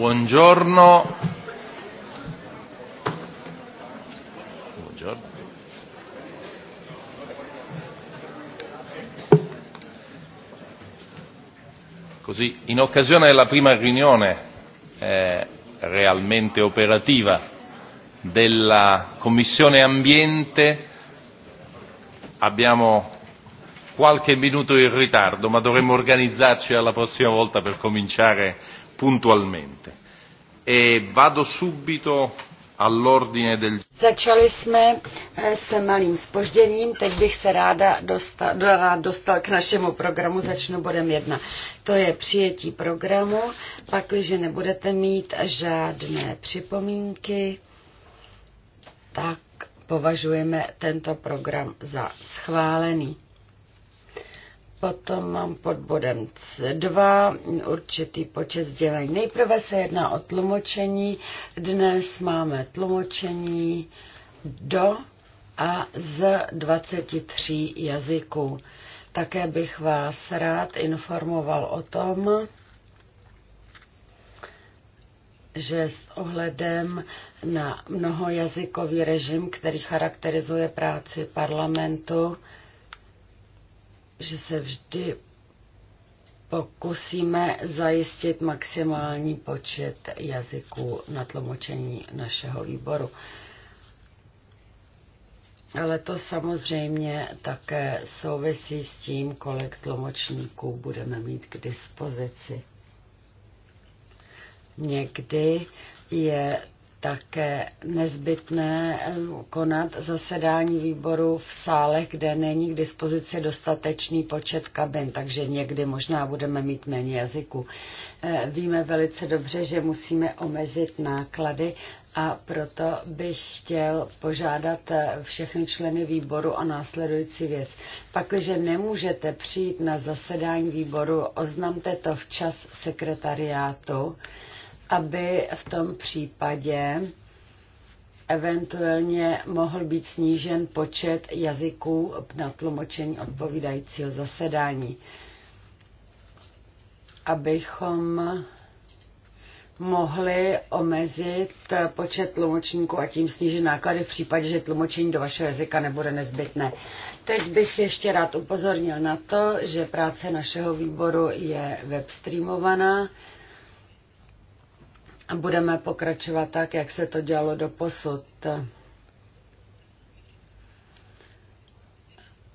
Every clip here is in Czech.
Buongiorno. Buongiorno. Così, in occasione della prima riunione eh, realmente operativa della Commissione Ambiente abbiamo qualche minuto in ritardo, ma dovremmo organizzarci alla prossima volta per cominciare puntualmente. E vado subito all'ordine del... Začali jsme eh, s malým spožděním, teď bych se ráda dostal, dostal k našemu programu, začnu bodem jedna. To je přijetí programu, pakliže nebudete mít žádné připomínky, tak považujeme tento program za schválený. Potom mám pod bodem C2 určitý počet sdělení. Nejprve se jedná o tlumočení. Dnes máme tlumočení do a z 23 jazyků. Také bych vás rád informoval o tom, že s ohledem na mnohojazykový režim, který charakterizuje práci parlamentu, že se vždy pokusíme zajistit maximální počet jazyků na tlumočení našeho výboru. Ale to samozřejmě také souvisí s tím, kolik tlumočníků budeme mít k dispozici. Někdy je také nezbytné eh, konat zasedání výboru v sálech, kde není k dispozici dostatečný počet kabin, takže někdy možná budeme mít méně jazyků. Eh, víme velice dobře, že musíme omezit náklady a proto bych chtěl požádat eh, všechny členy výboru o následující věc. Pakliže nemůžete přijít na zasedání výboru, oznamte to včas sekretariátu aby v tom případě eventuálně mohl být snížen počet jazyků na tlumočení odpovídajícího zasedání. Abychom mohli omezit počet tlumočníků a tím snížit náklady v případě, že tlumočení do vašeho jazyka nebude nezbytné. Teď bych ještě rád upozornil na to, že práce našeho výboru je webstreamovaná budeme pokračovat tak, jak se to dělalo do posud.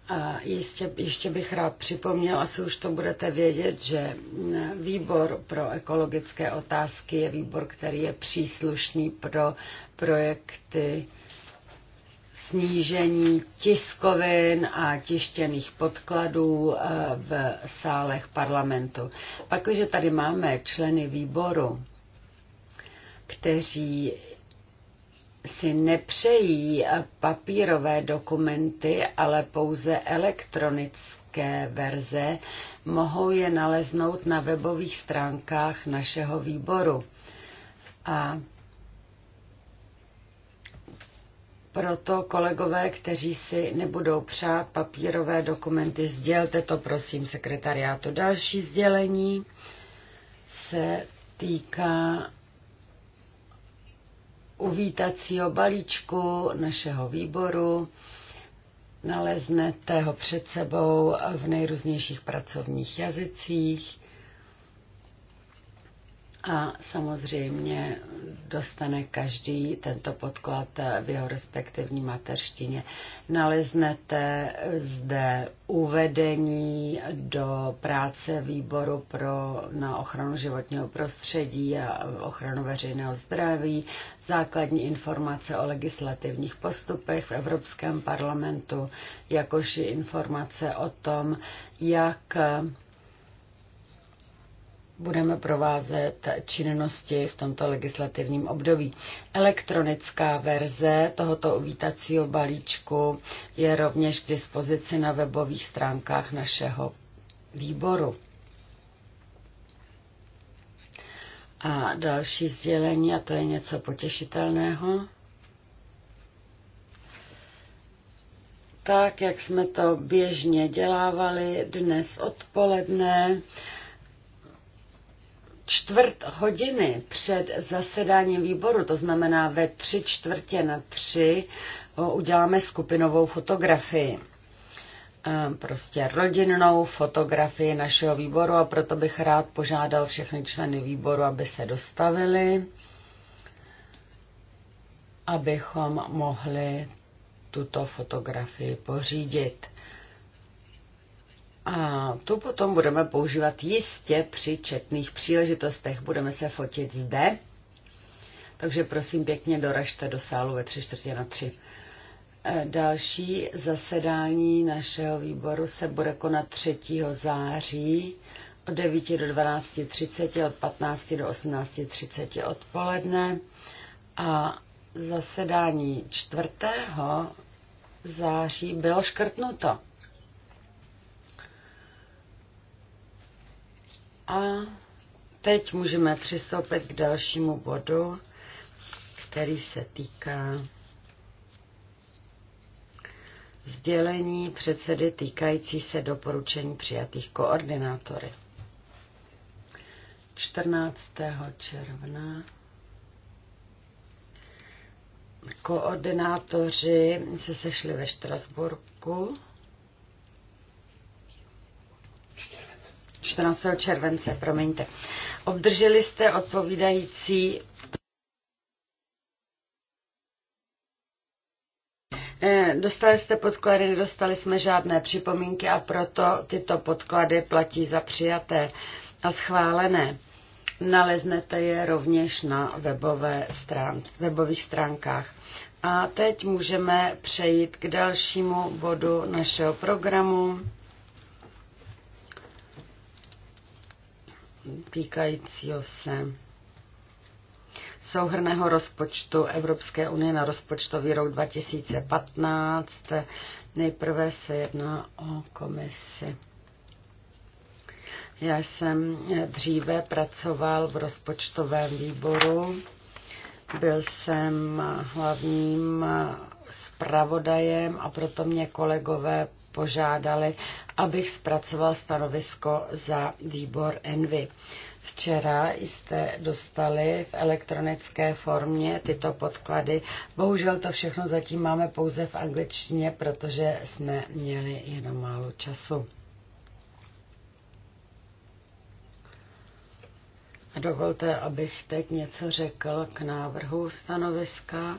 A ještě, ještě bych rád připomněl, asi už to budete vědět, že výbor pro ekologické otázky je výbor, který je příslušný pro projekty snížení tiskovin a tištěných podkladů eh, v sálech parlamentu. Pakliže tady máme členy výboru, kteří si nepřejí papírové dokumenty, ale pouze elektronické verze, mohou je naleznout na webových stránkách našeho výboru. A proto kolegové, kteří si nebudou přát papírové dokumenty, sdělte to prosím sekretariátu. Další sdělení se týká uvítacího balíčku našeho výboru. Naleznete ho před sebou v nejrůznějších pracovních jazycích. A samozřejmě dostane každý tento podklad v jeho respektivní mateřštině. Naleznete zde uvedení do práce výboru pro, na ochranu životního prostředí a ochranu veřejného zdraví, základní informace o legislativních postupech v Evropském parlamentu, jakož i informace o tom, jak budeme provázet činnosti v tomto legislativním období. Elektronická verze tohoto uvítacího balíčku je rovněž k dispozici na webových stránkách našeho výboru. A další sdělení, a to je něco potěšitelného. Tak, jak jsme to běžně dělávali dnes odpoledne, čtvrt hodiny před zasedáním výboru, to znamená ve tři čtvrtě na tři, uděláme skupinovou fotografii. Prostě rodinnou fotografii našeho výboru a proto bych rád požádal všechny členy výboru, aby se dostavili, abychom mohli tuto fotografii pořídit. A tu potom budeme používat jistě při četných příležitostech. Budeme se fotit zde, takže prosím pěkně doražte do sálu ve tři čtvrtě na tři. E, další zasedání našeho výboru se bude konat 3. září od 9 do 12.30, od 15 do 18.30 odpoledne a zasedání 4. září bylo škrtnuto. A teď můžeme přistoupit k dalšímu bodu, který se týká sdělení předsedy týkající se doporučení přijatých koordinátory. 14. června koordinátoři se sešli ve Štrasburku 14. července, promiňte. Obdrželi jste odpovídající eh, Dostali jste podklady, nedostali jsme žádné připomínky a proto tyto podklady platí za přijaté a schválené. Naleznete je rovněž na webové strán, webových stránkách. A teď můžeme přejít k dalšímu bodu našeho programu. týkajícího se souhrného rozpočtu Evropské unie na rozpočtový rok 2015. Nejprve se jedná o komisi. Já jsem dříve pracoval v rozpočtovém výboru. Byl jsem hlavním zpravodajem a proto mě kolegové požádali, abych zpracoval stanovisko za výbor Envy. Včera jste dostali v elektronické formě tyto podklady. Bohužel to všechno zatím máme pouze v angličtině, protože jsme měli jenom málo času. A dovolte, abych teď něco řekl k návrhu stanoviska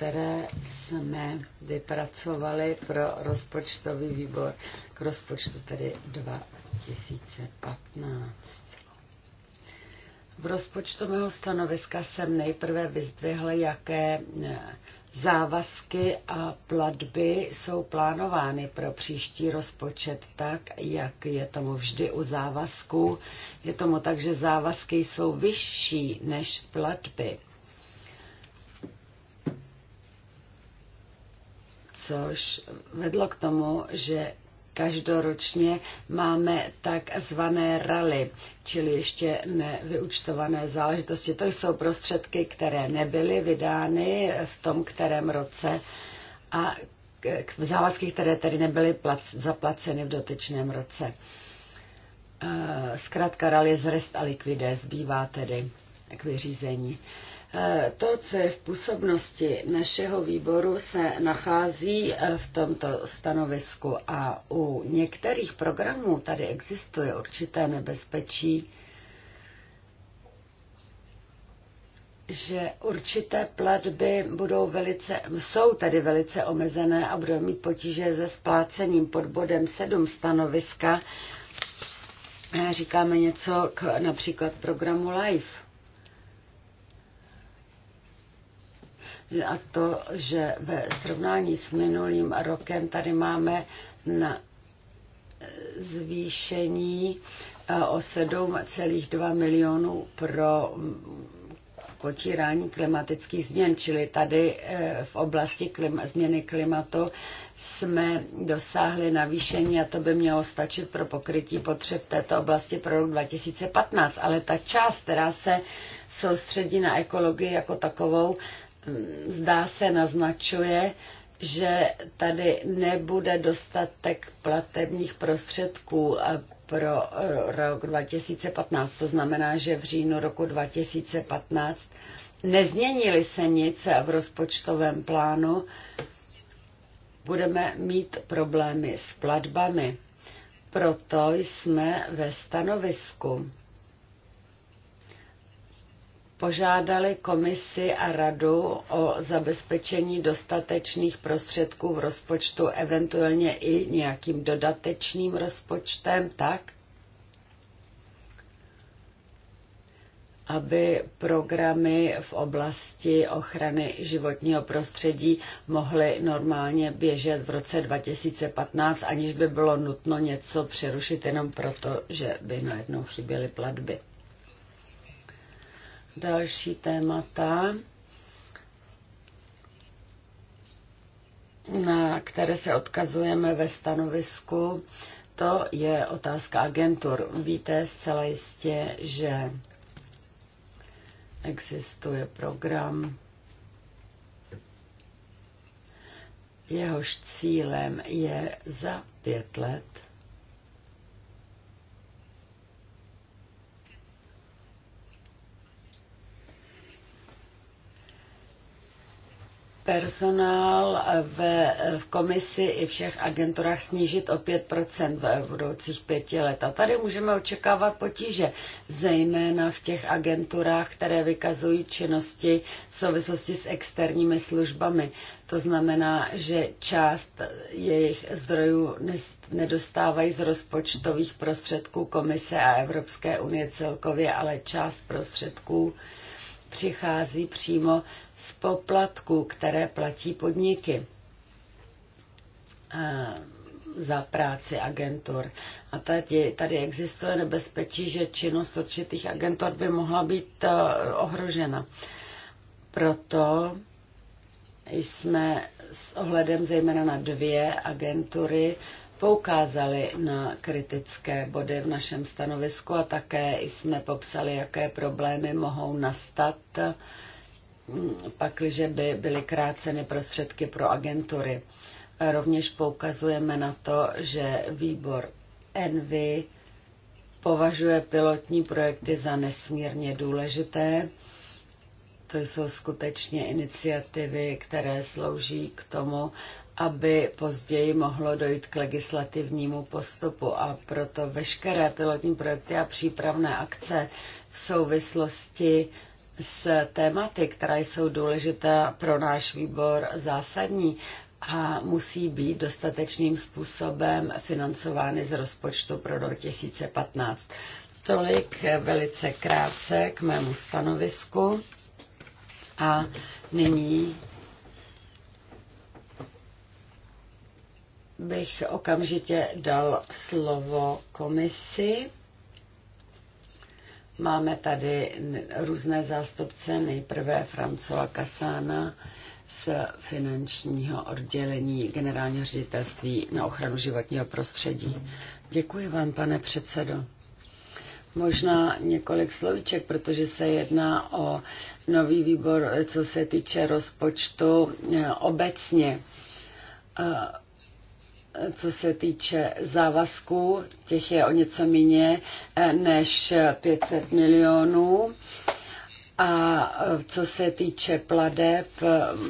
které jsme vypracovali pro rozpočtový výbor k rozpočtu tedy 2015. V rozpočtu mého stanoviska jsem nejprve vyzdvihl, jaké e, závazky a platby jsou plánovány pro příští rozpočet tak, jak je tomu vždy u závazků. Je tomu tak, že závazky jsou vyšší než platby což vedlo k tomu, že každoročně máme takzvané rally, čili ještě nevyučtované záležitosti. To jsou prostředky, které nebyly vydány v tom kterém roce a k závazky, které tedy nebyly plac, zaplaceny v dotyčném roce. Eh, zkrátka rally z rest a liquide zbývá tedy k vyřízení. Eh, to, co je v působnosti našeho výboru, se nachází eh, v tomto stanovisku a u některých programů tady existuje určité nebezpečí, že určité platby budou velice, jsou tady velice omezené a budou mít potíže se splácením pod bodem 7 stanoviska. Eh, říkáme něco k například programu LIFE. a to, že ve srovnání s minulým rokem tady máme na e, zvýšení e, o 7,2 milionů pro potírání klimatických změn, čili tady e, v oblasti klima, změny klimatu jsme dosáhli navýšení a to by mělo stačit pro pokrytí potřeb této oblasti pro rok 2015. Ale ta část, která se soustředí na ekologii jako takovou, zdá se naznačuje, že tady nebude dostatek platebních prostředků eh, pro eh, rok 2015. To znamená, že v říjnu roku 2015 nezměnili se nic v rozpočtovém plánu. Budeme mít problémy s platbami. Proto jsme ve stanovisku požádali komisi a radu o zabezpečení dostatečných prostředků v rozpočtu, eventuálně i nějakým dodatečným rozpočtem, tak, aby programy v oblasti ochrany životního prostředí mohly normálně běžet v roce 2015, aniž by bylo nutno něco přerušit jenom proto, že by najednou chyběly platby další témata, na které se odkazujeme ve stanovisku, to je otázka agentur. Víte zcela jistě, že existuje program, jehož cílem je za pět let personál v, v komisi i všech agenturách snížit o 5% v budoucích pěti let. A tady můžeme očekávat potíže, zejména v těch agenturách, které vykazují činnosti v souvislosti s externími službami. To znamená, že část jejich zdrojů nedostávají z rozpočtových prostředků Komise a Evropské unie celkově, ale část prostředků přichází přímo z poplatků, které platí podniky eh, za práci agentur. A tady, tady existuje nebezpečí, že činnost určitých agentur by mohla být eh, ohrožena. Proto jsme s ohledem zejména na dvě agentury poukázali na kritické body v našem stanovisku a také jsme popsali, jaké problémy mohou nastat, mm, pakliže by byly kráceny prostředky pro agentury. Rovněž poukazujeme na to, že výbor Envy považuje pilotní projekty za nesmírně důležité. To jsou skutečně iniciativy, které slouží k tomu, aby později mohlo dojít k legislativnímu postupu a proto veškeré pilotní projekty a přípravné akce v souvislosti s tématy, která jsou důležitá pro náš výbor zásadní a musí být dostatečným způsobem financovány z rozpočtu pro rok 2015. Tolik velice krátce k mému stanovisku a nyní bych okamžitě dal slovo komisi. Máme tady různé zástupce, nejprve Francois Kasána z finančního oddělení generálního ředitelství na ochranu životního prostředí. Děkuji vám, pane předsedo. Možná několik slovíček, protože se jedná o nový výbor, co se týče rozpočtu eh, obecně. Eh, co se týče závazků, těch je o něco méně eh, než 500 milionů. A eh, co se týče pladeb, eh,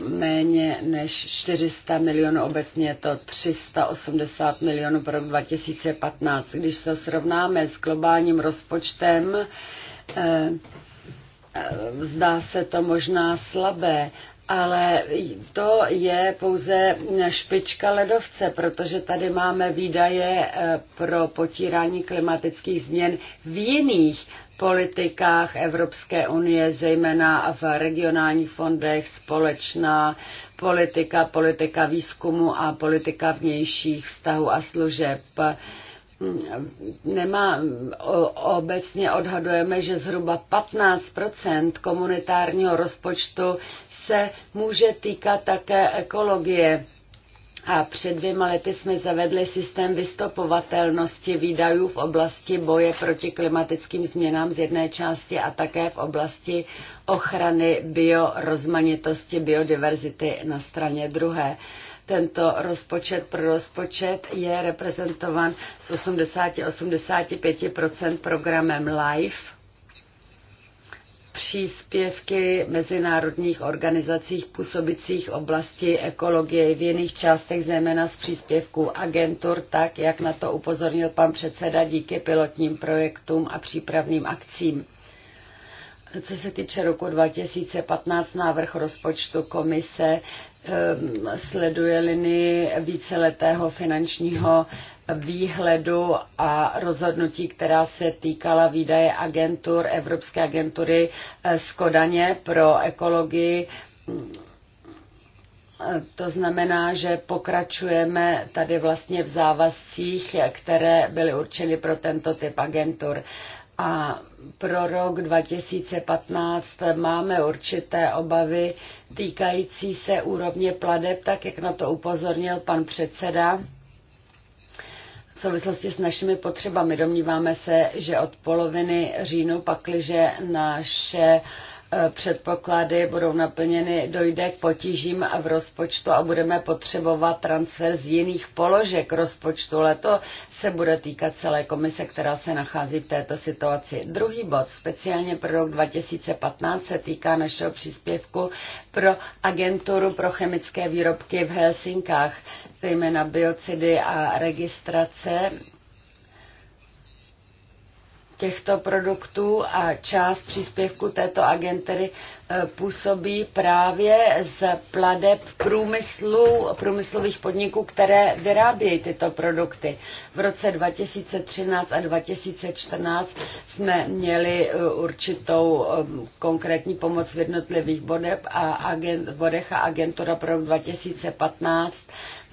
méně než 400 milionů, obecně je to 380 milionů pro 2015. Když to srovnáme s globálním rozpočtem, Zdá se to možná slabé, ale to je pouze špička ledovce, protože tady máme výdaje eh, pro potírání klimatických změn v jiných politikách Evropské unie, zejména v regionálních fondech, společná politika, politika výzkumu a politika vnějších vztahů a služeb nemá, obecně odhadujeme, že zhruba 15 komunitárního rozpočtu se může týkat také ekologie. A před dvěma lety jsme zavedli systém vystopovatelnosti výdajů v oblasti boje proti klimatickým změnám z jedné části a také v oblasti ochrany biorozmanitosti, biodiverzity na straně druhé. Tento rozpočet pro rozpočet je reprezentovan s 80-85% programem LIFE, příspěvky mezinárodních organizacích působících oblasti ekologie v jiných částech, zejména z příspěvků agentur, tak jak na to upozornil pan předseda díky pilotním projektům a přípravným akcím. Co se týče roku 2015, návrh rozpočtu komise Ehm, sleduje linii víceletého finančního výhledu a rozhodnutí, která se týkala výdaje agentur, Evropské agentury Skodaně eh, pro ekologii. Ehm, to znamená, že pokračujeme tady vlastně v závazcích, které byly určeny pro tento typ agentur a pro rok 2015 máme určité obavy týkající se úrovně pladeb, tak jak na to upozornil pan předseda. V souvislosti s našimi potřebami domníváme se, že od poloviny říjnu pakliže naše předpoklady budou naplněny, dojde k potížím v rozpočtu a budeme potřebovat transfer z jiných položek rozpočtu. Ale to se bude týkat celé komise, která se nachází v této situaci. Druhý bod, speciálně pro rok 2015, se týká našeho příspěvku pro agenturu pro chemické výrobky v Helsinkách, zejména biocidy a registrace těchto produktů a část příspěvku této agentury eh, působí právě z pladeb průmyslu, průmyslových podniků, které vyrábějí tyto produkty. V roce 2013 a 2014 jsme měli eh, určitou eh, konkrétní pomoc v jednotlivých bodech a, agent, bodech a agentura pro rok 2015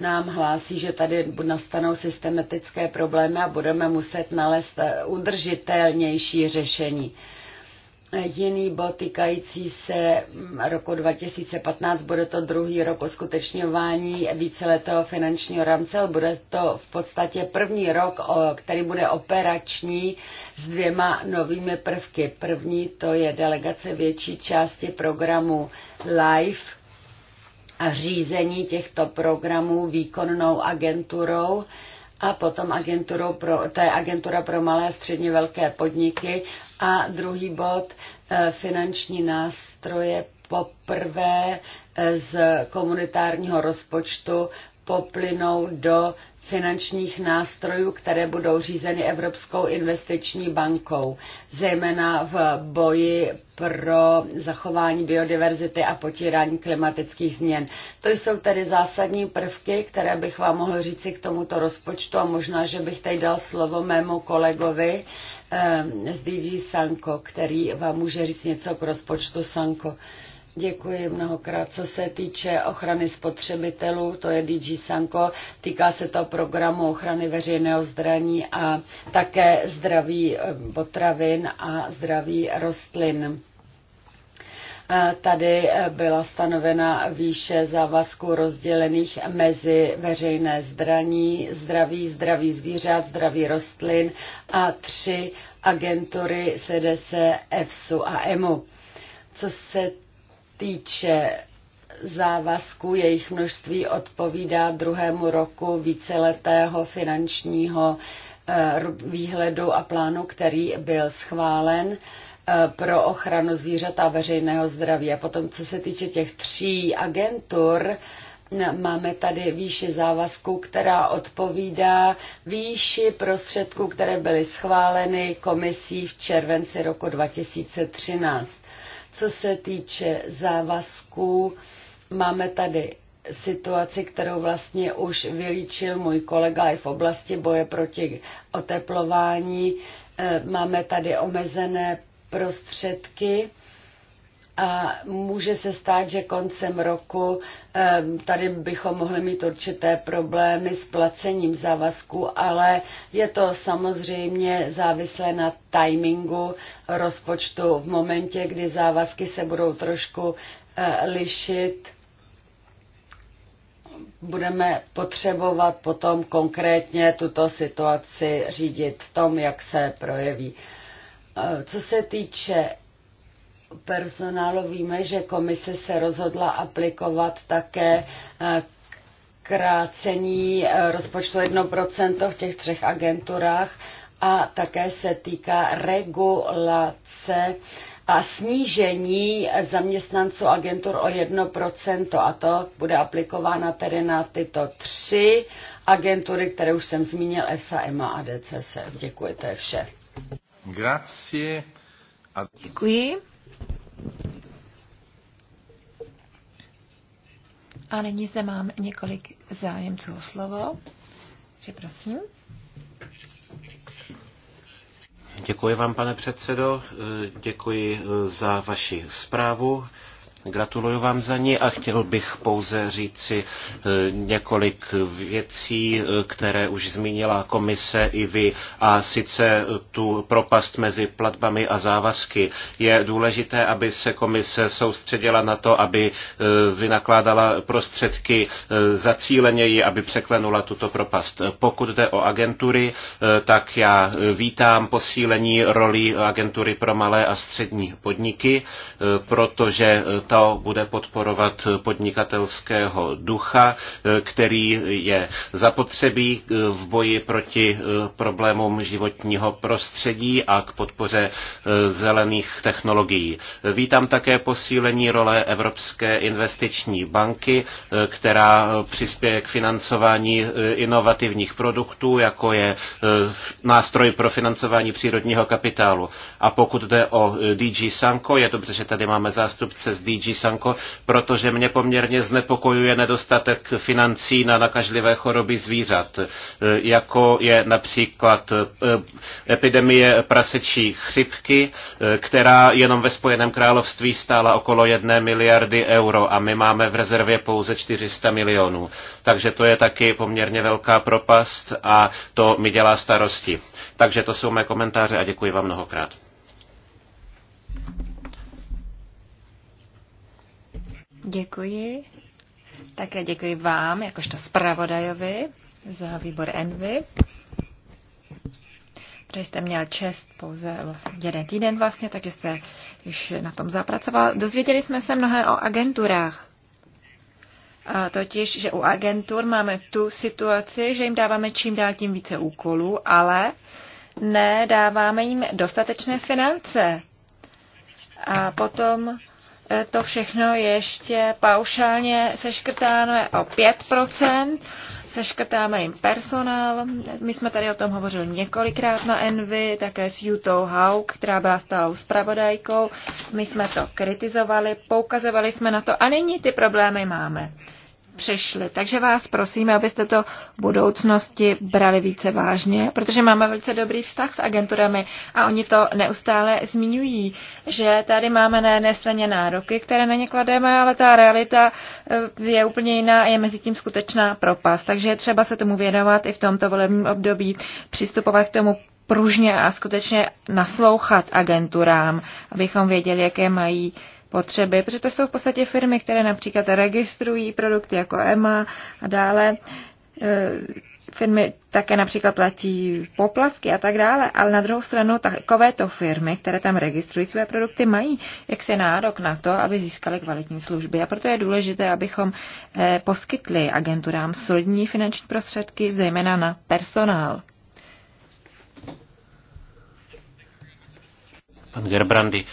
nám hlásí, že tady nastanou systematické problémy a budeme muset nalézt eh, udržitelnější řešení. Jiný bod týkající se mm, roku 2015, bude to druhý rok uskutečňování víceletého finančního rámce, ale bude to v podstatě první rok, který bude operační s dvěma novými prvky. První to je delegace větší části programu LIFE, a řízení těchto programů výkonnou agenturou a potom agenturou pro, to je agentura pro malé a středně velké podniky a druhý bod eh, finanční nástroje poprvé eh, z komunitárního rozpočtu poplynou do finančních nástrojů, které budou řízeny Evropskou investiční bankou, zejména v boji pro zachování biodiverzity a potírání klimatických změn. To jsou tedy zásadní prvky, které bych vám mohl říci k tomuto rozpočtu a možná, že bych teď dal slovo mému kolegovi eh, z DG Sanko, který vám může říct něco k rozpočtu Sanko. Děkuji mnohokrát. Co se týče ochrany spotřebitelů, to je DG Sanko, týká se to programu ochrany veřejného zdraví a také zdraví eh, potravin a zdraví rostlin. Eh, tady eh, byla stanovena výše závazků rozdělených mezi veřejné zdraní, zdraví, zdraví zvířat, zdraví rostlin a tři agentury CDC, EFSU a EMU. Co se týče závazků, jejich množství odpovídá druhému roku víceletého finančního eh, výhledu a plánu, který byl schválen eh, pro ochranu zvířat a veřejného zdraví. A potom, co se týče těch tří agentur, Máme tady výši závazku, která odpovídá výši prostředků, které byly schváleny komisí v červenci roku 2013. Co se týče závazků, máme tady situaci, kterou vlastně už vylíčil můj kolega i v oblasti boje proti oteplování. E, máme tady omezené prostředky a může se stát, že koncem roku tady bychom mohli mít určité problémy s placením závazku, ale je to samozřejmě závislé na timingu rozpočtu. V momentě, kdy závazky se budou trošku e, lišit, budeme potřebovat potom konkrétně tuto situaci řídit v tom, jak se projeví. E, co se týče personálu víme, že komise se rozhodla aplikovat také eh, krácení eh, rozpočtu 1% v těch třech agenturách a také se týká regulace a snížení zaměstnanců agentur o 1% a to bude aplikována tedy na tyto tři agentury, které už jsem zmínil, EFSA, EMA a DCS. E. Děkuji, to je vše. Grazie. Děkuji. A nyní zde mám několik zájemců o slovo. Že prosím. Děkuji vám, pane předsedo. Děkuji za vaši zprávu. Gratuluju vám za ní a chtěl bych pouze říci eh, několik věcí, eh, které už zmínila komise i vy. A sice eh, tu propast mezi platbami a závazky. Je důležité, aby se komise soustředila na to, aby vynakládala prostředky zacíleněji, aby překlenula tuto propast. Pokud jde o agentury, tak já vítám posílení roli agentury pro malé a střední podniky, protože to bude podporovat podnikatelského ducha, eh, který je zapotřebí eh, v boji proti eh, problémům životního prostředí a k podpoře zelených technologií. Vítám také posílení role Evropské investiční banky, která přispěje k financování inovativních produktů, jako je nástroj pro financování přírodního kapitálu. A pokud jde o DG Sanko, je dobře, že tady máme zástupce z DG DG Sanko, protože mě poměrně znepokojuje nedostatek financí na nakažlivé choroby zvířat, e, jako je například e, epidemie prasečí chřipky, e, která jenom ve Spojeném království stála okolo jedné miliardy euro a my máme v rezervě pouze 400 milionů. Takže to je taky poměrně velká propast a to mi dělá starosti. Takže to jsou mé komentáře a děkuji vám mnohokrát. Děkuji. Také děkuji vám, jakožto zpravodajovi za výbor Envy, protože jste měl čest pouze vlastně jeden týden vlastně, takže jste již na tom zapracoval. Dozvěděli jsme se mnohé o agenturách. A totiž, že u agentur máme tu situaci, že jim dáváme čím dál tím více úkolů, ale nedáváme jim dostatečné finance. A potom to všechno ještě paušálně seškrtáme o 5%, seškrtáme jim personál. My jsme tady o tom hovořili několikrát na Envy, také s Jutou Hauk, která byla stálou zpravodajkou. My jsme to kritizovali, poukazovali jsme na to a nyní ty problémy máme přešli. Takže vás prosíme, abyste to v budoucnosti brali více vážně, protože máme velice dobrý vztah s agenturami a oni to neustále zmiňují, že tady máme na jedné straně nároky, které na ně klademe, ale ta realita eh, je úplně jiná a je mezi tím skutečná propast. Takže je třeba se tomu věnovat i v tomto volebním období, přistupovat k tomu pružně a skutečně naslouchat agenturám, abychom věděli, jaké mají potřeby, protože to jsou v podstatě firmy, které například registrují produkty jako EMA a dále. E, firmy také například platí poplatky a tak dále, ale na druhou stranu takovéto firmy, které tam registrují své produkty, mají jaksi nárok na to, aby získaly kvalitní služby. A proto je důležité, abychom e, poskytli agenturám solidní finanční prostředky, zejména na personál. Pan Gerbrandy,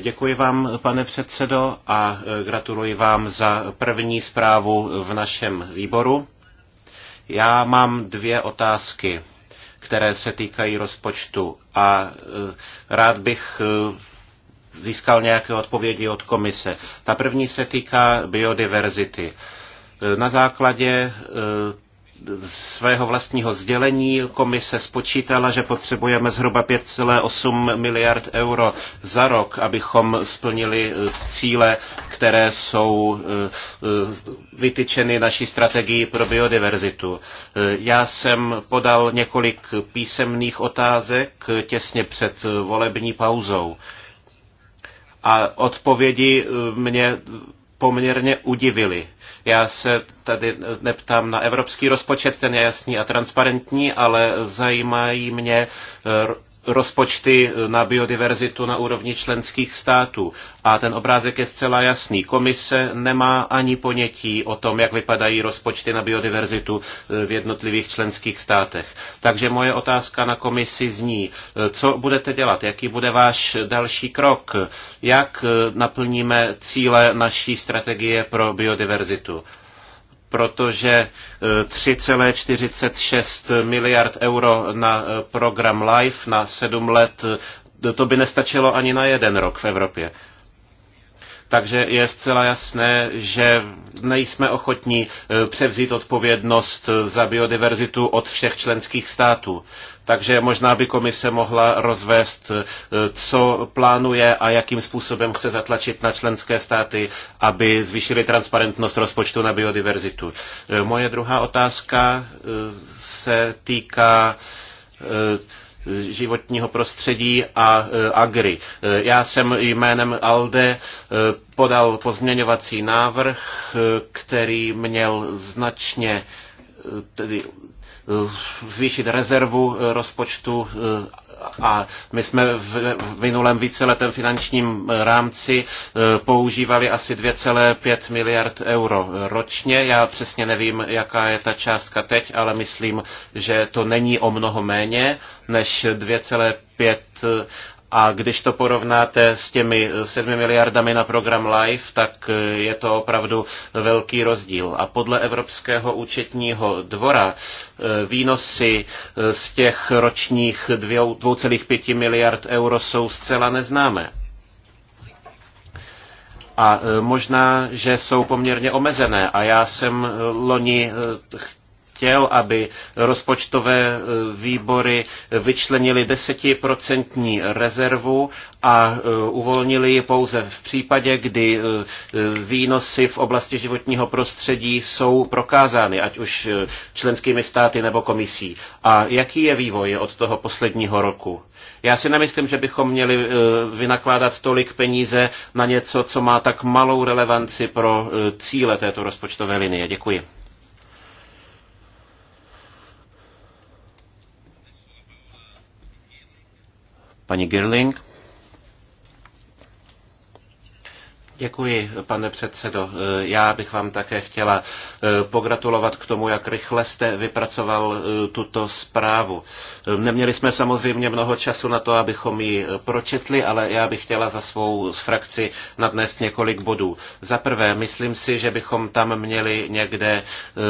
děkuji vám, pane předsedo, a gratuluji vám za první zprávu v našem výboru. Já mám dvě otázky, které se týkají rozpočtu a e, rád bych e, získal nějaké odpovědi od komise. Ta první se týká biodiverzity. E, na základě svého vlastního sdělení komise spočítala, že potřebujeme zhruba 5,8 miliard euro za rok, abychom splnili eh, cíle, které jsou eh, vytyčeny naší strategii pro biodiverzitu. Eh, já jsem podal několik písemných otázek těsně před volební pauzou. A odpovědi mě poměrně udivily. Já se tady neptám na evropský rozpočet, ten je jasný a transparentní, ale zajímají mě eh, rozpočty na biodiverzitu na úrovni členských států. A ten obrázek je zcela jasný. Komise nemá ani ponětí o tom, jak vypadají rozpočty na biodiverzitu eh, v jednotlivých členských státech. Takže moje otázka na komisi zní, eh, co budete dělat, jaký bude váš další krok, jak eh, naplníme cíle naší strategie pro biodiverzitu protože 3,46 e, miliard euro na e, program LIFE na sedm let, e, to by nestačilo ani na jeden rok v Evropě. Takže je zcela jasné, že nejsme ochotní eh, převzít odpovědnost za biodiverzitu od všech členských států. Takže možná by komise mohla rozvést, eh, co plánuje a jakým způsobem chce zatlačit na členské státy, aby zvýšili transparentnost rozpočtu na biodiverzitu. Eh, moje druhá otázka se týká životního prostředí a e, agri. E, já jsem jménem ALDE e, podal pozměňovací návrh, který měl značně tedy zvýšit rezervu rozpočtu a my jsme v minulém víceletém finančním rámci eh, používali asi 2,5 miliard euro ročně. Já přesně nevím, jaká je ta částka teď, ale myslím, že to není o mnoho méně než 2,5 a když to porovnáte s těmi 7 eh, miliardami na program LIFE, tak eh, je to opravdu velký rozdíl. A podle Evropského účetního dvora eh, výnosy z těch ročních 2,5 miliard euro jsou zcela neznámé a možná, že jsou poměrně omezené. A já jsem loni chtěl, aby rozpočtové e, výbory vyčlenili desetiprocentní rezervu a e, uvolnili ji pouze v případě, kdy e, výnosy v oblasti životního prostředí jsou prokázány, ať už členskými státy nebo komisí. A jaký je vývoj od toho posledního roku? Já si nemyslím, že bychom měli vynakládat tolik peníze na něco, co má tak malou relevanci pro cíle této rozpočtové linie. Děkuji. Paní Girling. Děkuji, pane předsedo. Já bych vám také chtěla eh, pogratulovat k tomu, jak rychle jste vypracoval eh, tuto zprávu. Eh, neměli jsme samozřejmě mnoho času na to, abychom ji pročetli, ale já bych chtěla za svou frakci nadnést několik bodů. Za prvé, myslím si, že bychom tam měli někde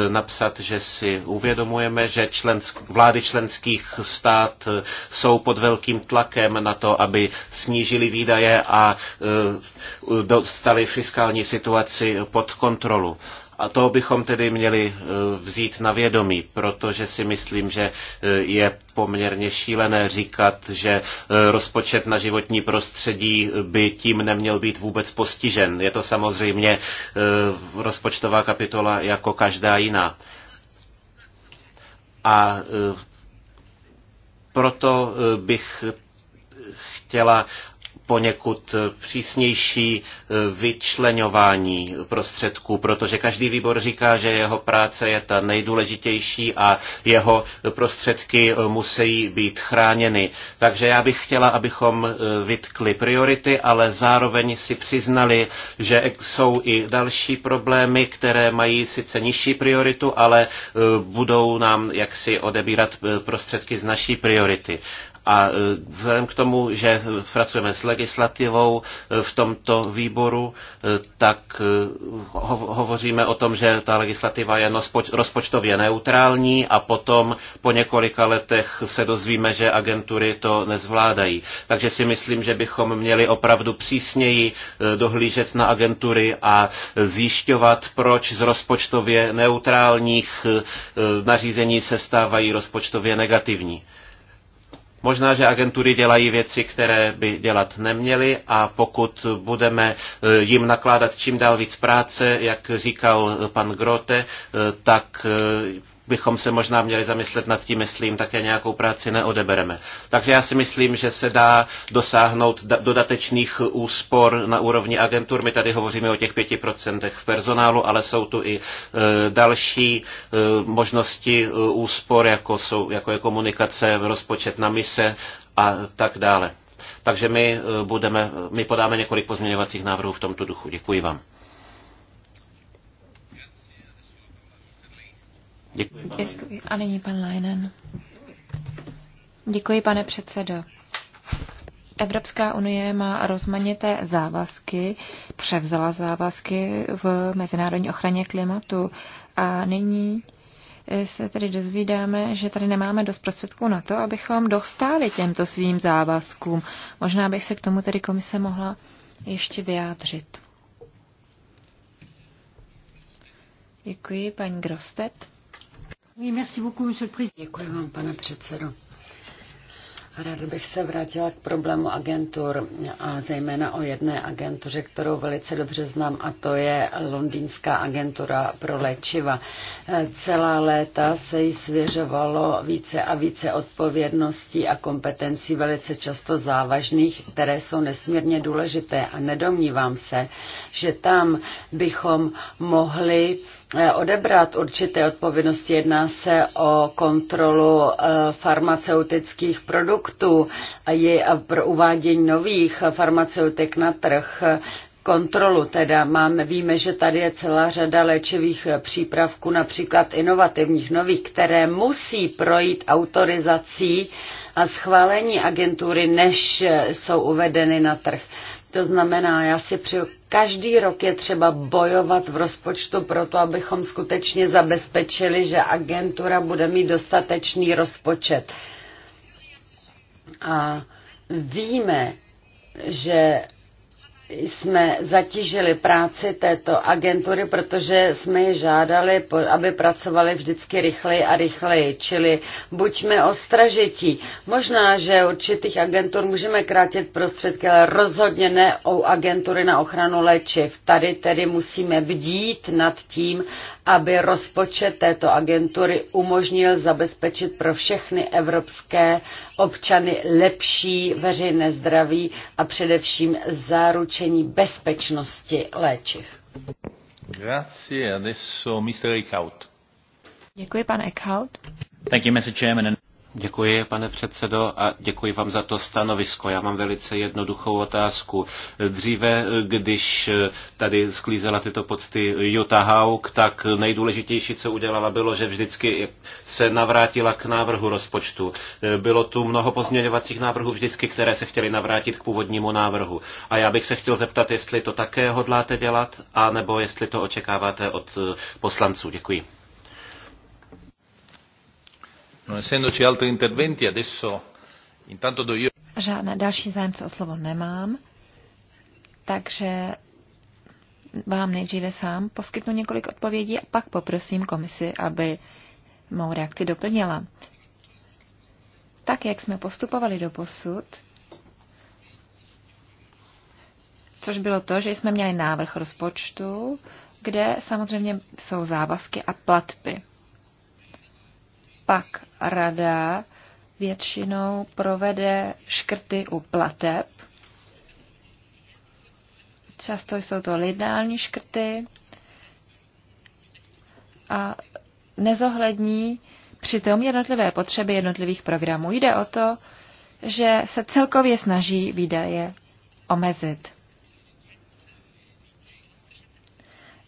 napsat, že si uvědomujeme, že člensk, vlády členských stát jsou pod velkým tlakem na to, aby snížili výdaje a do, dostali fiskální situaci pod kontrolu. A to bychom tedy měli e, vzít na vědomí, protože si myslím, že e, je poměrně šílené říkat, že e, rozpočet na životní prostředí by tím neměl být vůbec postižen. Je to samozřejmě rozpočtová kapitola jako každá jiná. A proto bych chtěla, poněkud přísnější eh, vyčleňování prostředků, protože každý výbor říká, že jeho práce je ta nejdůležitější a jeho prostředky eh, musí být chráněny. Takže já bych chtěla, abychom eh, vytkli priority, ale zároveň si přiznali, že jsou i další problémy, které mají sice nižší prioritu, ale budou nám jaksi odebírat prostředky z naší priority. A e, vzhledem k tomu, že pracujeme s legislativou e, v tomto výboru, e, tak hovoříme o tom, že ta legislativa je rozpočtově neutrální a potom po několika letech se dozvíme, že agentury to nezvládají. Takže si myslím, že bychom měli opravdu přísněji dohlížet na agentury a zjišťovat, proč z rozpočtově neutrálních nařízení se stávají rozpočtově negativní. Možná, že agentury dělají věci, které by dělat neměly a pokud budeme eh, jim nakládat čím dál víc práce, jak říkal pan Grote, eh, tak eh, bychom se možná měli zamyslet nad tím, jestli jim také nějakou práci neodebereme. Takže já si myslím, že se dá dosáhnout dodatečných úspor na úrovni agentur. My tady hovoříme o těch 5% v personálu, ale jsou tu i e, další e, možnosti e, úspor, jako, jsou, jako je komunikace, rozpočet na mise a tak dále. Takže my, budeme, my podáme několik pozměňovacích návrhů v tomto duchu. Děkuji vám. Děkuji. A nyní pan Leinen. Děkuji, pane předsedo. Evropská unie má rozmanité závazky, převzala závazky v mezinárodní ochraně klimatu a nyní se tedy dozvídáme, že tady nemáme dost prostředků na to, abychom dostali těmto svým závazkům. Možná bych se k tomu tedy komise mohla ještě vyjádřit. Děkuji, paní Grostet. Děkuji vám, pane předsedo. Ráda bych se vrátila k problému agentur a zejména o jedné agentuře, kterou velice dobře znám a to je Londýnská agentura pro léčiva. Celá léta se jí svěřovalo více a více odpovědností a kompetencí velice často závažných, které jsou nesmírně důležité a nedomnívám se, že tam bychom mohli Eh, odebrat určité odpovědnosti. Jedná se o kontrolu eh, farmaceutických produktů a je pro uvádění nových farmaceutik na trh eh, kontrolu. Teda máme, víme, že tady je celá řada léčivých přípravků, například inovativních nových, které musí projít autorizací a schválení agentury, než jsou uvedeny na trh. To znamená, já si přeju, každý rok je třeba bojovat v rozpočtu proto, abychom skutečně zabezpečili, že agentura bude mít dostatečný rozpočet. A víme, že jsme zatížili práci této agentury, protože jsme ji žádali, aby pracovali vždycky rychleji a rychleji, čili buďme ostražití. Možná, že určitých agentur můžeme krátit prostředky, ale rozhodně ne o agentury na ochranu léčiv. Tady tedy musíme bdít nad tím, aby rozpočet této agentury umožnil zabezpečit pro všechny evropské občany lepší veřejné zdraví a především záručení bezpečnosti léčiv. Děkuji, pan Eckhout. Thank you, Mr. Chairman. Děkuji, pane předsedo, a děkuji vám za to stanovisko. Já mám velice jednoduchou otázku. Dříve, když tady sklízela tyto pocty Jutta Haug, tak nejdůležitější, co udělala, bylo, že vždycky se navrátila k návrhu rozpočtu. Bylo tu mnoho pozměňovacích návrhů vždycky, které se chtěly navrátit k původnímu návrhu. A já bych se chtěl zeptat, jestli to také hodláte dělat, anebo jestli to očekáváte od poslanců. Děkuji. Žádné další zájemce o slovo nemám, takže vám nejdříve sám poskytnu několik odpovědí a pak poprosím komisi, aby mou reakci doplnila. Tak, jak jsme postupovali do posud, což bylo to, že jsme měli návrh rozpočtu, kde samozřejmě jsou závazky a platby pak rada většinou provede škrty u plateb. Často jsou to lineární škrty a nezohlední přitom jednotlivé potřeby jednotlivých programů. Jde o to, že se celkově snaží výdaje omezit.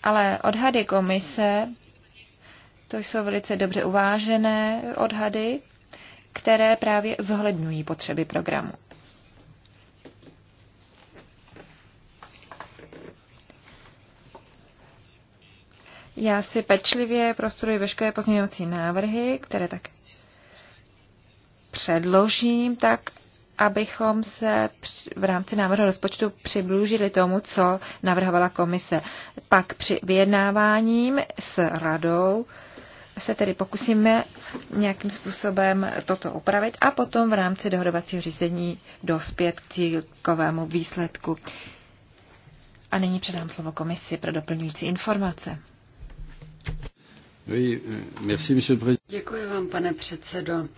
Ale odhady komise to jsou velice dobře uvážené odhady, které právě zohledňují potřeby programu. Já si pečlivě prostuduji veškeré pozměňovací návrhy, které tak předložím, tak abychom se v rámci návrhu rozpočtu přiblížili tomu, co navrhovala komise. Pak při vyjednáváním s radou se tedy pokusíme nějakým způsobem toto opravit a potom v rámci dohodovacího řízení dospět k cílkovému výsledku. A nyní předám slovo komisi pro doplňující informace. Děkuji vám, pane předsedo.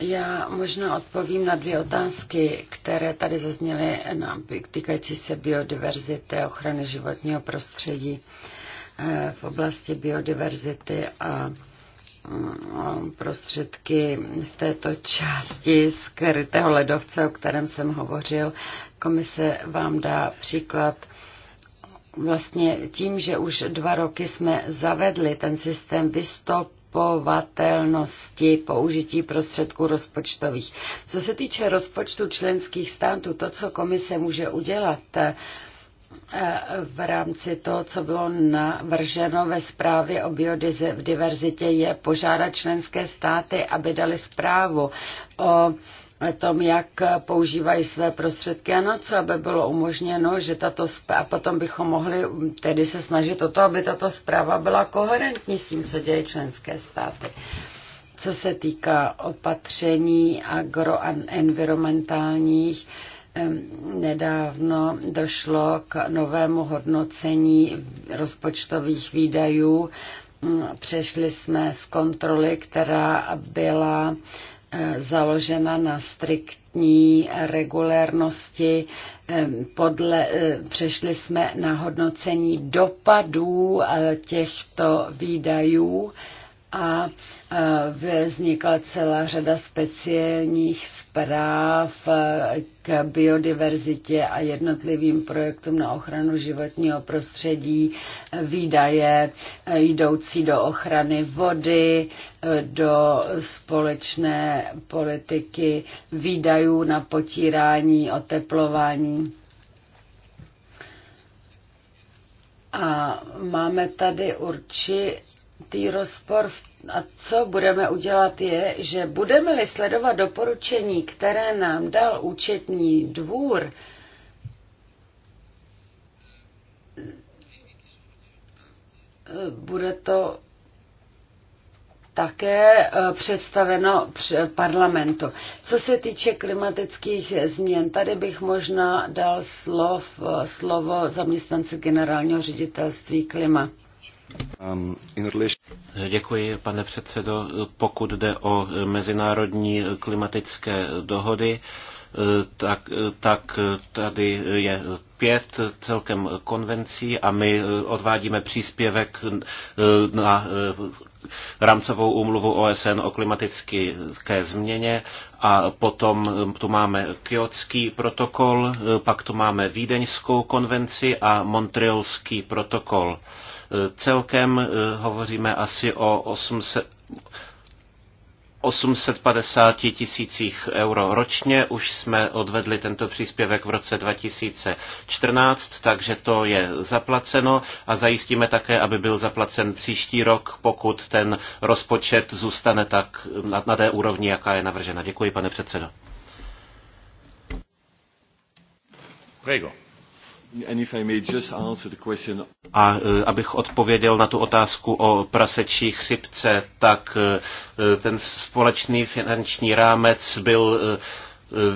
Já možná odpovím na dvě otázky, které tady zazněly na, týkající se biodiverzity a ochrany životního prostředí eh, v oblasti biodiverzity a prostředky v této části skrytého ledovce, o kterém jsem hovořil. Komise vám dá příklad vlastně tím, že už dva roky jsme zavedli ten systém vystop povatelnosti použití prostředků rozpočtových. Co se týče rozpočtu členských států, to, co komise může udělat, E, v rámci toho, co bylo navrženo ve zprávě o biodiverzitě, je požádat členské státy, aby dali zprávu o tom, jak používají své prostředky a na co, aby bylo umožněno, že tato a potom bychom mohli um, tedy se snažit o to, aby tato zpráva byla koherentní s tím, co dějí členské státy. Co se týká opatření agroenvironmentálních, Nedávno došlo k novému hodnocení rozpočtových výdajů. Mm, přešli jsme z kontroly, která byla eh, založena na striktní regulérnosti. Podle, eh, přešli jsme na hodnocení dopadů eh, těchto výdajů a Eh, vznikla celá řada speciálních zpráv eh, k biodiverzitě a jednotlivým projektům na ochranu životního prostředí, eh, výdaje jdoucí do ochrany vody, do společné politiky výdajů na potírání, oteplování. A máme tady určitě tý rozpor a co budeme udělat je, že budeme-li sledovat doporučení, které nám dal účetní dvůr, bude to také eh, představeno parlamentu. Co se týče klimatických změn, tady bych možná dal slov, eh, slovo zaměstnanci generálního ředitelství klima. Um, Děkuji, pane předsedo. Pokud jde o mezinárodní klimatické dohody, tak, tak tady je pět celkem konvencí a my odvádíme příspěvek na rámcovou úmluvu OSN o klimatické změně a potom tu máme Kyotský protokol, pak tu máme Vídeňskou konvenci a Montrealský protokol. Celkem eh, hovoříme asi o 800, 850 tisících euro ročně. Už jsme odvedli tento příspěvek v roce 2014, takže to je zaplaceno a zajistíme také, aby byl zaplacen příští rok, pokud ten rozpočet zůstane tak na, na té úrovni, jaká je navržena. Děkuji, pane předsedo. Prego. A e, abych odpověděl na tu otázku o prasečí chřipce, tak e, ten společný finanční rámec byl e,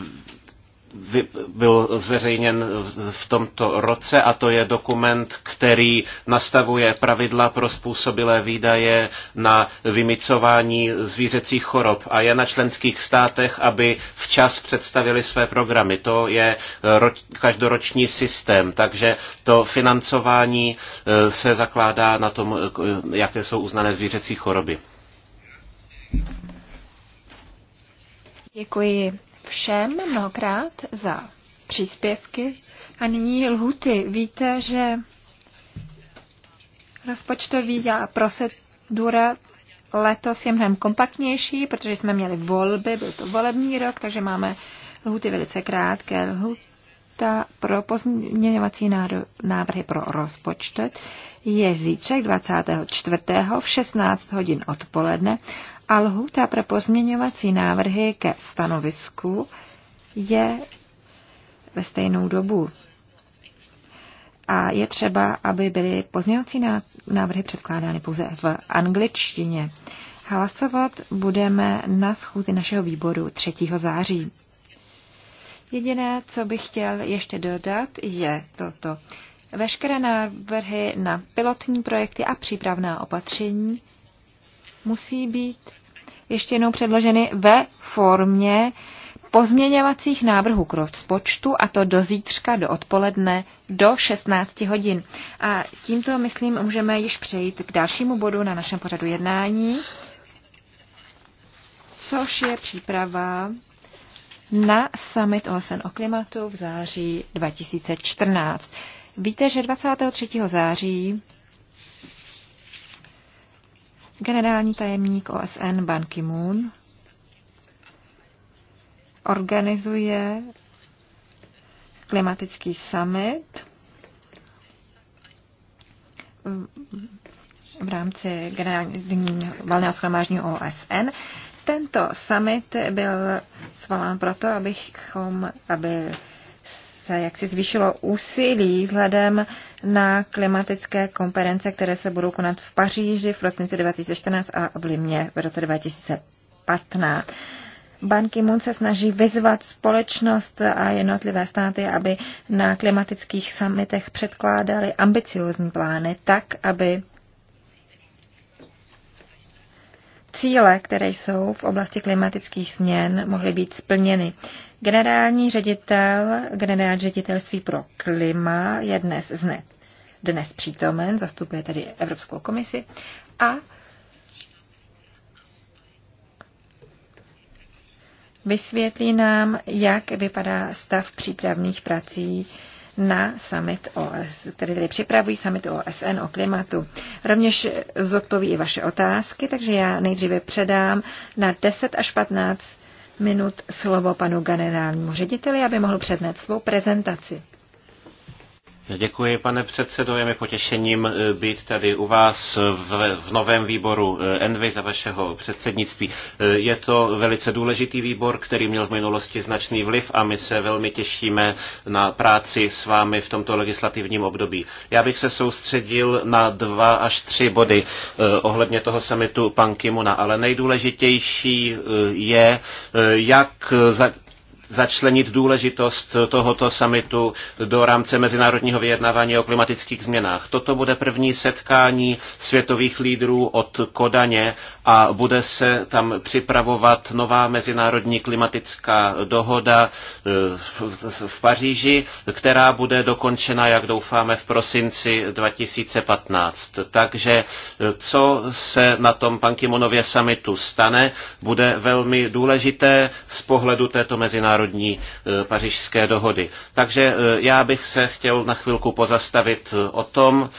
byl zveřejněn v tomto roce a to je dokument, který nastavuje pravidla pro způsobilé výdaje na vymicování zvířecích chorob a je na členských státech, aby včas představili své programy. To je eh, každoroční systém, takže to financování eh, se zakládá na tom, eh, jaké jsou uznané zvířecí choroby. Děkuji všem mnohokrát za příspěvky. A nyní lhuty. Víte, že rozpočtový a procedura letos je mnohem kompaktnější, protože jsme měli volby, byl to volební rok, takže máme lhuty velice krátké. Lhuta pro pozměňovací návrhy pro rozpočet je zítřek 24. v 16 hodin odpoledne a lhůta pro pozměňovací návrhy ke stanovisku je ve stejnou dobu. A je třeba, aby byly pozměňovací návrhy předkládány pouze v angličtině. Hlasovat budeme na schůzi našeho výboru 3. září. Jediné, co bych chtěl ještě dodat, je toto. Veškeré návrhy na pilotní projekty a přípravná opatření musí být ještě jednou předloženy ve formě pozměňovacích návrhů k rozpočtu a to do zítřka do odpoledne do 16 hodin. A tímto, myslím, můžeme již přejít k dalšímu bodu na našem pořadu jednání, což je příprava na summit OSN o klimatu v září 2014. Víte, že 23. září Generální tajemník OSN Ban Ki-moon organizuje klimatický summit v rámci generálního valného schromáždění OSN. Tento summit byl zvolán proto, abychom, aby se jaksi zvýšilo úsilí vzhledem na klimatické konference, které se budou konat v Paříži v roce 2014 a v Limě v roce 2015. Ban Ki-moon se snaží vyzvat společnost a jednotlivé státy, aby na klimatických summitech předkládali ambiciózní plány tak, aby cíle, které jsou v oblasti klimatických změn, mohly být splněny. Generální ředitel, generální ředitelství pro klima je dnes, zne, dnes přítomen, zastupuje tedy Evropskou komisi a vysvětlí nám, jak vypadá stav přípravných prací na summit OS, který tedy připravují summit OSN o klimatu. Rovněž zodpoví i vaše otázky, takže já nejdříve předám na 10 až 15 minut slovo panu generálnímu řediteli, aby mohl přednést svou prezentaci. Děkuji, pane předsedo. Je mi potěšením eh, být tady u vás v, v novém výboru eh, Envy za vašeho předsednictví. Eh, je to velice důležitý výbor, který měl v minulosti značný vliv a my se velmi těšíme na práci s vámi v tomto legislativním období. Já bych se soustředil na dva až tři body ohledně toho summitu Pankimuna, ale nejdůležitější je, jak za, začlenit důležitost tohoto samitu do rámce mezinárodního vyjednávání o klimatických změnách. Toto bude první setkání světových lídrů od Kodaně a bude se tam připravovat nová mezinárodní klimatická dohoda eh, v Paříži, která bude dokončena, jak doufáme, v prosinci 2015. Takže eh, co se na tom Pankimonově samitu stane, bude velmi důležité z pohledu této mezinárodní mezinárodní eh, pařížské dohody. Takže eh, já bych se chtěl na chvilku pozastavit eh, o tom,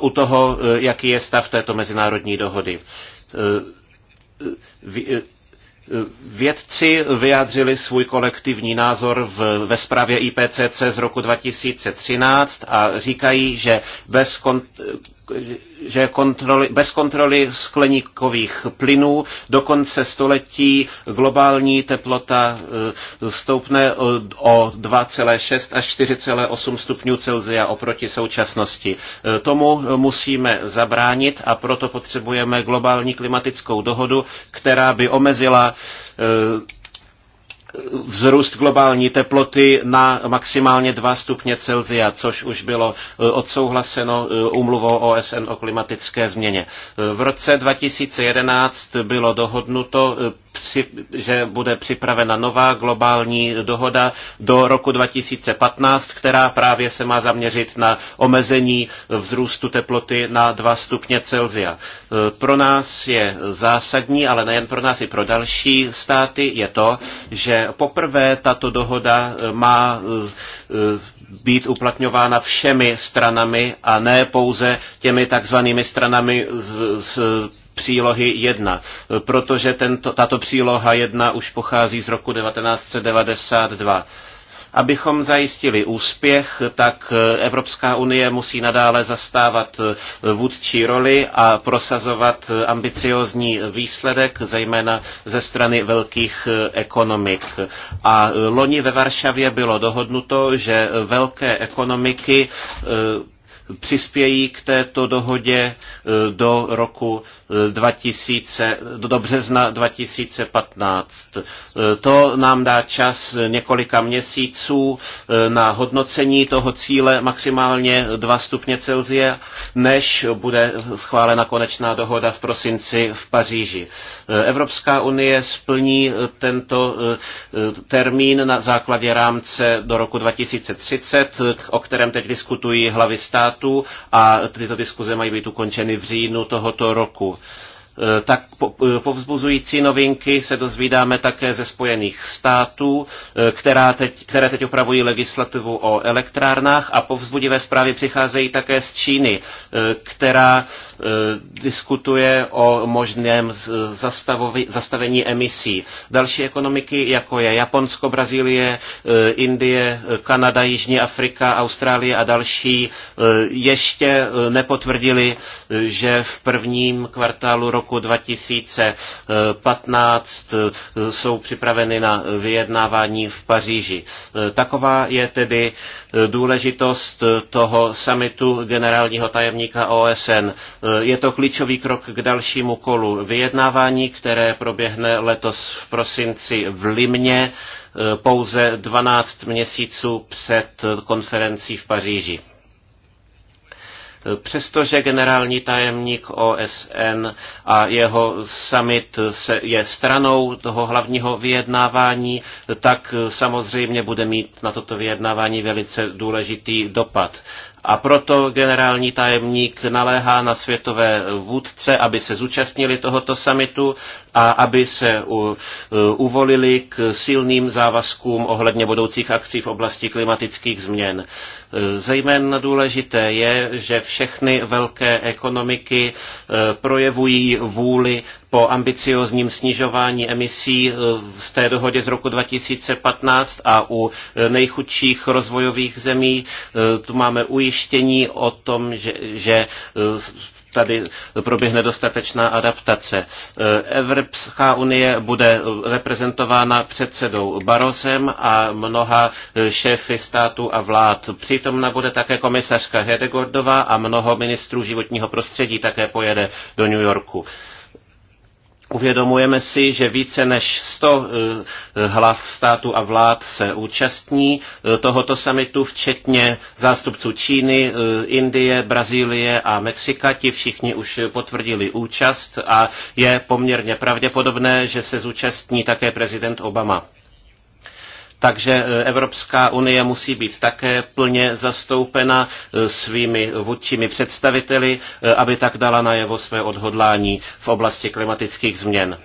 u toho, jaký je stav této mezinárodní dohody. Vědci vyjádřili svůj kolektivní názor v, ve zprávě IPCC z roku 2013 a říkají, že bez kon, že kontroly, bez kontroly skleníkových plynů do konce století globální teplota eh, stoupne eh, o 2,6 až 4,8 stupňů Celsia oproti současnosti. Eh, tomu musíme zabránit a proto potřebujeme globální klimatickou dohodu, která by omezila vzrůst globální teploty na maximálně 2 stupně Celsia, což už bylo e, odsouhlaseno umluvou e, OSN o klimatické změně. E, v roce 2011 bylo dohodnuto při, že bude připravena nová globální dohoda do roku 2015, která právě se má zaměřit na omezení vzrůstu teploty na 2 stupně Celsia. E, pro nás je zásadní, ale nejen pro nás, i pro další státy je to, že poprvé tato dohoda e, má e, být uplatňována všemi stranami a ne pouze těmi takzvanými stranami z, z přílohy 1, protože tento, tato příloha 1 už pochází z roku 1992. Abychom zajistili úspěch, tak Evropská unie musí nadále zastávat vůdčí roli a prosazovat ambiciozní výsledek, zejména ze strany velkých ekonomik. A loni ve Varšavě bylo dohodnuto, že velké ekonomiky eh, přispějí k této dohodě eh, do roku 2000, do března 2015. To nám dá čas několika měsíců eh, na hodnocení toho cíle maximálně 2 stupně Celsie, než bude schválena konečná dohoda v prosinci v Paříži. Eh, Evropská unie splní eh, tento termín na základě rámce do roku 2030, o kterém teď diskutují hlavy států a tyto diskuze mají být ukončeny v říjnu tohoto roku. Eh, tak eh, povzbuzující novinky se dozvídáme také ze Spojených států, eh, která teď, které teď upravují legislativu o elektrárnách a povzbudivé zprávy přicházejí také z Číny, která Eh, diskutuje o možném zastavení emisí. Další ekonomiky, jako je Japonsko, Brazílie, eh, Indie, eh, Kanada, Jižní Afrika, Austrálie a další, ještě nepotvrdili, že v prvním kvartálu roku 2015 jsou připraveny na vyjednávání v Paříži. Taková je tedy důležitost toho samitu generálního tajemníka OSN. Eh, je to klíčový krok k dalšímu kolu vyjednávání, které proběhne letos v prosinci v Limně, eh, pouze 12 měsíců před konferencí v Paříži. Eh, přestože generální tajemník OSN a jeho summit je stranou toho hlavního vyjednávání, tak samozřejmě bude mít na toto vyjednávání velice důležitý dopad. A proto generální tajemník naléhá na světové vůdce, aby se zúčastnili tohoto samitu a aby se uvolili k silným závazkům ohledně budoucích akcí v oblasti klimatických změn. Zejména důležité je, že všechny velké ekonomiky eh, projevují vůli po ambiciozním snižování emisí eh, z té dohodě z roku 2015 a u eh, nejchudších rozvojových zemí eh, tu máme ujištění o tom, že, že tady proběhne dostatečná adaptace. Evropská unie bude reprezentována předsedou Barosem a mnoha šéfy států a vlád. Přítomna bude také komisařka Hedegordová a mnoho ministrů životního prostředí také pojede do New Yorku. Uvědomujeme si, že více než 100 eh, eh, hlav států a vlád se účastní eh, tohoto samitu, včetně zástupců Číny, Indie, Brazílie a Mexika. Ti všichni už potvrdili účast a je poměrně pravděpodobné, že se zúčastní také prezident Obama. Takže e, Evropská unie musí být také plně zastoupena e, svými vůdčími představiteli, e, aby tak dala najevo své odhodlání v oblasti klimatických změn.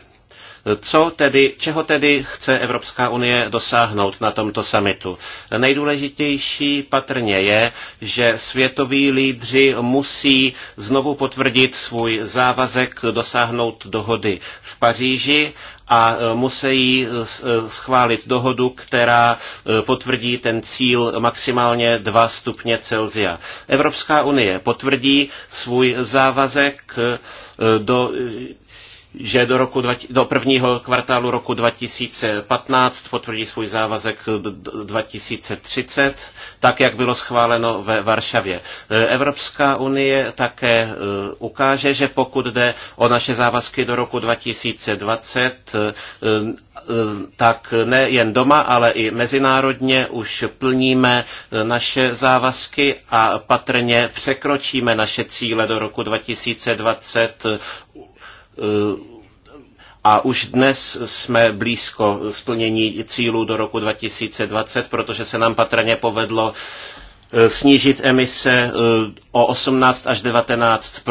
Co tedy, čeho tedy chce Evropská unie dosáhnout na tomto samitu? Nejdůležitější patrně je, že světoví lídři musí znovu potvrdit svůj závazek dosáhnout dohody v Paříži a e, musí e, schválit dohodu, která e, potvrdí ten cíl maximálně 2 stupně Celsia. Evropská unie potvrdí svůj závazek do že do, roku, do prvního kvartálu roku 2015 potvrdí svůj závazek 2030, tak jak bylo schváleno ve Varšavě. E, Evropská unie také e, ukáže, že pokud jde o naše závazky do roku 2020, e, tak nejen doma, ale i mezinárodně už plníme naše závazky a patrně překročíme naše cíle do roku 2020 Eh, a už dnes jsme blízko splnění cílů do roku 2020, protože se nám patrně povedlo Eh, snížit emise eh, o 18 až 19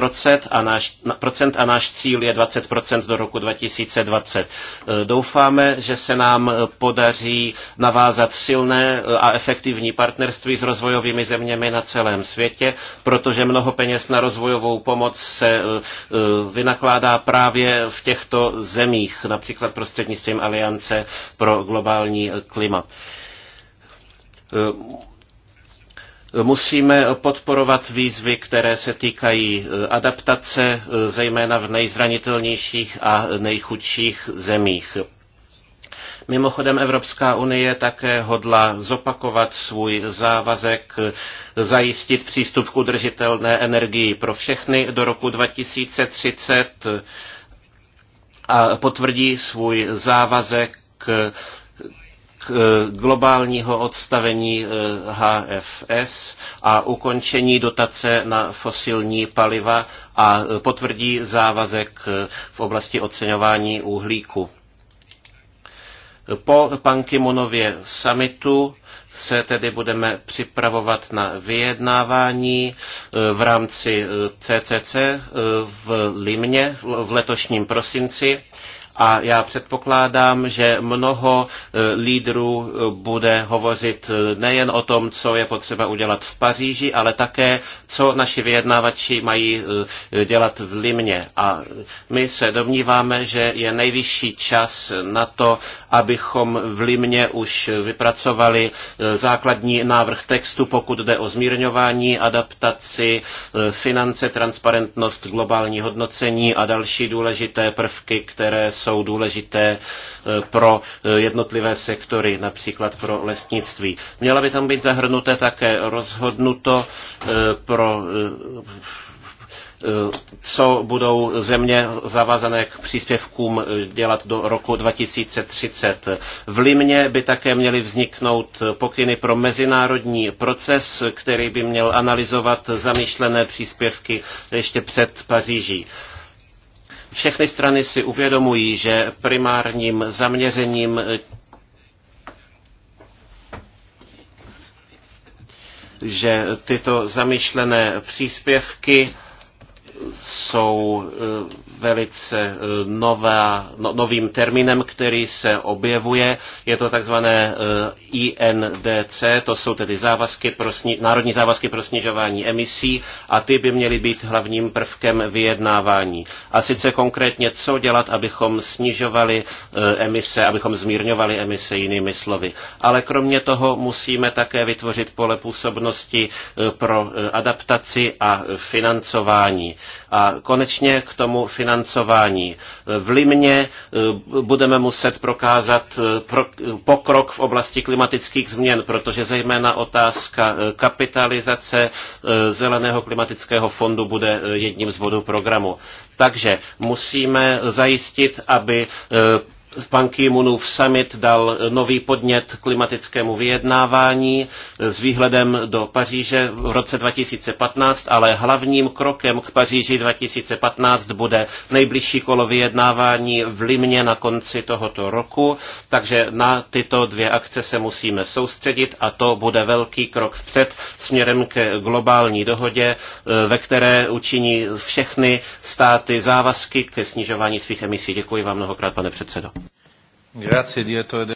a náš, procent a náš cíl je 20 procent do roku 2020. Eh, doufáme, že se nám podaří navázat silné a efektivní partnerství s rozvojovými zeměmi na celém světě, protože mnoho peněz na rozvojovou pomoc se vynakládá právě v těchto zemích, například prostřednictvím Aliance pro globální klima Musíme podporovat výzvy, které se týkají eh, adaptace, eh, zejména v nejzranitelnějších a nejchudších zemích. Mimochodem Evropská unie také hodla zopakovat svůj závazek eh, zajistit přístup k udržitelné energii pro všechny do roku 2030 a potvrdí svůj závazek k Eh, globálního odstavení HFS eh, a ukončení dotace na fosilní paliva a eh, potvrdí závazek v oblasti oceňování uhlíku. Po Pankimonově summitu se tedy budeme připravovat na vyjednávání v rámci CCC v Limně v letošním prosinci a já předpokládám, že mnoho e, lídrů e, bude hovořit e, nejen o tom, co je potřeba udělat v Paříži, ale také, co naši vyjednávači mají dělat v Limně. A my se domníváme, že je nejvyšší čas na to, abychom v Limně už vypracovali základní návrh textu, pokud jde o zmírňování, adaptaci, finance, transparentnost, globální hodnocení a další důležité prvky, které jsou jsou důležité eh, pro eh, jednotlivé sektory, například pro lesnictví. Měla by tam být zahrnuté také rozhodnuto eh, pro co budou země zavázané k příspěvkům dělat do roku 2030. V Limně by také měly vzniknout pokyny pro mezinárodní proces, který by měl analyzovat zamýšlené příspěvky ještě před Paříží. Všechny strany si uvědomují, že primárním zaměřením že tyto zamýšlené příspěvky jsou eh, velice eh, nová, no, novým termínem, který se objevuje. Je to takzvané eh, INDC, to jsou tedy závazky pro sni- národní závazky pro snižování emisí a ty by měly být hlavním prvkem vyjednávání. A sice konkrétně, co dělat, abychom snižovali eh, emise, abychom zmírňovali emise jinými slovy. Ale kromě toho musíme také vytvořit pole působnosti pro adaptaci a financování. A konečně k tomu financování financování. V Limě eh, budeme muset prokázat eh, pokrok v oblasti klimatických změn, protože zejména otázka eh, kapitalizace Zeleného klimatického fondu bude jedním z bodů programu. Takže musíme zajistit, aby Pan Kimunův summit dal nový podnět klimatickému vyjednávání s výhledem do Paříže v roce 2015, ale hlavním krokem k Paříži 2015 bude nejbližší kolo vyjednávání v Limně na konci tohoto roku, takže na tyto dvě akce se musíme soustředit a to bude velký krok vpřed směrem ke globální dohodě, ve které učiní všechny státy závazky ke snižování svých emisí. Děkuji vám mnohokrát, pane předsedo.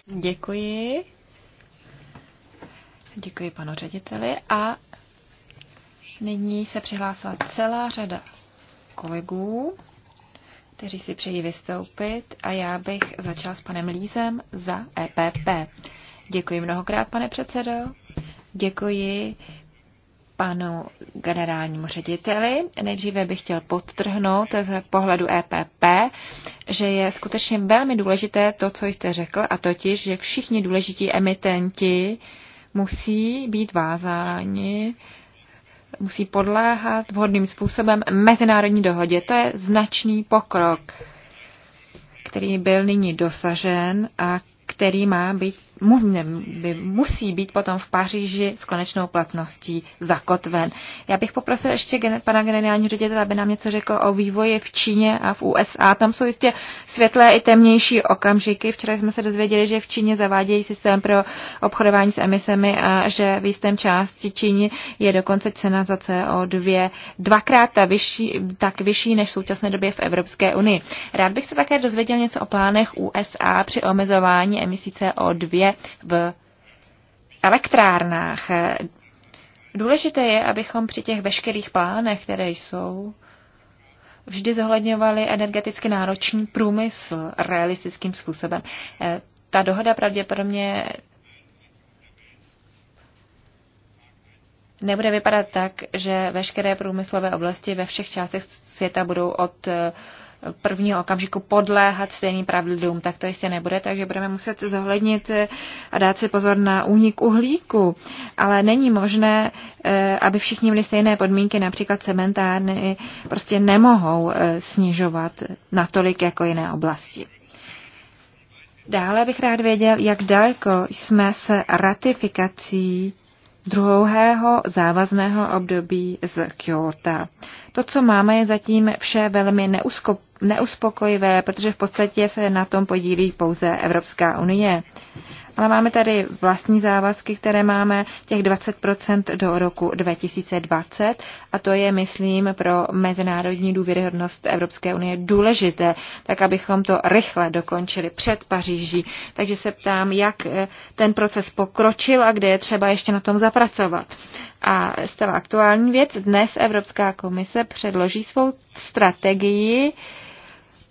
Děkuji. Děkuji panu řediteli a nyní se přihlásila celá řada kolegů, kteří si přejí vystoupit a já bych začal s panem Lízem za EPP. Děkuji mnohokrát, pane předsedo. Děkuji panu generálnímu řediteli. Nejdříve bych chtěl podtrhnout z pohledu EPP, že je skutečně velmi důležité to, co jste řekl, a totiž, že všichni důležití emitenti musí být vázáni musí podléhat vhodným způsobem mezinárodní dohodě. To je značný pokrok, který byl nyní dosažen a který má být by musí být potom v Paříži s konečnou platností zakotven. Já bych poprosil ještě pana generálního ředitele, aby nám něco řekl o vývoji v Číně a v USA. Tam jsou jistě světlé i temnější okamžiky. Včera jsme se dozvěděli, že v Číně zavádějí systém pro obchodování s emisemi a že v jistém části Číny je dokonce cena za CO2 dvakrát ta vyšší, tak vyšší než v současné době v Evropské unii. Rád bych se také dozvěděl něco o plánech USA při omezování emisí CO2 v elektrárnách. Důležité je, abychom při těch veškerých plánech, které jsou, vždy zohledňovali energeticky náročný průmysl realistickým způsobem. Eh, ta dohoda pravděpodobně nebude vypadat tak, že veškeré průmyslové oblasti ve všech částech světa budou od eh, prvního okamžiku podléhat stejným pravidlům, tak to jistě nebude, takže budeme muset zohlednit a dát si pozor na únik uhlíku. Ale není možné, eh, aby všichni měli stejné podmínky, například cementárny prostě nemohou eh, snižovat natolik jako jiné oblasti. Dále bych rád věděl, jak daleko jsme se ratifikací druhého závazného období z Kyoto. To, co máme, je zatím vše velmi neusko, neuspokojivé, protože v podstatě se na tom podílí pouze Evropská unie. Ale máme tady vlastní závazky, které máme těch 20% do roku 2020 a to je, myslím, pro mezinárodní důvěryhodnost Evropské unie důležité, tak abychom to rychle dokončili před Paříží. Takže se ptám, jak eh, ten proces pokročil a kde je třeba ještě na tom zapracovat. A zcela aktuální věc, dnes Evropská komise předloží svou strategii,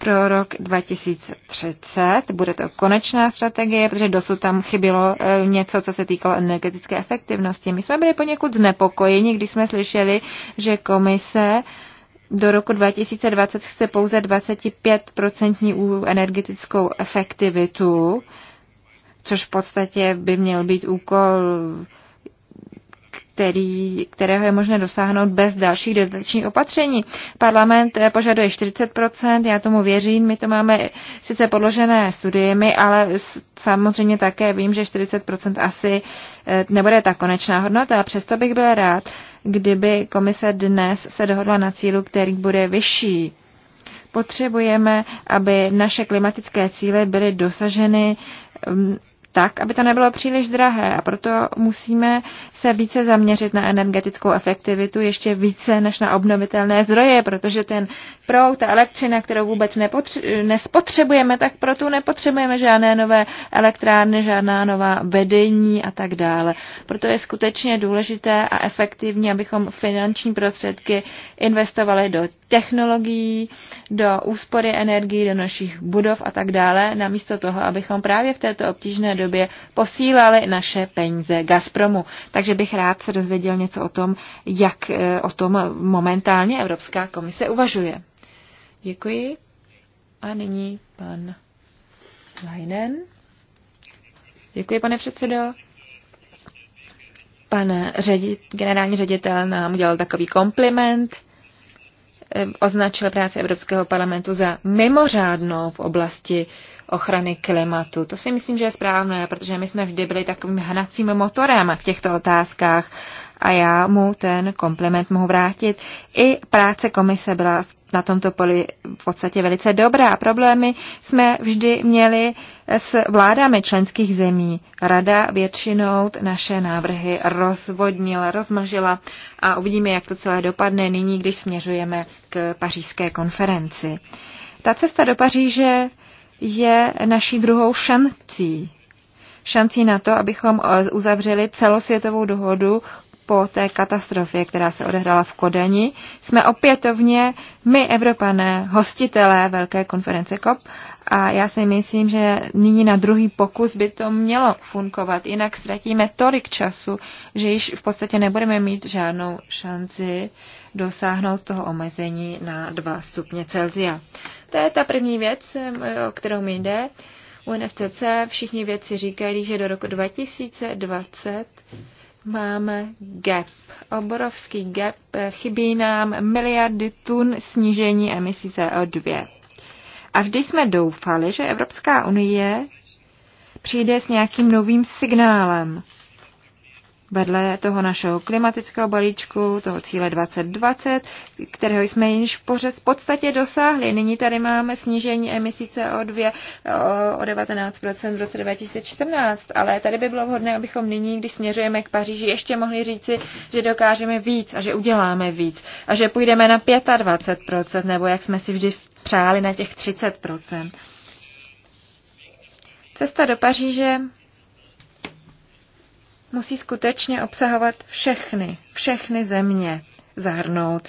pro rok 2030. Bude to konečná strategie, protože dosud tam chybělo eh, něco, co se týkalo energetické efektivnosti. My jsme byli poněkud znepokojeni, když jsme slyšeli, že komise do roku 2020 chce pouze 25% energetickou efektivitu, což v podstatě by měl být úkol který, kterého je možné dosáhnout bez dalších dodatečných opatření. Parlament eh, požaduje 40%, já tomu věřím, my to máme sice podložené studiemi, ale samozřejmě také vím, že 40% asi eh, nebude ta konečná hodnota, a přesto bych byl rád, kdyby komise dnes se dohodla na cílu, který bude vyšší. Potřebujeme, aby naše klimatické cíle byly dosaženy mm, tak, aby to nebylo příliš drahé a proto musíme se více zaměřit na energetickou efektivitu, ještě více než na obnovitelné zdroje, protože ten proud, ta elektřina, kterou vůbec nespotřebujeme, tak proto nepotřebujeme žádné nové elektrárny, žádná nová vedení a tak dále. Proto je skutečně důležité a efektivní, abychom finanční prostředky investovali do technologií, do úspory energií, do našich budov a tak dále, namísto toho, abychom právě v této obtížné době posílali naše peníze Gazpromu. Takže bych rád se dozvěděl něco o tom, jak eh, o tom momentálně Evropská komise uvažuje. Děkuji. A nyní pan Leinen. Děkuji, pane předsedo. Pan ředit, generální ředitel nám udělal takový kompliment Eh, označil práci Evropského parlamentu za mimořádnou v oblasti ochrany klimatu. To si myslím, že je správné, protože my jsme vždy byli takovým hnacím motorem v těchto otázkách a já mu ten komplement mohu vrátit. I práce komise byla na tomto poli v podstatě velice dobrá. Problémy jsme vždy měli s vládami členských zemí. Rada většinou naše návrhy rozvodnila, rozmlžila a uvidíme, jak to celé dopadne nyní, když směřujeme k pařížské konferenci. Ta cesta do Paříže je naší druhou šancí. Šancí na to, abychom eh, uzavřeli celosvětovou dohodu po té katastrofě, která se odehrála v Kodani, jsme opětovně my, Evropané, hostitelé velké konference COP a já si myslím, že nyní na druhý pokus by to mělo fungovat, jinak ztratíme tolik času, že již v podstatě nebudeme mít žádnou šanci dosáhnout toho omezení na 2 stupně Celsia. To je ta první věc, o kterou mi jde. UNFCC všichni věci říkají, že do roku 2020 máme gap, obrovský gap, chybí nám miliardy tun snížení emisí CO2. A vždy jsme doufali, že Evropská unie přijde s nějakým novým signálem vedle toho našeho klimatického balíčku, toho cíle 2020, kterého jsme již v podstatě dosáhli. Nyní tady máme snížení emisí CO2 o 19% v roce 2014, ale tady by bylo vhodné, abychom nyní, když směřujeme k Paříži, ještě mohli říci, že dokážeme víc a že uděláme víc a že půjdeme na 25%, nebo jak jsme si vždy přáli na těch 30%. Cesta do Paříže musí skutečně obsahovat všechny, všechny země zahrnout.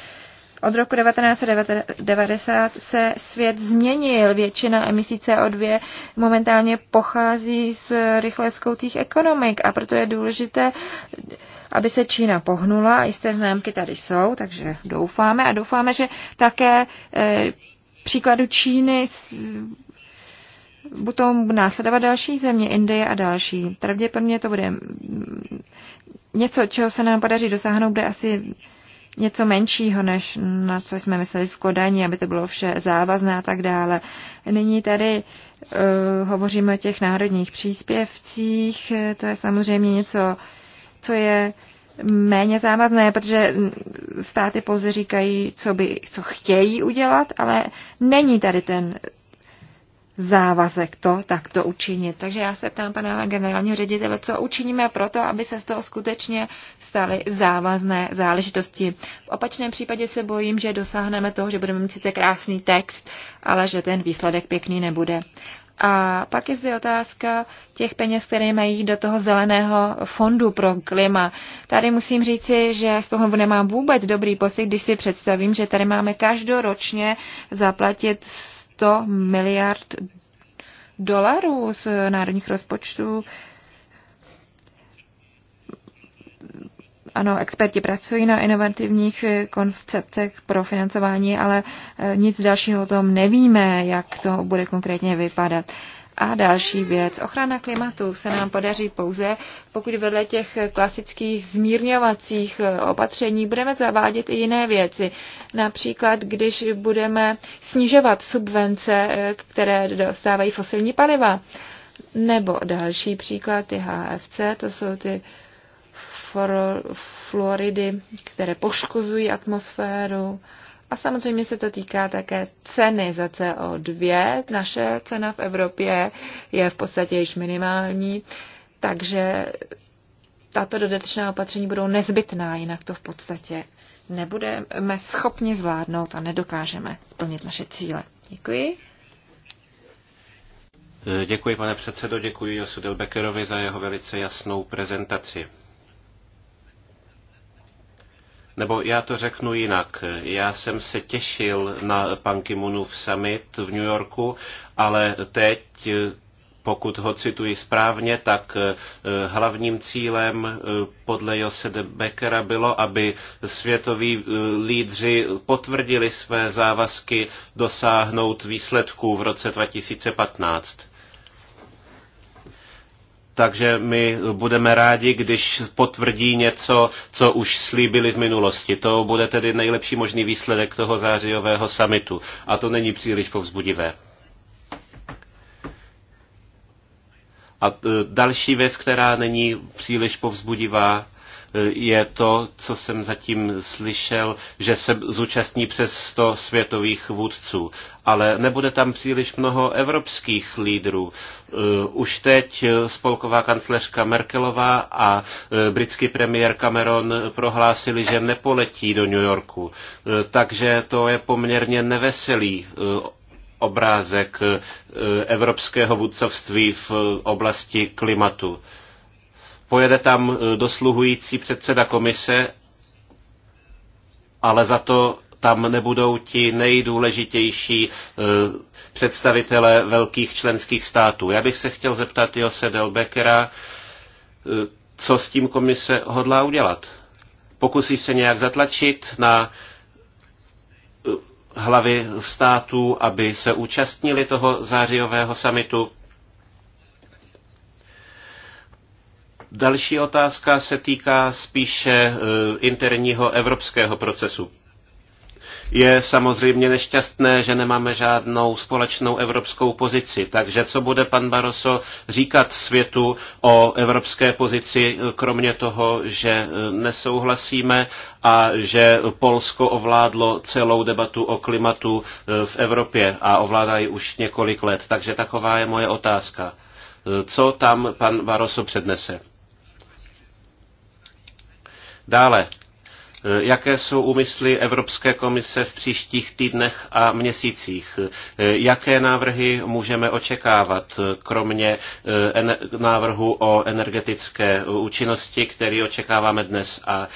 Od roku 1990 se svět změnil. Většina emisí CO2 momentálně pochází z rychle skoutých ekonomik a proto je důležité, aby se Čína pohnula. Jisté známky tady jsou, takže doufáme a doufáme, že také eh, příkladu Číny Potom následovat další země, Indie a další. Pravděpodobně to bude mm, něco, čeho se nám podaří dosáhnout, bude asi něco menšího, než na co jsme mysleli v Kodani, aby to bylo vše závazné a tak dále. Nyní tady uh, hovoříme o těch národních příspěvcích, to je samozřejmě něco, co je méně závazné, protože státy pouze říkají, co, by, co chtějí udělat, ale není tady ten závazek to takto učinit. Takže já se ptám pana generálního ředitele, co učiníme proto, aby se z toho skutečně staly závazné záležitosti. V opačném případě se bojím, že dosáhneme toho, že budeme mít sice krásný text, ale že ten výsledek pěkný nebude. A pak je zde otázka těch peněz, které mají do toho zeleného fondu pro klima. Tady musím říci, že z toho nemám vůbec dobrý pocit, když si představím, že tady máme každoročně zaplatit 100 miliard dolarů z národních rozpočtů. Ano, experti pracují na inovativních konceptech pro financování, ale eh, nic dalšího o tom nevíme, jak to bude konkrétně vypadat. A další věc, ochrana klimatu se nám podaří pouze, pokud vedle těch klasických zmírňovacích eh, opatření budeme zavádět i jiné věci. Například, když budeme snižovat subvence, eh, které dostávají fosilní paliva. Nebo další příklad ty HFC, to jsou ty fluoridy, které poškozují atmosféru. A samozřejmě se to týká také ceny za CO2. Naše cena v Evropě je v podstatě již minimální, takže tato dodatečná opatření budou nezbytná, jinak to v podstatě nebudeme schopni zvládnout a nedokážeme splnit naše cíle. Děkuji. Děkuji, pane předsedo, děkuji Josu Delbekerovi za jeho velice jasnou prezentaci nebo já to řeknu jinak. Já jsem se těšil na Pan Kimunův summit v New Yorku, ale teď pokud ho cituji správně, tak eh, hlavním cílem eh, podle Jose de Beckera bylo, aby světoví eh, lídři potvrdili své závazky dosáhnout výsledků v roce 2015 takže my budeme rádi, když potvrdí něco, co už slíbili v minulosti. To bude tedy nejlepší možný výsledek toho zářijového samitu. A to není příliš povzbudivé. A e, další věc, která není příliš povzbudivá, je to, co jsem zatím slyšel, že se zúčastní přes 100 světových vůdců. Ale nebude tam příliš mnoho evropských lídrů. E, už teď spolková kancléřka Merkelová a e, britský premiér Cameron prohlásili, že nepoletí do New Yorku. E, takže to je poměrně neveselý obrázek evropského vůdcovství v oblasti klimatu. Pojede tam eh, dosluhující předseda komise, ale za to tam nebudou ti nejdůležitější eh, představitele velkých členských států. Já bych se chtěl zeptat Jose Delbeckera, eh, co s tím komise hodlá udělat. Pokusí se nějak zatlačit na hlavy států, aby se účastnili toho zářijového samitu. Další otázka se týká spíše eh, interního evropského procesu. Je samozřejmě nešťastné, že nemáme žádnou společnou evropskou pozici. Takže co bude pan Barroso říkat světu o evropské pozici, eh, kromě toho, že eh, nesouhlasíme a že Polsko ovládlo celou debatu o klimatu v Evropě a ovládá ji už několik let. Takže taková je moje otázka. Co tam pan Barroso přednese? Dále, eh, jaké jsou úmysly Evropské komise v příštích týdnech a měsících. Eh, jaké návrhy můžeme očekávat, eh, kromě návrhu o energetické účinnosti, který očekáváme dnes a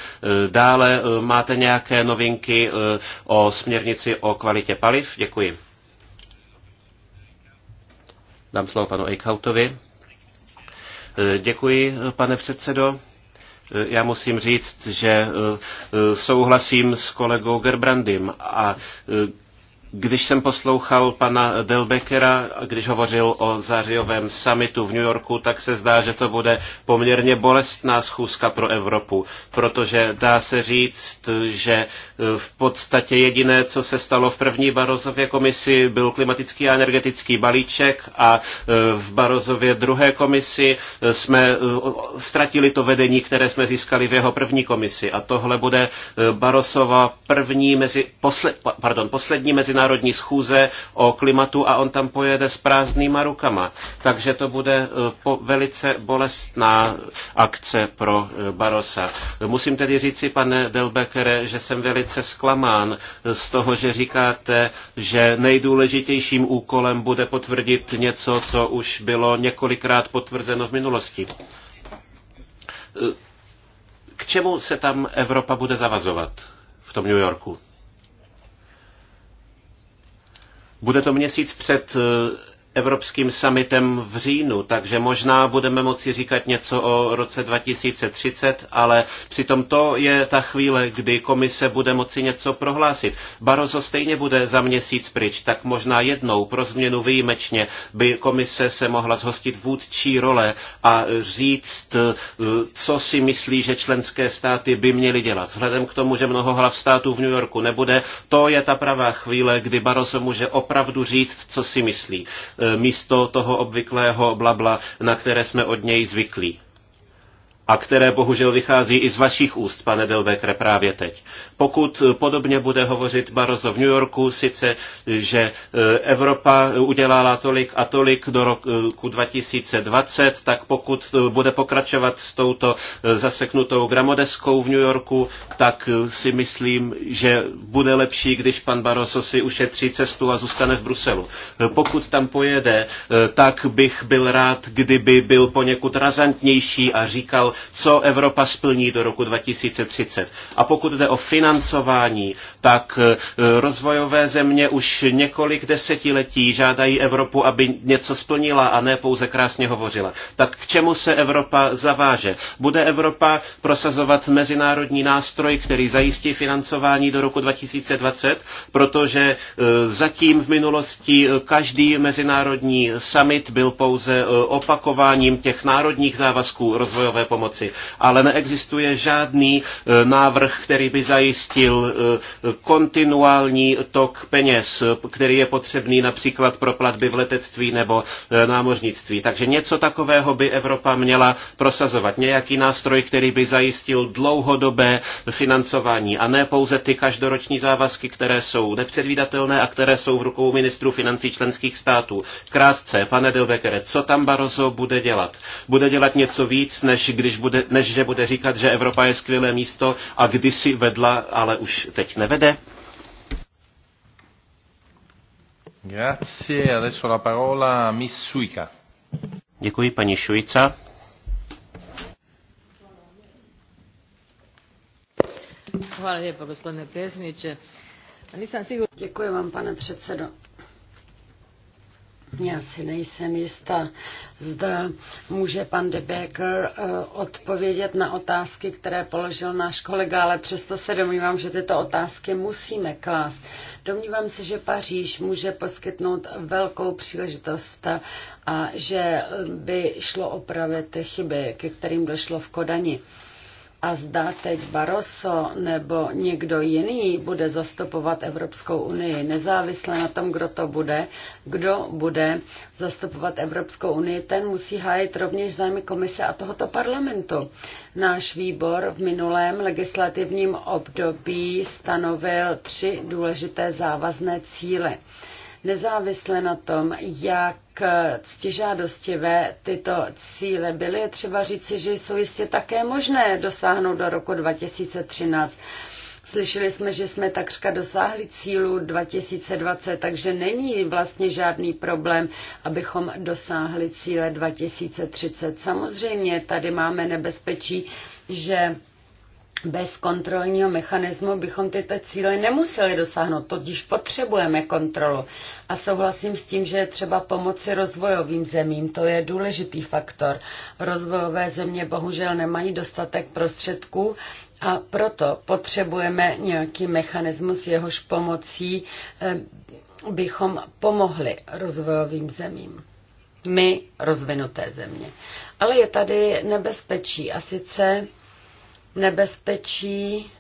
dále? Máte nějaké novinky o směrnici o kvalitě paliv? Děkuji. Dám slovo panu Eichhautovi. Děkuji, pane předsedo já musím říct, že eh, eh, souhlasím s kolegou Gerbrandym a eh, když jsem poslouchal pana Delbekera, když hovořil o zářijovém summitu v New Yorku, tak se zdá, že to bude poměrně bolestná schůzka pro Evropu, protože dá se říct, že e, v podstatě jediné, co se stalo v první Barozově komisi, byl klimatický a energetický balíček a e, v Barozově druhé komisi e, jsme ztratili to vedení, které jsme získali v jeho první komisi. A tohle bude Barosova první mezi, posle, pardon, poslední mezinárodní mezinárodní schůze o klimatu a on tam pojede s prázdnýma rukama. Takže to bude eh, velice bolestná akce pro eh, Barosa. Musím tedy říci, pane Delbekere, že jsem velice zklamán eh, z toho, že říkáte, že nejdůležitějším úkolem bude potvrdit něco, co už bylo několikrát potvrzeno v minulosti. K čemu se tam Evropa bude zavazovat v tom New Yorku? Bude to měsíc před eh, Evropským summitem v říjnu, takže možná budeme moci říkat něco o roce 2030, ale přitom to je ta chvíle, kdy komise bude moci něco prohlásit. Barozo stejně bude za měsíc pryč, tak možná jednou pro změnu výjimečně by komise se mohla zhostit vůdčí role a říct, eh, co si myslí, že členské státy by měly dělat. Vzhledem k tomu, že mnoho hlav států v New Yorku nebude, to je ta pravá chvíle, kdy Barozo může opravdu říct, co si myslí místo toho obvyklého blabla, na které jsme od něj zvyklí a které bohužel vychází i z vašich úst, pane Delbekre, právě teď. Pokud podobně bude hovořit Barozo v New Yorku, sice, že eh, Evropa udělala tolik a tolik do roku 2020, tak pokud eh, bude pokračovat s touto eh, zaseknutou gramodeskou v New Yorku, tak si myslím, že bude lepší, když pan Barozo si ušetří cestu a zůstane v Bruselu. Pokud tam pojede, tak bych byl rád, kdyby byl poněkud razantnější a říkal, co Evropa splní do roku 2030. A pokud jde o financování, tak e, rozvojové země už několik desetiletí žádají Evropu, aby něco splnila a ne pouze krásně hovořila. Tak k čemu se Evropa zaváže? Bude Evropa prosazovat mezinárodní nástroj, který zajistí financování do roku 2020, protože e, zatím v minulosti e, každý mezinárodní summit byl pouze opakováním těch národních závazků rozvojové pomoci pomoci. ale neexistuje žádný e, návrh, který by zajistil e, kontinuální tok peněz, který je potřebný například pro platby v letectví nebo e, námořnictví. Takže něco takového by Evropa měla prosazovat. Nějaký nástroj, který by zajistil dlouhodobé financování a ne pouze ty každoroční závazky, které jsou nepředvídatelné a které jsou v rukou ministrů financí členských států. Krátce, pane Delbekere, co tam Barozo bude dělat? Bude dělat něco víc, než když než, bude, než že bude říkat, že Evropa je skvělé místo a kdysi vedla, ale už teď nevede? Grazie, adesso la parola Miss Suica. Děkuji, paní Šujica. Hvala lijepo, gospodine predsjedniče. Nisam sigurna... Děkuji vám, pane předsedo. Já si nejsem jistá, zda může pan de Becker eh, odpovědět na otázky, které položil náš kolega, ale přesto se domnívám, že tyto otázky musíme klást. Domnívám se, že Paříž může poskytnout velkou příležitost a že by šlo opravit chyby, ke kterým došlo v Kodani a zda teď Barroso nebo někdo jiný bude zastupovat Evropskou unii, nezávisle na tom, kdo to bude, kdo bude zastupovat Evropskou unii, ten musí hájit rovněž zájmy komise a tohoto parlamentu. Náš výbor v minulém legislativním období stanovil tři důležité závazné cíle. Nezávisle na tom, jak ctižádostivé tyto cíle byly, je třeba říci, že jsou jistě také možné dosáhnout do roku 2013. Slyšeli jsme, že jsme takřka dosáhli cílu 2020, takže není vlastně žádný problém, abychom dosáhli cíle 2030. Samozřejmě tady máme nebezpečí, že bez kontrolního mechanismu bychom tyto cíle nemuseli dosáhnout, totiž potřebujeme kontrolu. A souhlasím s tím, že je třeba pomoci rozvojovým zemím, to je důležitý faktor. Rozvojové země bohužel nemají dostatek prostředků, a proto potřebujeme nějaký mechanismus, jehož pomocí eh, bychom pomohli rozvojovým zemím. My, rozvinuté země. Ale je tady nebezpečí a sice nebezpečí,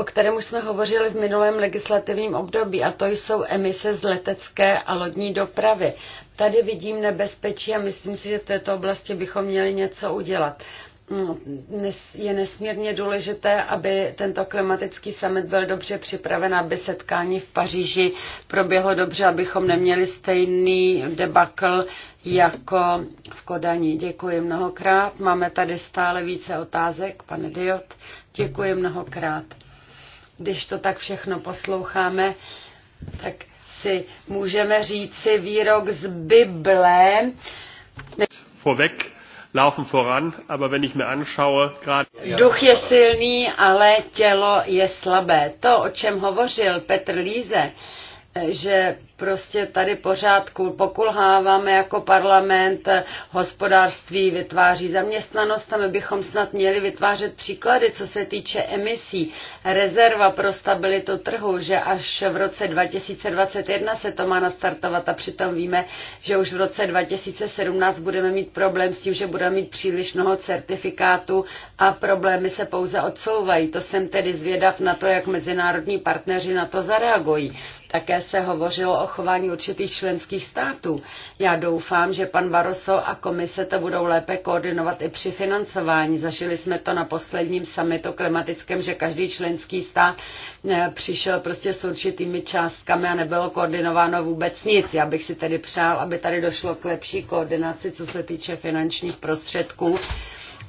o kterém jsme hovořili v minulém legislativním období, a to jsou emise z letecké a lodní dopravy. Tady vidím nebezpečí a myslím si, že v této oblasti bychom měli něco udělat. Mm, je nesmírně důležité, aby tento klimatický summit byl dobře připraven, aby setkání v Paříži proběhlo dobře, abychom neměli stejný debakl jako v Kodani. Děkuji mnohokrát. Máme tady stále více otázek, pane Diot. Děkuji mnohokrát. Když to tak všechno posloucháme, tak si můžeme říci výrok z Bible. Vorweg laufen voran, aber wenn ich mir anschaue, gerade... Duch je silný, ale tělo je slabé. To, o čem hovořil Petr Líze, že prostě tady pořád pokulháváme jako parlament, hospodářství vytváří zaměstnanost a my bychom snad měli vytvářet příklady, co se týče emisí. Rezerva pro stabilitu trhu, že až v roce 2021 se to má nastartovat a přitom víme, že už v roce 2017 budeme mít problém s tím, že budeme mít příliš mnoho certifikátů a problémy se pouze odsouvají. To jsem tedy zvědav na to, jak mezinárodní partneři na to zareagují také se hovořilo o chování určitých členských států. Já doufám, že pan Barroso a komise to budou lépe koordinovat i při financování. Zažili jsme to na posledním summitu klimatickém, že každý členský stát eh, přišel prostě s určitými částkami a nebylo koordinováno vůbec nic. Já bych si tedy přál, aby tady došlo k lepší koordinaci, co se týče finančních prostředků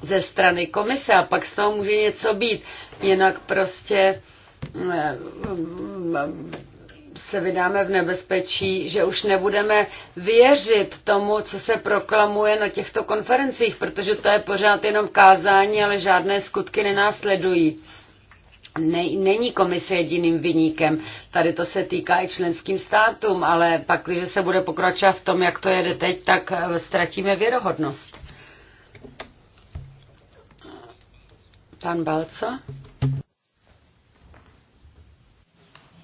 ze strany komise a pak z toho může něco být. Jinak prostě eh, se vydáme v nebezpečí, že už nebudeme věřit tomu, co se proklamuje na těchto konferencích, protože to je pořád jenom kázání, ale žádné skutky nenásledují. Ne, není komise jediným vyníkem. Tady to se týká i členským státům, ale pak, když se bude pokračovat v tom, jak to jede teď, tak eh, ztratíme věrohodnost. Pan Balco?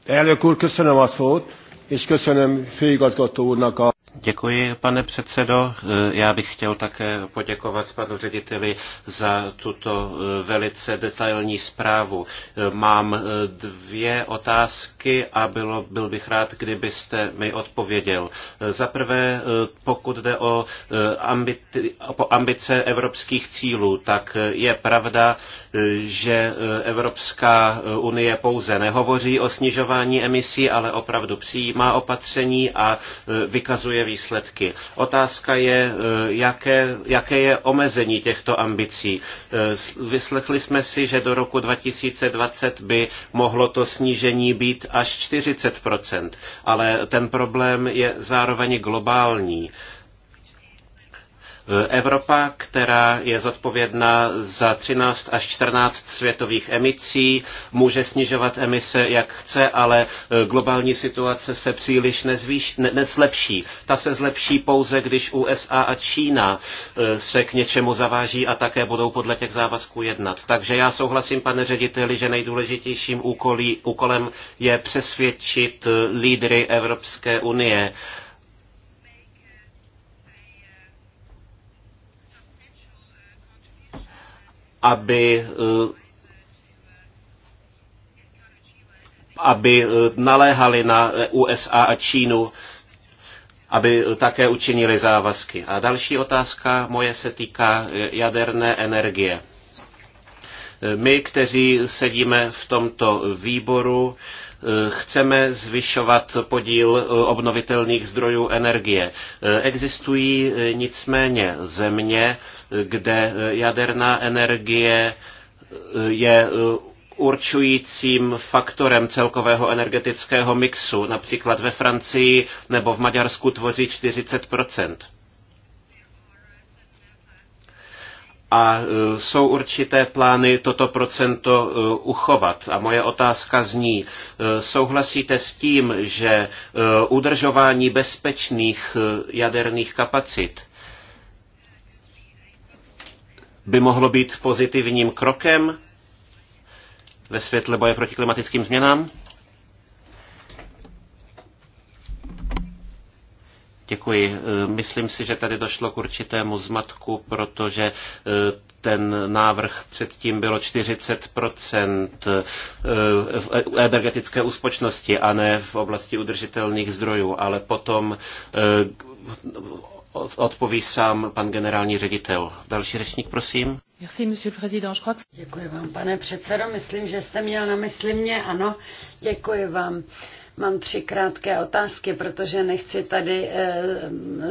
Elnök úr, köszönöm a szót, és köszönöm főigazgató úrnak a Děkuji, pane předsedo. E, já bych chtěl také poděkovat panu řediteli za tuto e, velice detailní zprávu. E, mám dvě otázky a bylo, byl bych rád, kdybyste mi odpověděl. Za prvé, pokud jde o ambice evropských cílů, tak je pravda, že Evropská unie pouze nehovoří o snižování emisí, ale opravdu přijímá opatření a vykazuje výsledky výsledky. Otázka je, e, jaké, jaké je omezení těchto ambicí. E, vyslechli jsme si, že do roku 2020 by mohlo to snížení být až 40 ale ten problém je zároveň globální. Evropa, která je zodpovědná za 13 až 14 světových emisí, může snižovat emise jak chce, ale eh, globální situace se příliš nezvýš, ne, nezlepší. Ta se zlepší pouze, když USA a Čína eh, se k něčemu zaváží a také budou podle těch závazků jednat. Takže já souhlasím, pane řediteli, že nejdůležitějším úkolí, úkolem je přesvědčit eh, lídry Evropské unie, aby eh, aby eh, naléhali na USA a Čínu, aby také učinili závazky. A další otázka moje se týká eh, jaderné energie. My, kteří sedíme v tomto výboru, chceme zvyšovat podíl eh, obnovitelných zdrojů energie. Eh, existují eh, nicméně země, kde jaderná energie je určujícím faktorem celkového energetického mixu. Například ve Francii nebo v Maďarsku tvoří 40 a e, jsou určité plány toto procento e, uchovat. A moje otázka zní, e, souhlasíte s tím, že udržování bezpečných jaderných kapacit by mohlo být pozitivním krokem ve světle boje proti klimatickým změnám? Děkuji. Eh, myslím si, že tady došlo k určitému zmatku, protože eh, ten návrh předtím bylo 40% eh, e-, energetické úspočnosti a ne v oblasti udržitelných zdrojů, ale potom odpoví sám pan generální ředitel. Další řečník, prosím. Děkuji vám, pane předsedo. Myslím, že jste měl na mysli mě. Ano, děkuji vám. Mám tři krátké otázky, protože nechci tady eh,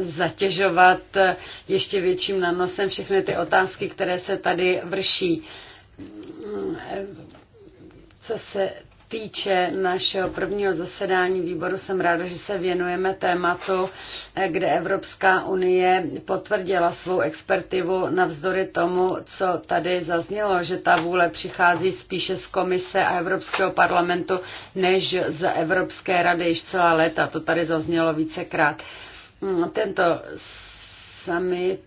zatěžovat eh, ještě větším nanosem všechny ty otázky, které se tady vrší. Mm, eh, co se týče našeho prvního zasedání výboru, jsem ráda, že se věnujeme tématu, kde Evropská unie potvrdila svou expertivu navzdory tomu, co tady zaznělo, že ta vůle přichází spíše z komise a Evropského parlamentu než z Evropské rady již celá léta. To tady zaznělo vícekrát. Tento summit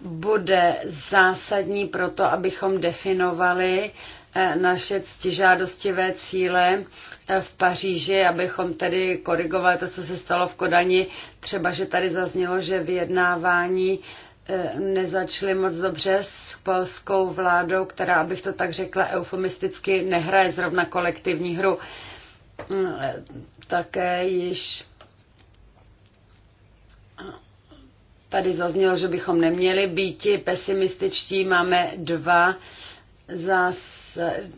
bude zásadní pro to, abychom definovali eh, naše ctižádostivé cíle eh, v Paříži, abychom tedy korigovali to, co se stalo v Kodani. Třeba, že tady zaznělo, že vyjednávání eh, nezačaly moc dobře s polskou vládou, která, abych to tak řekla eufemisticky, nehraje zrovna kolektivní hru. Mm, také již Tady zaznělo, že bychom neměli být pesimističtí. Máme dva zás,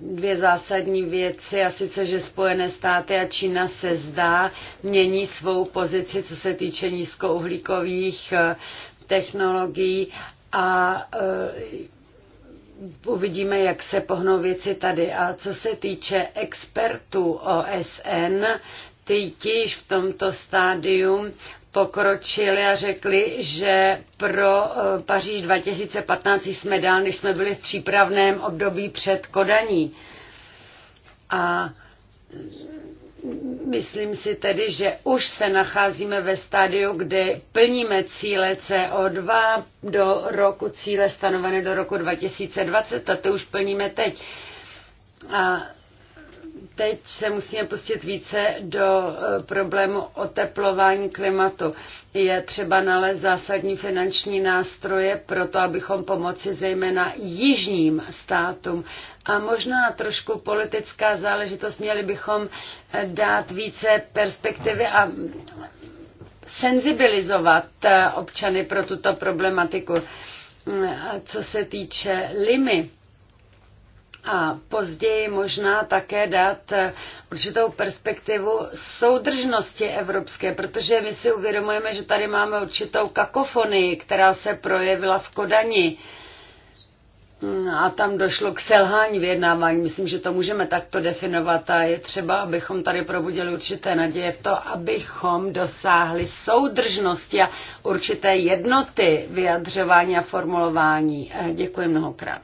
dvě zásadní věci, a sice, že Spojené státy a Čína se zdá mění svou pozici, co se týče nízkouhlíkových eh, technologií a eh, uvidíme, jak se pohnou věci tady. A co se týče expertů OSN, ty již v tomto stádiu pokročili a řekli, že pro eh, Paříž 2015 jsme dál, než jsme byli v přípravném období před Kodaní. A myslím si tedy, že už se nacházíme ve stádiu, kde plníme cíle CO2 do roku, cíle stanovené do roku 2020 a to už plníme teď. A Teď se musíme pustit více do e, problému oteplování klimatu. Je třeba nalézt zásadní finanční nástroje pro to, abychom pomoci zejména jižním státům. A možná trošku politická záležitost, měli bychom e, dát více perspektivy a senzibilizovat e, občany pro tuto problematiku. Co se týče limy, a později možná také dát eh, určitou perspektivu soudržnosti evropské, protože my si uvědomujeme, že tady máme určitou kakofonii, která se projevila v Kodani mm, a tam došlo k selhání vyjednávání. Myslím, že to můžeme takto definovat a je třeba, abychom tady probudili určité naděje v to, abychom dosáhli soudržnosti a určité jednoty vyjadřování a formulování. Eh, děkuji mnohokrát.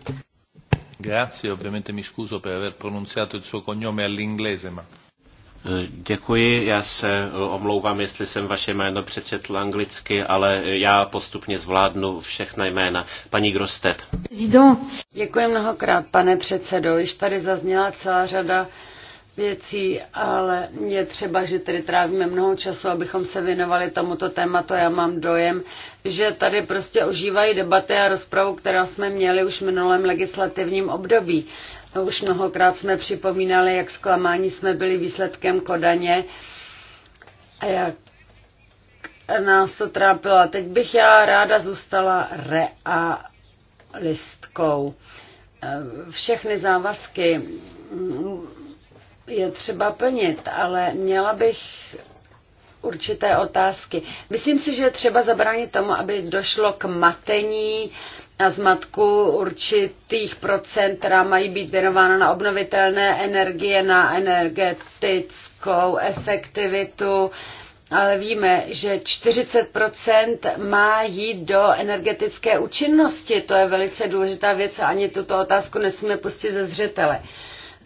Grazie, ovviamente mi scuso per aver pronunciato il suo cognome all'inglese, ma... Eh, děkuji, já se eh, omlouvám, jestli jsem vaše jméno přečetl anglicky, ale eh, já postupně zvládnu všechna jména. Paní Grostet. Děkuji mnohokrát, pane předsedo. Již tady zazněla celá řada věcí, ale je třeba, že tady trávíme mnoho času, abychom se věnovali tomuto tématu. Já mám dojem, že tady prostě ožívají debaty a rozpravu, která jsme měli už v minulém legislativním období. Už mnohokrát jsme připomínali, jak zklamání jsme byli výsledkem Kodaně a jak nás to trápilo. A teď bych já ráda zůstala realistkou. Všechny závazky je třeba plnit, ale měla bych určité otázky. Myslím si, že je třeba zabránit tomu, aby došlo k matení a zmatku určitých procent, která mají být věnována na obnovitelné energie, na energetickou efektivitu. Ale víme, že 40 má jít do energetické účinnosti. To je velice důležitá věc a ani tuto otázku nesmíme pustit ze zřetele. Uh,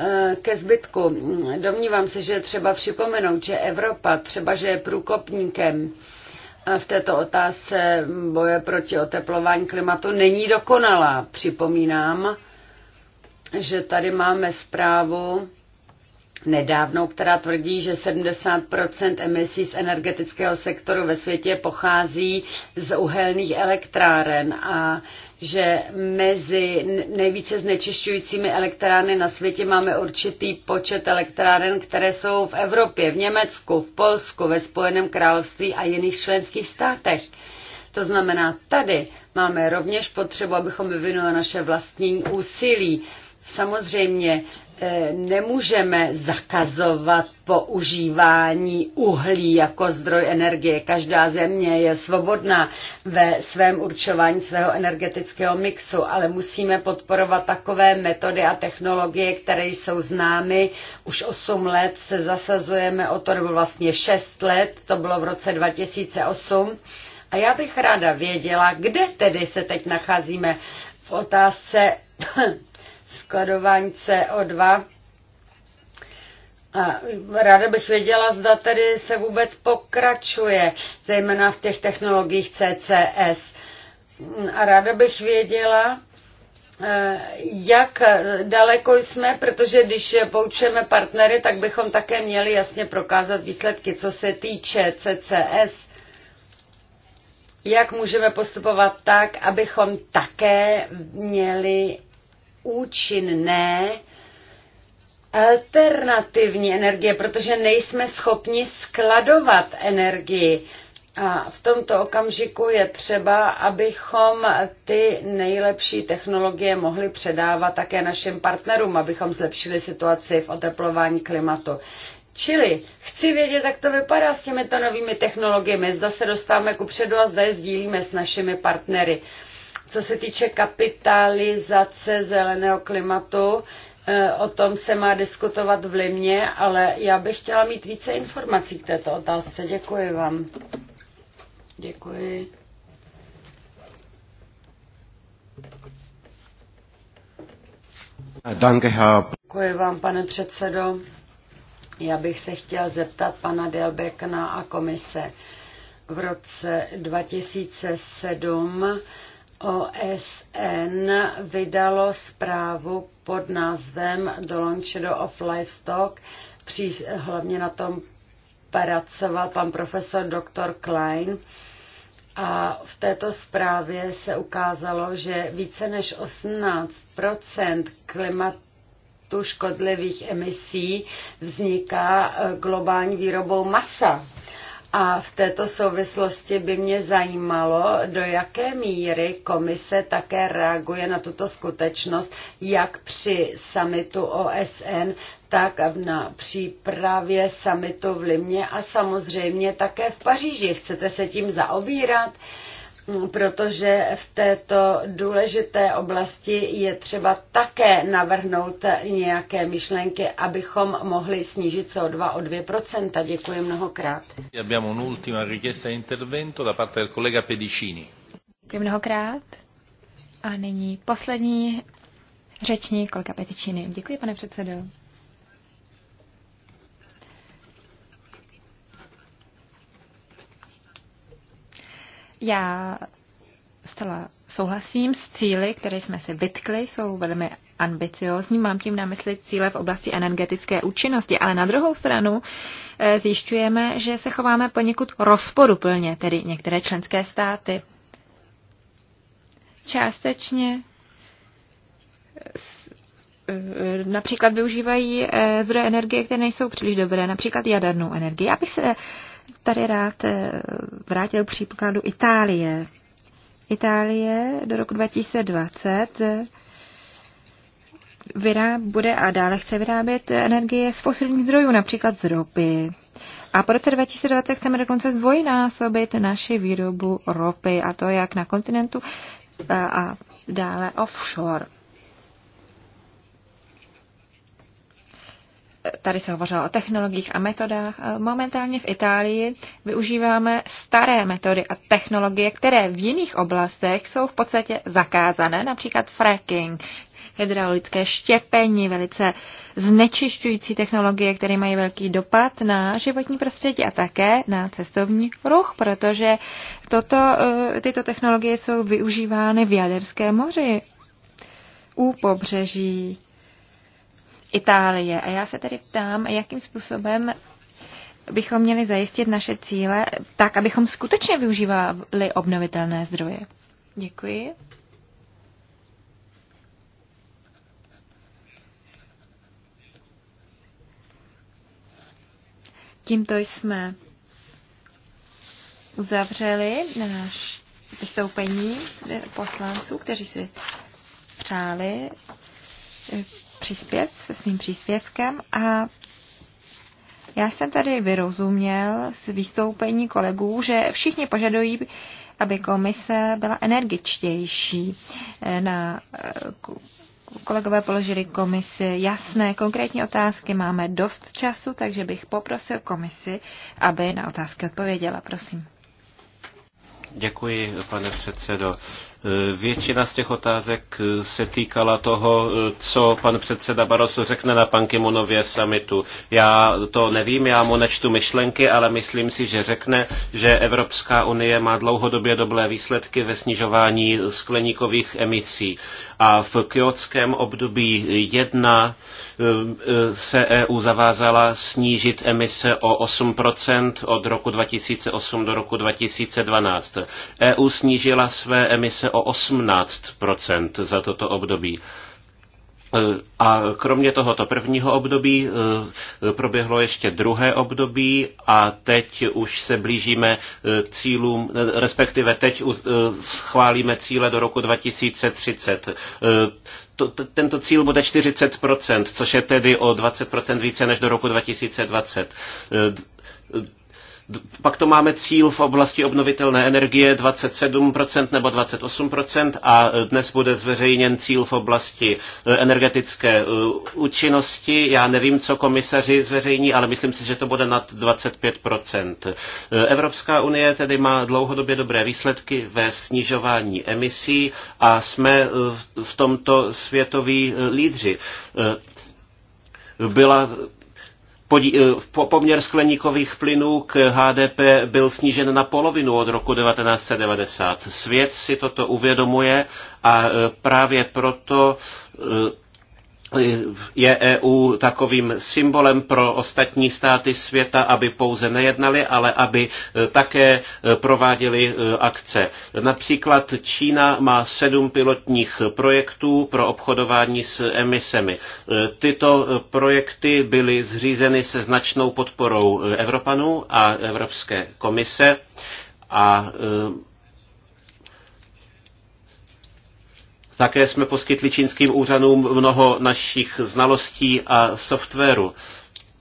Eh, ke zbytku. Domnívám se, že třeba připomenout, že Evropa třeba, že je průkopníkem v této otázce boje proti oteplování klimatu není dokonalá. Připomínám, že tady máme zprávu nedávnou, která tvrdí, že 70 emisí z energetického sektoru ve světě pochází z uhelných elektráren a že mezi nejvíce znečišťujícími elektrárny na světě máme určitý počet elektráren, které jsou v Evropě, v Německu, v Polsku, ve Spojeném království a jiných členských státech. To znamená, tady máme rovněž potřebu, abychom vyvinuli naše vlastní úsilí. Samozřejmě E, nemůžeme zakazovat používání uhlí jako zdroj energie. Každá země je svobodná ve svém určování svého energetického mixu, ale musíme podporovat takové metody a technologie, které jsou známy. Už 8 let se zasazujeme o to, nebo vlastně 6 let, to bylo v roce 2008. A já bych ráda věděla, kde tedy se teď nacházíme v otázce skladování CO2. A ráda bych věděla, zda tedy se vůbec pokračuje, zejména v těch technologiích CCS. A ráda bych věděla, eh, jak daleko jsme, protože když poučujeme partnery, tak bychom také měli jasně prokázat výsledky, co se týče CCS. Jak můžeme postupovat tak, abychom také měli účinné alternativní energie, protože nejsme schopni skladovat energii. A v tomto okamžiku je třeba, abychom ty nejlepší technologie mohli předávat také našim partnerům, abychom zlepšili situaci v oteplování klimatu. Čili chci vědět, jak to vypadá s těmito novými technologiemi, zda se dostáváme ku předu a zda je sdílíme s našimi partnery. Co se týče kapitalizace zeleného klimatu, eh, o tom se má diskutovat v Limě, ale já bych chtěla mít více informací k této otázce. Děkuji vám. Děkuji. Děkuji vám, pane předsedo. Já bych se chtěla zeptat pana Delbekna a komise. V roce 2007 OSN vydalo zprávu pod názvem The Launcher of Livestock, Při, hlavně na tom pracoval pan profesor dr. Klein. A v této zprávě se ukázalo, že více než 18 klimatu škodlivých emisí vzniká eh, globální výrobou masa a v této souvislosti by mě zajímalo, do jaké míry komise také reaguje na tuto skutečnost, jak při samitu OSN, tak na přípravě samitu v Limě a samozřejmě také v Paříži. Chcete se tím zaobírat? Uh, protože v této důležité oblasti je třeba také navrhnout nějaké myšlenky, abychom mohli snížit CO2 o 2%. Děkuji mnohokrát. E abbiamo un'ultima richiesta intervento da parte del collega Pedicini. Děkuji mnohokrát. A nyní poslední řečník, kolega Pedicini. Děkuji, pane předsedo. Já zcela souhlasím s cíly, které jsme si vytkli, jsou velmi ambiciozní. Mám tím na mysli cíle v oblasti energetické účinnosti, ale na druhou stranu eh, zjišťujeme, že se chováme poněkud rozporuplně, tedy některé členské státy. Částečně eh, například využívají eh, zdroje energie, které nejsou příliš dobré, například jadernou energii. Já bych se tady rád eh, vrátil příkladu Itálie. Itálie do roku 2020 eh, vyráb, bude a dále chce vyrábět energie z fosilních zdrojů, například z ropy. A po roce 2020 chceme dokonce zdvojnásobit naši výrobu ropy, a to jak na kontinentu eh, a dále offshore. tady se hovořilo o technologiích a metodách. momentálně v Itálii využíváme staré metody a technologie, které v jiných oblastech jsou v podstatě zakázané, například fracking, hydraulické štěpení, velice znečišťující technologie, které mají velký dopad na životní prostředí a také na cestovní ruch, protože toto, eh, tyto technologie jsou využívány v Jaderském moři u pobřeží Itálie. A já se tedy ptám, jakým způsobem bychom měli zajistit naše cíle tak, abychom skutečně využívali obnovitelné zdroje. Děkuji. Tímto jsme uzavřeli náš vystoupení poslanců, kteří si přáli přispět se svým příspěvkem a já jsem tady vyrozuměl z vystoupení kolegů, že všichni požadují, aby komise byla energičtější. E, na, e, kolegové položili komisi jasné konkrétní otázky. Máme dost času, takže bych poprosil komisi, aby na otázky odpověděla. Prosím. Děkuji, pane předsedo. Eh, většina z těch otázek eh, se týkala toho, eh, co pan předseda Barroso řekne na pan Kimonově summitu. Já to nevím, já mu nečtu myšlenky, ale myslím si, že řekne, že Evropská unie má dlouhodobě dobré výsledky ve snižování skleníkových emisí. A v kjotském období jedna se EU zavázala snížit emise o 8% od roku 2008 do roku 2012. EU snížila své emise se o 18% za toto období. E, a kromě tohoto prvního období e, proběhlo ještě druhé období a teď už se blížíme k e, cílům, respektive teď schválíme cíle do roku 2030. Tento cíl bude 40%, což je tedy o 20% více než do roku 2020. Pak to máme cíl v oblasti obnovitelné energie 27% nebo 28% a e, dnes bude zveřejněn cíl v oblasti e, energetické e, účinnosti. Já nevím, co komisaři zveřejní, ale myslím si, že to bude nad 25%. Evropská unie tedy má dlouhodobě dobré výsledky ve snižování emisí a jsme v tomto světoví lídři. Byla Eh, poměr skleníkových plynů k HDP byl snížen na polovinu od roku 1990. Svět si toto uvědomuje a eh, právě proto eh, je EU takovým symbolem pro ostatní státy světa, aby pouze nejednali, ale aby e, také e, prováděli e, akce. Například Čína má sedm pilotních projektů pro obchodování s emisemi. Tyto projekty byly zřízeny se značnou podporou Evropanů a Evropské komise a Také jsme poskytli čínským úřadům mnoho našich znalostí a softwaru.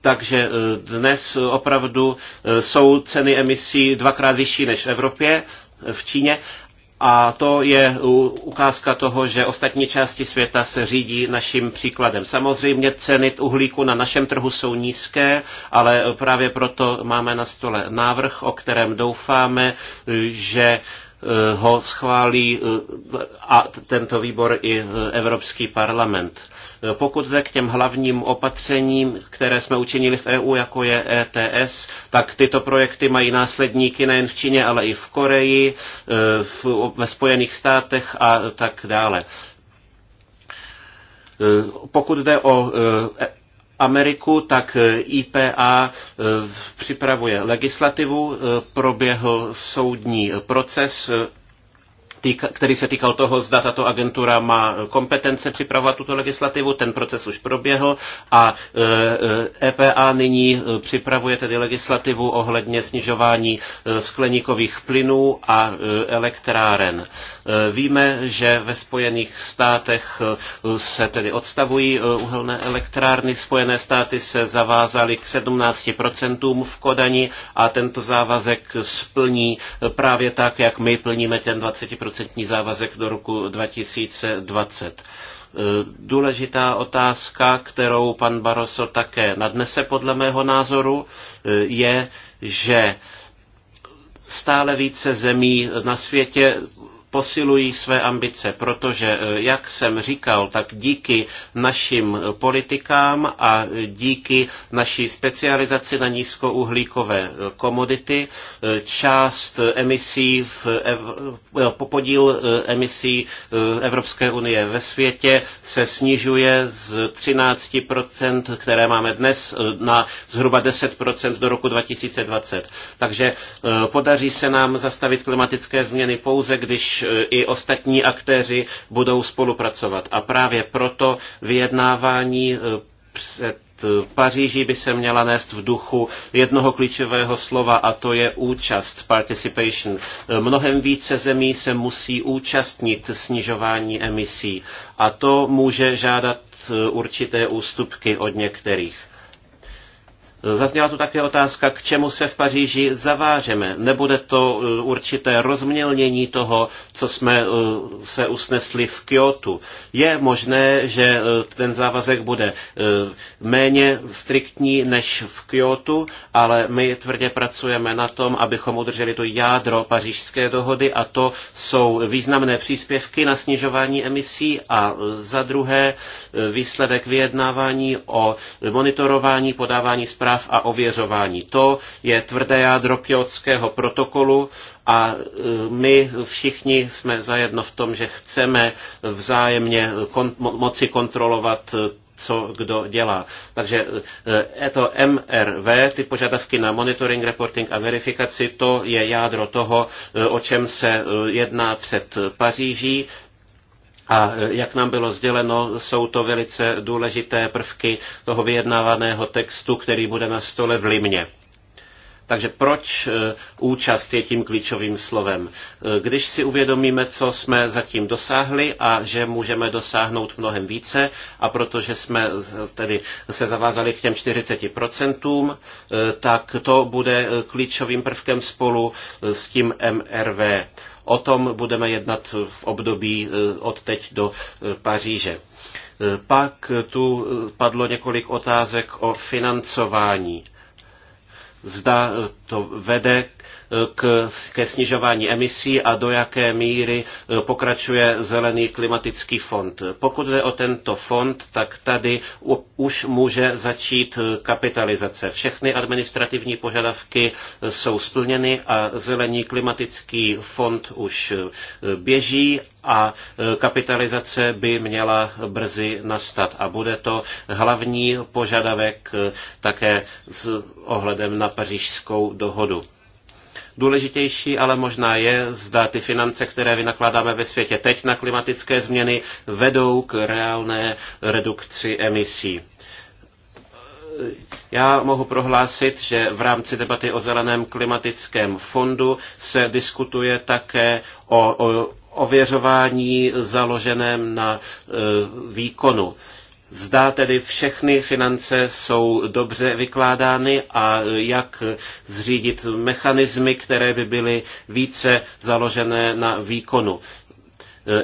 Takže eh, dnes eh, opravdu eh, jsou ceny emisí dvakrát vyšší než v Evropě, v Číně. A to je ukázka toho, že ostatní části světa se řídí naším příkladem. Samozřejmě ceny uhlíku na našem trhu jsou nízké, ale právě proto máme na stole návrh, o kterém doufáme, že Eh, ho schválí eh, a tento výbor i eh, Evropský parlament. Pokud jde k těm hlavním opatřením, které jsme učinili v EU, jako je ETS, tak tyto projekty mají následníky nejen v Číně, ale i v Koreji, v, ve Spojených státech a tak dále. Pokud jde o Ameriku, tak eh, IPA eh, připravuje legislativu, eh, proběhl soudní proces týka, který se týkal toho, zda tato agentura má kompetence připravovat tuto legislativu. Ten proces už proběhl a EPA e, e nyní e, připravuje tedy legislativu ohledně snižování skleníkových plynů a elektráren. Víme, že ve Spojených státech se tedy odstavují uhelné elektrárny. Spojené státy se zavázaly k 17% v Kodani a tento závazek splní právě tak, jak my plníme ten 20% 40% závazek do roku 2020. E, důležitá otázka, kterou pan Barroso také nadnese podle mého názoru, e, je, že stále více zemí na světě posilují své ambice, protože, eh, jak jsem říkal, tak díky našim politikám a díky naší specializaci na nízkouhlíkové eh, komodity eh, část emisí, v podíl emisí Evropské unie ve světě se snižuje z 13%, které máme dnes, na zhruba 10% do roku 2020. Takže podaří se nám zastavit klimatické změny pouze, když Eh, i ostatní aktéři budou spolupracovat. A právě proto vyjednávání eh, před eh, Paříží by se měla nést v duchu jednoho klíčového slova a to je účast, participation. Mnohem více zemí se musí účastnit snižování emisí a to může žádat určité ústupky od některých. Zazněla tu také otázka, k čemu se v Paříži zavážeme. Nebude to uh, určité rozmělnění toho, co jsme uh, se usnesli v Kyotu. Je možné, že uh, ten závazek bude méně striktní než v Kyotu, ale my tvrdě pracujeme na tom, abychom udrželi to jádro pařížské dohody a to jsou významné příspěvky na snižování emisí a za druhé výsledek vyjednávání o monitorování podávání zpráv práv a ověřování. To je tvrdé jádro Kyotského protokolu a e, my všichni jsme zajedno v tom, že chceme vzájemně kon- moci kontrolovat e, co kdo dělá. Takže je e, to MRV, ty požadavky na monitoring, reporting a verifikaci, to je jádro toho, o čem se jedná před Paříží a e, jak nám bylo sděleno, jsou to velice důležité prvky toho vyjednávaného textu, který bude na stole v Limně. Takže proč e, účast je tím klíčovým slovem? E, když si uvědomíme, co jsme zatím dosáhli a že můžeme dosáhnout mnohem více, a protože jsme tedy se zavázali k těm 40%, tak to bude klíčovým prvkem spolu s tím MRV. O tom budeme jednat v období eh, od teď do eh, Paříže. Eh, pak tu padlo několik otázek o financování. Zda to vede k, ke snižování emisí a do jaké míry e, pokračuje Zelený klimatický fond. Pokud jde o tento fond, tak tady už může začít e, kapitalizace. Všechny administrativní požadavky e, jsou splněny a Zelený klimatický fond už běží a kapitalizace by měla brzy nastat a bude to hlavní požadavek také s ohledem na pařížskou dohodu. Důležitější ale možná je, zda ty finance, které vynakládáme ve světě teď na klimatické změny, vedou k reálné redukci emisí já mohu prohlásit, že v rámci debaty o zeleném klimatickém fondu se diskutuje také o, o ověřování založeném na e, výkonu. Zdá tedy všechny finance jsou dobře vykládány a jak zřídit mechanismy, které by byly více založené na výkonu.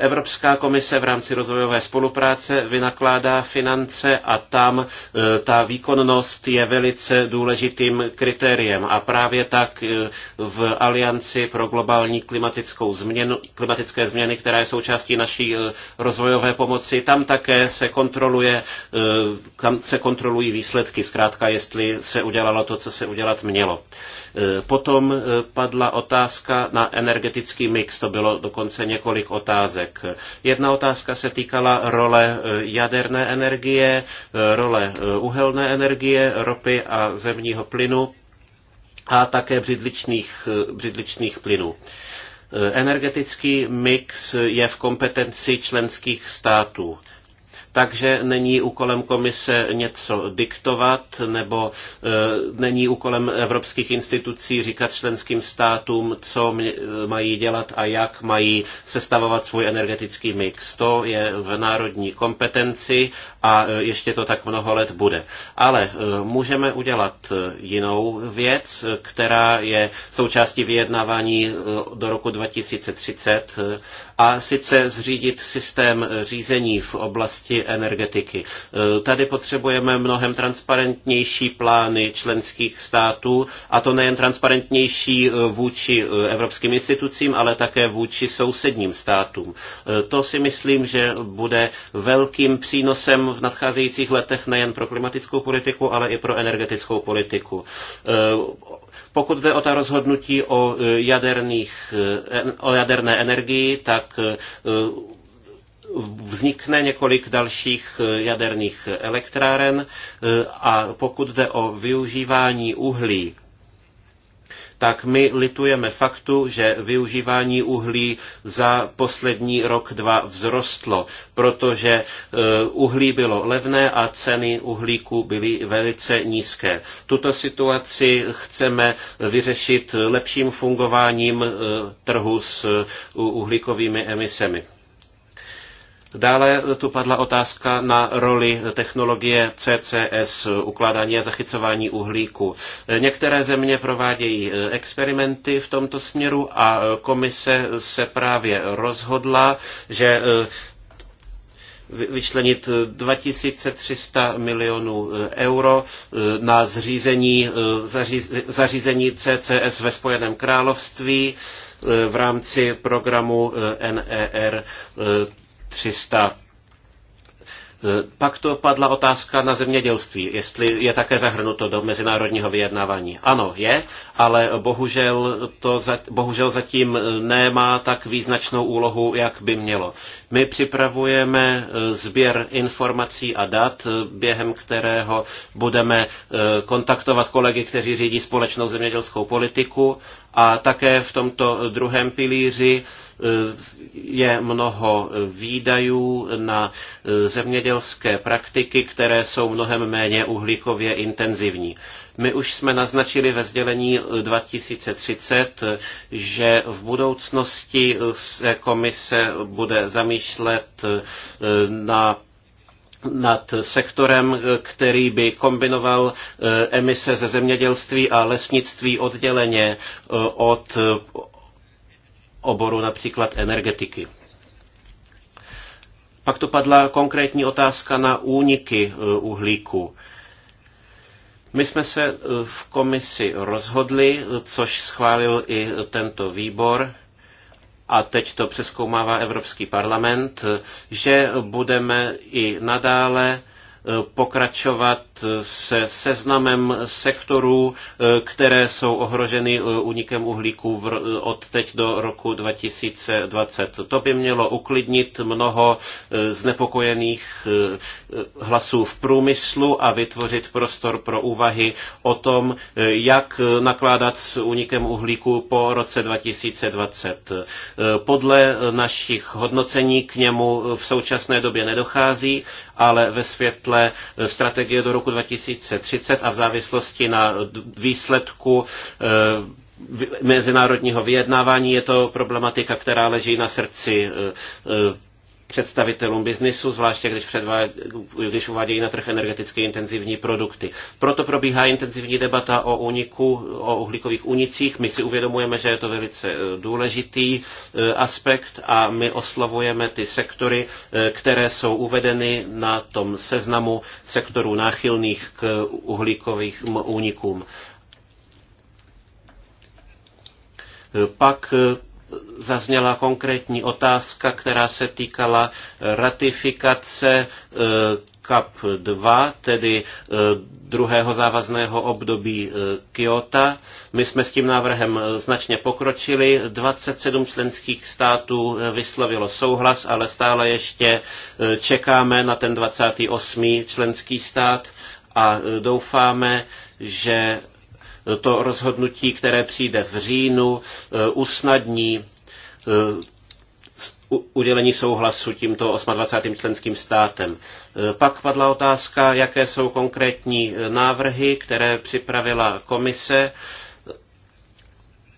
Evropská komise v rámci rozvojové spolupráce vynakládá finance a tam eh, ta výkonnost je velice důležitým kritériem. A právě tak eh, v Alianci pro globální klimatickou změnu, klimatické změny, která je součástí naší eh, rozvojové pomoci, tam také se kontroluje, tam se kontrolují výsledky, zkrátka jestli se udělalo to, co se udělat mělo. Potom padla otázka na energetický mix, to bylo dokonce několik otázek otázek. Jedna otázka se týkala role eh, jaderné energie, eh, role eh, uhelné energie, ropy a zemního plynu a také břidličných, břidličných plynů. Energetický mix je v kompetenci členských států takže není úkolem komise něco diktovat nebo eh, není úkolem evropských institucí říkat členským státům, co eh, mají dělat a jak mají sestavovat svůj energetický mix. To je v národní kompetenci a eh, ještě to tak mnoho let bude. Ale můžeme udělat jinou věc, která je součástí vyjednávání do roku 2030 a sice zřídit systém řízení v oblasti energetiky. Eh, tady potřebujeme mnohem transparentnější plány členských států a to nejen transparentnější eh, vůči eh, evropským institucím, ale také vůči sousedním státům. To si myslím, že bude velkým přínosem v nadcházejících letech nejen pro klimatickou politiku, ale i pro energetickou politiku. Pokud jde o ta rozhodnutí o, jaderných, o jaderné energii, tak vznikne několik dalších eh, jaderných elektráren eh, a pokud jde o využívání uhlí, tak my litujeme faktu, že využívání uhlí za poslední rok, dva vzrostlo, protože eh, uhlí bylo levné a ceny uhlíku byly velice nízké. Tuto situaci chceme vyřešit lepším fungováním trhu s uhlíkovými emisemi. Dále tu padla otázka na roli technologie CCS, ukládání a zachycování uhlíku. Některé země provádějí eh, experimenty v tomto směru a eh, komise se právě rozhodla, že eh, vyčlenit 2300 milionů euro na zřízení, zařízení CCS ve Spojeném království v rámci programu NER 300. E, pak to padla otázka na zemědělství, jestli je také zahrnuto do mezinárodního vyjednávání. Ano, je, ale bohužel to za, bohužel zatím nemá tak význačnou úlohu, jak by mělo. My připravujeme e, sběr informací a dat, e, během kterého budeme kontaktovat kolegy, kteří řídí společnou zemědělskou politiku a také v tomto druhém pilíři eh, je mnoho výdajů na eh, zemědělské praktiky, které jsou mnohem méně uhlíkově intenzivní. My už jsme naznačili ve sdělení 2030, eh, že v budoucnosti se komise bude zamýšlet na nad sektorem, eh, který by kombinoval eh, emise ze zemědělství a lesnictví odděleně eh, od oboru například energetiky. Pak tu padla konkrétní otázka na úniky uhlíku. My jsme se v komisi rozhodli, což schválil i tento výbor, a teď to přeskoumává Evropský parlament, že budeme i nadále eh, pokračovat se seznamem sektorů, eh, které jsou ohroženy unikem eh, uhlíku eh, od teď do roku 2020. To by mělo uklidnit mnoho znepokojených hlasů v průmyslu a vytvořit prostor pro úvahy o tom, jak nakládat s unikem uhlíku po roce 2020. Podle našich hodnocení k němu v současné době nedochází, ale ve světle strategie do roku 2030 a v závislosti na výsledku eh, mezinárodního vyjednávání je to problematika, která leží na srdci eh, eh, představitelům biznisu, zvláště když, předvá, když uvádějí na trh energeticky intenzivní produkty. Proto probíhá intenzivní debata o úniku, o uhlíkových únicích. My si uvědomujeme, že je to velice eh, důležitý eh, aspekt a my oslavujeme ty sektory, eh, které jsou uvedeny na tom seznamu sektorů náchylných k uhlíkovým únikům. Pak zazněla konkrétní otázka, která se týkala e, ratifikace CAP e, 2, tedy e, druhého závazného období Kyoto. My jsme s tím návrhem značně pokročili. 27 členských států vyslovilo souhlas, ale stále ještě čekáme na ten 28. členský stát a doufáme, že to rozhodnutí, které přijde v říjnu, e, usnadní e, udělení souhlasu tímto 28. členským státem. E, pak padla otázka, jaké jsou konkrétní návrhy, které připravila komise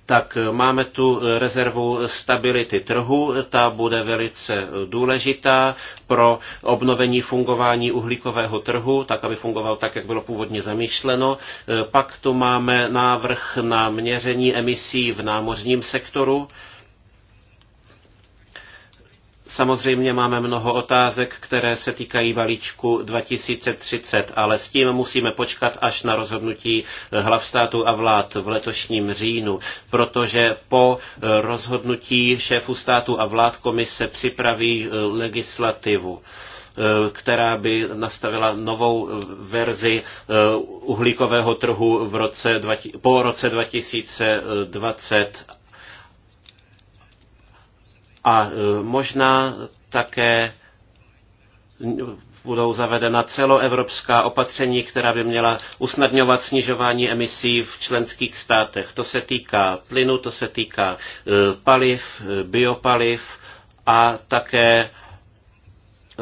tak eh, máme tu eh, rezervu stability trhu, ta bude velice eh, důležitá pro obnovení fungování uhlíkového trhu, tak aby fungoval tak, jak bylo původně zamýšleno. Pak tu máme návrh na měření emisí v námořním sektoru, Samozřejmě máme mnoho otázek, které se týkají balíčku 2030, ale s tím musíme počkat až na rozhodnutí hlav států a vlád v letošním říjnu, protože po eh, rozhodnutí šéfů států a vlád komise připraví eh, legislativu eh, která by nastavila novou verzi uhlíkového trhu v roce, po roce 2020 a e, možná také budou zavedena celoevropská opatření, která by měla usnadňovat snižování emisí v členských státech. To se týká plynu, to se týká e, paliv, e, biopaliv a také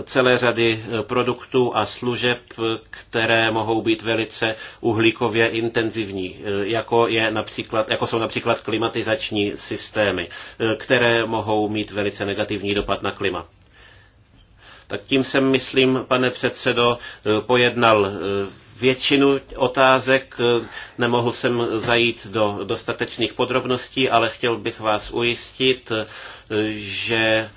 celé řady eh, produktů a služeb, které mohou být velice uhlíkově intenzivní, eh, jako, je například, jako jsou například klimatizační systémy, eh, které mohou mít velice negativní dopad na klima. Tak tím jsem, myslím, pane předsedo, pojednal většinu otázek. Nemohl jsem zajít do dostatečných podrobností, ale chtěl bych vás ujistit, že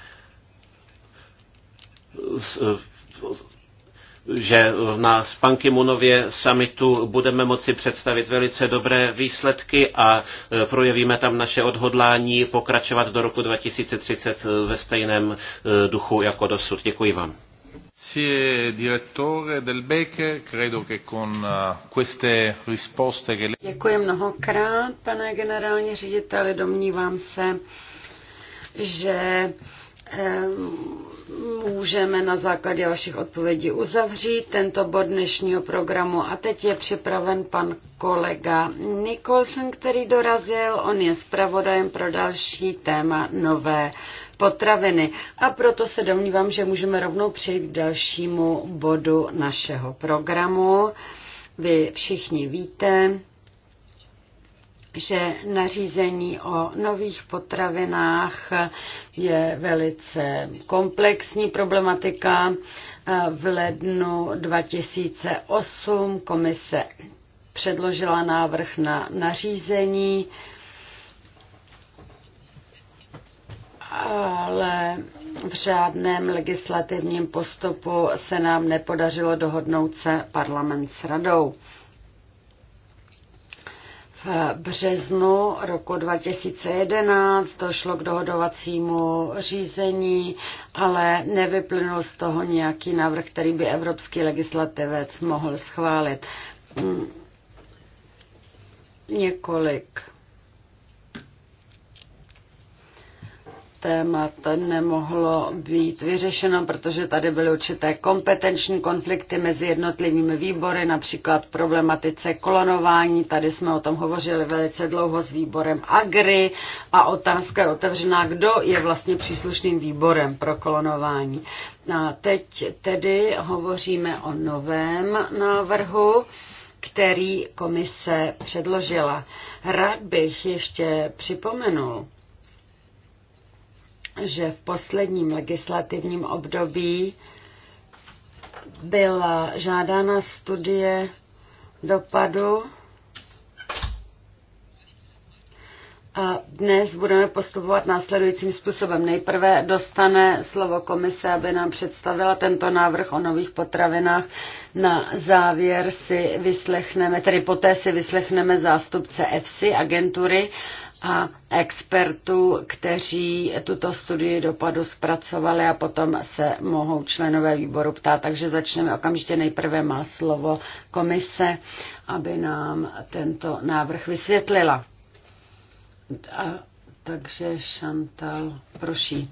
že na Munově summitu budeme moci představit velice dobré výsledky a e, projevíme tam naše odhodlání pokračovat do roku 2030 e, ve stejném e, duchu jako dosud. Děkuji vám. Děkuji mnohokrát, pane generální řediteli. Domnívám se, že můžeme na základě vašich odpovědí uzavřít tento bod dnešního programu. A teď je připraven pan kolega Nicholson, který dorazil. On je zpravodajem pro další téma nové potraviny. A proto se domnívám, že můžeme rovnou přejít k dalšímu bodu našeho programu. Vy všichni víte, že nařízení o nových potravinách je velice komplexní problematika. V lednu 2008 komise předložila návrh na nařízení, ale v žádném legislativním postupu se nám nepodařilo dohodnout se parlament s radou. Eh, březnu roku 2011 došlo k dohodovacímu řízení, ale nevyplynul z toho nějaký návrh, který by evropský legislativec mohl schválit. Hmm. Několik témat nemohlo být vyřešeno, protože tady byly určité kompetenční konflikty mezi jednotlivými výbory, například problematice kolonování. tady jsme o tom hovořili velice dlouho s výborem Agri a otázka je otevřená, kdo je vlastně příslušným výborem pro kolonování. A teď tedy hovoříme o novém návrhu který komise předložila. Rád bych ještě připomenul, že v posledním legislativním období byla žádána studie dopadu A dnes budeme postupovat následujícím způsobem. Nejprve dostane slovo komise, aby nám představila tento návrh o nových potravinách. Na závěr si vyslechneme, tedy poté si vyslechneme zástupce EFSI, agentury, a expertů, kteří tuto studii dopadu zpracovali a potom se mohou členové výboru ptát. Takže začneme okamžitě. Nejprve má slovo komise, aby nám tento návrh vysvětlila. A, takže Chantal, prosím.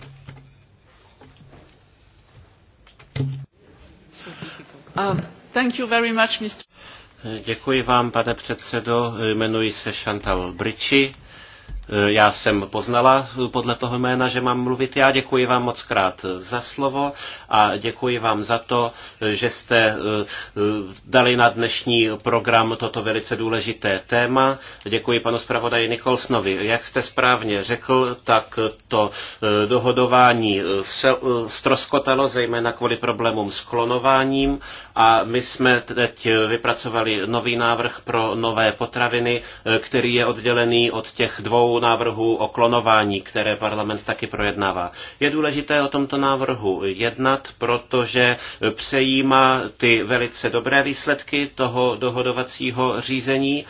Uh, thank you very much, Mr. Děkuji vám, pane předsedo. Jmenuji se Chantal Briči Eh, já jsem poznala eh, podle toho jména, že mám mluvit já. Děkuji vám moc krát eh, za slovo a děkuji vám za to, že jste dali na dnešní program toto velice důležité téma. Děkuji panu zpravodaji Nikolsnovi. Jak jste správně řekl, tak to dohodování stroskotalo, zejména kvůli problémům s klonováním a my jsme teď vypracovali nový návrh pro nové potraviny, který je oddělený od těch dvou návrhu o klonování, které parlament taky projednává. Je důležité o tomto návrhu jednat, protože přejímá ty velice dobré výsledky toho dohodovacího řízení,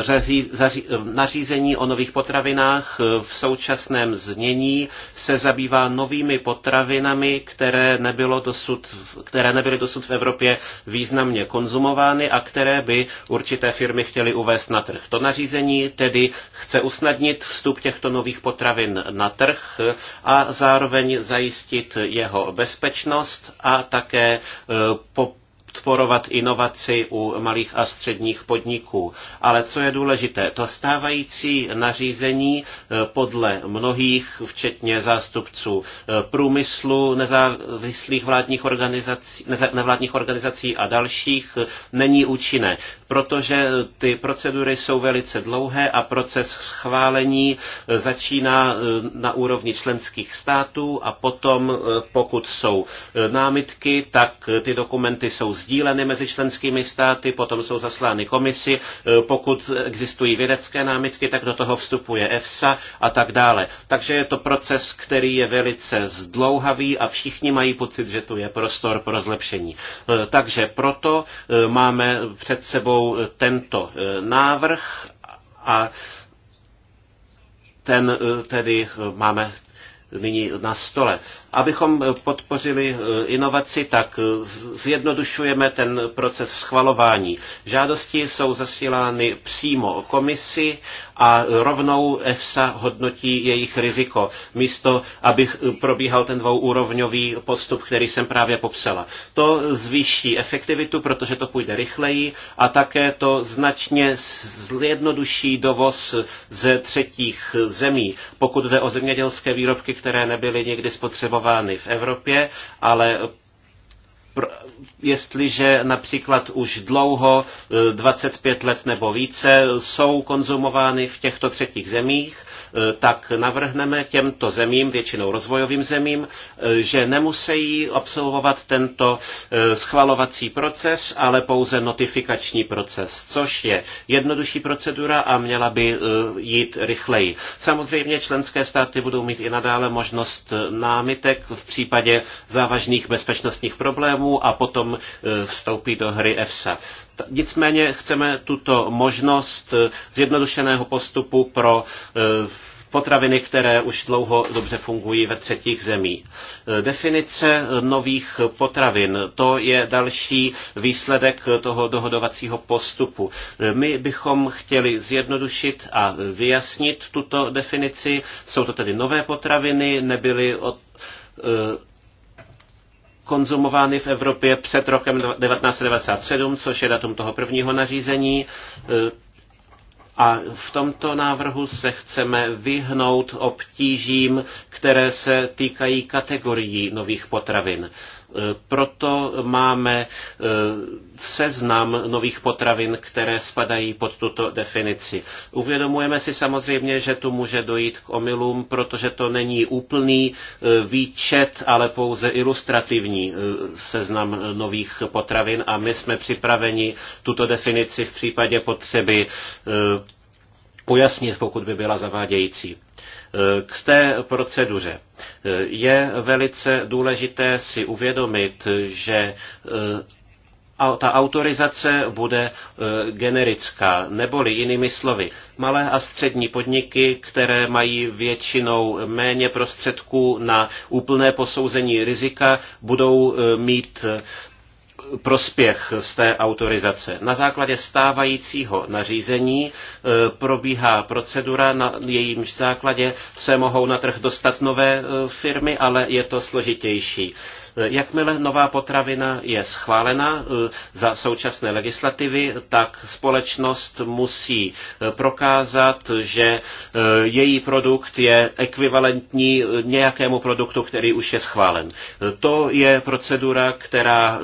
řazí, zaří, nařízení o nových potravinách v současném znění se zabývá novými potravinami, které, nebylo dosud, které nebyly dosud v Evropě významně konzumovány a které by určité firmy chtěly uvést na trh. To nařízení tedy chce usnadnit vstup těchto nových potravin na trh a zároveň zajistit jeho bezpečnost a také eh, po podporovat inovaci u malých a středních podniků. Ale co je důležité, to stávající nařízení eh, podle mnohých, včetně zástupců eh, průmyslu, nezávislých vládních organizací, nevládních organizací a dalších, eh, není účinné, protože ty procedury jsou velice dlouhé a proces schválení začíná na úrovni členských států a potom, pokud jsou námitky, tak ty dokumenty jsou sdíleny mezi členskými státy, potom jsou zaslány komisi, e, pokud existují vědecké námitky, tak do toho vstupuje EFSA a tak dále. Takže je to proces, který je velice zdlouhavý a všichni mají pocit, že tu je prostor pro zlepšení. E, takže proto e, máme před sebou tento návrh a ten tedy máme nyní na stole. Abychom podpořili eh, inovaci, tak eh, zjednodušujeme ten proces schvalování. Žádosti jsou zasílány přímo komisi a rovnou EFSA hodnotí jejich riziko, místo aby eh, probíhal ten dvouúrovňový postup, který jsem právě popsala. To zvýší efektivitu, protože to půjde rychleji a také to značně zjednoduší dovoz ze třetích zemí, pokud jde o zemědělské výrobky, které nebyly někdy spotřebovány aplikovány v Evropě, ale jestliže například už dlouho, 25 eh, let nebo více, jsou konzumovány v těchto třetích zemích, E, tak navrhneme těmto zemím, většinou rozvojovým zemím, e, že nemusí absolvovat tento e, schvalovací proces, ale pouze notifikační proces, což je jednodušší procedura a měla by jít rychleji. Samozřejmě členské státy budou mít i nadále možnost námitek v případě závažných bezpečnostních problémů a potom vstoupí do hry EFSA. Nicméně chceme tuto možnost eh, zjednodušeného postupu pro eh, potraviny, které už dlouho dobře fungují ve třetích zemí. Eh, Definice nových potravin, to je další výsledek toho dohodovacího postupu. My bychom chtěli zjednodušit a vyjasnit tuto definici. Jsou to tedy nové potraviny, nebyly od konzumovány v Evropě před rokem 1997, což je datum toho prvního nařízení. A v tomto návrhu se chceme vyhnout obtížím, které se týkají kategorií nových potravin. E, proto máme e, seznam nových potravin, které spadají pod tuto definici. Uvědomujeme si samozřejmě, že tu může dojít k omylům, protože to není úplný e, výčet, ale pouze ilustrativní seznam nových potravin a my jsme připraveni tuto definici v případě potřeby pojasnit, pokud by byla zavádějící. E, k té proceduře. E, je velice důležité si uvědomit, že e, ta autorizace bude generická, neboli jinými slovy. Malé a střední podniky, které mají většinou méně prostředků na úplné posouzení rizika, budou mít prospěch z té autorizace. Na základě stávajícího nařízení e, probíhá procedura, na jejímž základě se mohou na trh dostat nové e, firmy, ale je to složitější. E, jakmile nová potravina je schválena za současné legislativy, tak společnost musí prokázat, že její produkt je ekvivalentní nějakému produktu, který už je schválen. To je procedura, která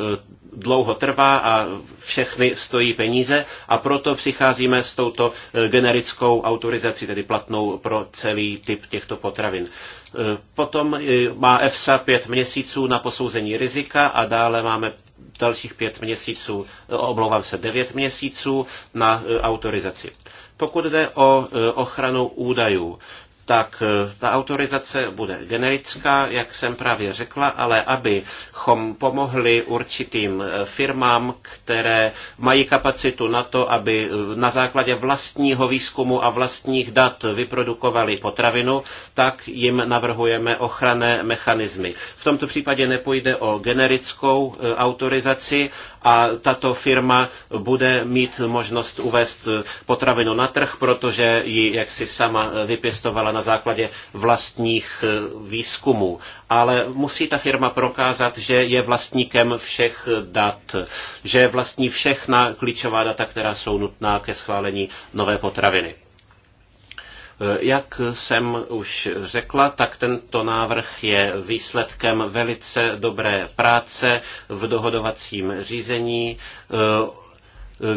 dlouho trvá a všechny stojí peníze a proto přicházíme s touto eh, generickou autorizací, tedy platnou pro celý typ těchto potravin. Eh, potom eh, má EFSA pět měsíců na posouzení rizika a dále máme dalších pět měsíců, omlouvám se, devět měsíců na autorizaci. Pokud jde o ochranu údajů, tak eh, ta autorizace bude generická, jak jsem právě řekla, ale abychom pomohli určitým eh, firmám, které mají kapacitu na to, aby eh, na základě vlastního výzkumu a vlastních dat vyprodukovali potravinu, tak jim navrhujeme ochranné mechanismy. V tomto případě nepůjde o generickou autorizaci a tato firma bude mít možnost uvést potravinu na trh, protože ji jaksi sama vypěstovala na základě vlastních eh, výzkumů. Ale musí ta firma prokázat, že je vlastníkem všech dat, že je vlastní všechna klíčová data, která jsou nutná ke schválení nové potraviny. Eh, jak jsem už řekla, tak tento návrh je výsledkem velice dobré práce v dohodovacím řízení eh,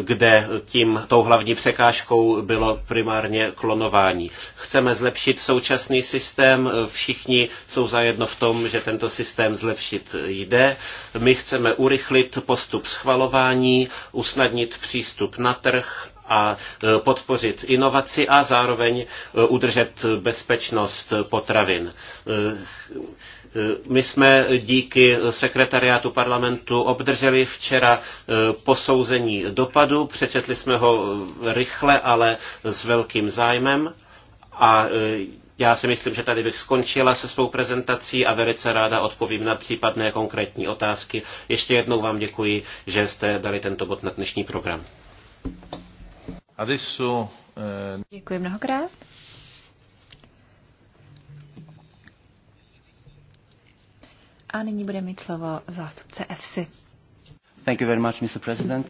kde tím tou hlavní překážkou bylo primárně klonování. Chceme zlepšit současný systém, všichni jsou zajedno v tom, že tento systém zlepšit jde. My chceme urychlit postup schvalování, usnadnit přístup na trh a e, podpořit inovaci a zároveň e, udržet bezpečnost potravin. E, Eh, my jsme díky sekretariátu parlamentu obdrželi včera eh, posouzení dopadu, přečetli jsme ho eh, rychle, ale s velkým zájmem a já si myslím, že tady bych skončila se svou prezentací a velice ráda odpovím na případné konkrétní otázky. Ještě jednou vám děkuji, že jste dali tento bod na dnešní program. Děkuji mnohokrát. A nyní bude mít slovo zástupce EFSI. Thank you very much, Mr. President.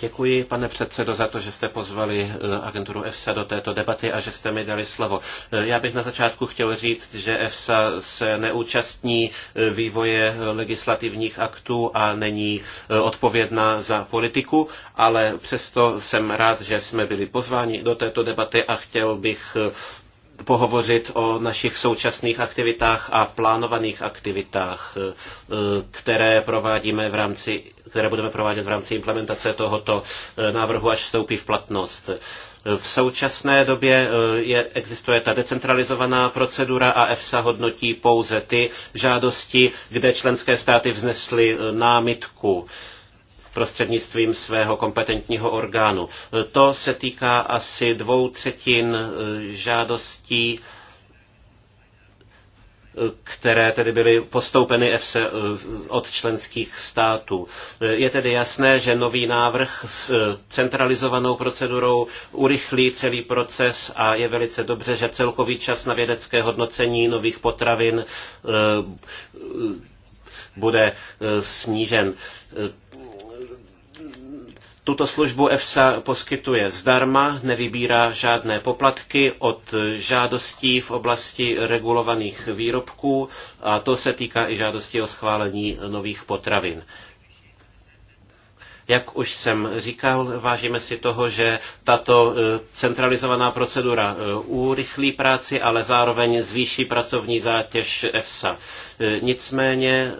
Děkuji, pane předsedo, za to, že jste pozvali eh, agenturu EFSA do této debaty a že jste mi dali slovo. Eh, já bych na začátku chtěl říct, že EFSA se neúčastní eh, vývoje legislativních aktů a není odpovědná za politiku, ale přesto jsem rád, že jsme byli pozváni do této debaty a chtěl bych pohovořit o našich současných aktivitách a plánovaných aktivitách, eh, které provádíme v rámci, které budeme provádět v rámci implementace tohoto eh, návrhu, až vstoupí v platnost. V současné době eh, je, existuje ta decentralizovaná procedura a EFSA hodnotí pouze ty žádosti, kde členské státy vznesly námitku prostřednictvím svého kompetentního orgánu. To se týká asi dvou třetin eh, žádostí, eh, které tedy byly postoupeny eh, od členských států. Je tedy jasné, že nový návrh s centralizovanou procedurou urychlí celý proces a je velice dobře, že celkový čas na vědecké hodnocení nových potravin bude snížen tuto službu EFSA poskytuje zdarma, nevybírá žádné poplatky od žádostí v oblasti regulovaných výrobků a to se týká i žádosti o schválení nových potravin. Jak už jsem říkal, vážíme si toho, že tato e, centralizovaná procedura e, urychlí práci, ale zároveň zvýší pracovní zátěž EFSA. E, nicméně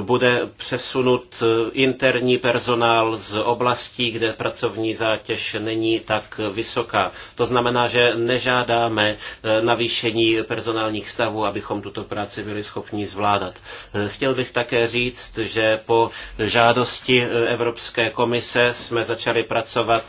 bude přesunut eh, interní personál z oblastí, kde pracovní zátěž není tak vysoká. To znamená, že nežádáme eh, navýšení personálních stavů, abychom tuto práci byli schopni zvládat. Eh, chtěl bych také říct, že po žádosti Evropské komise jsme začali pracovat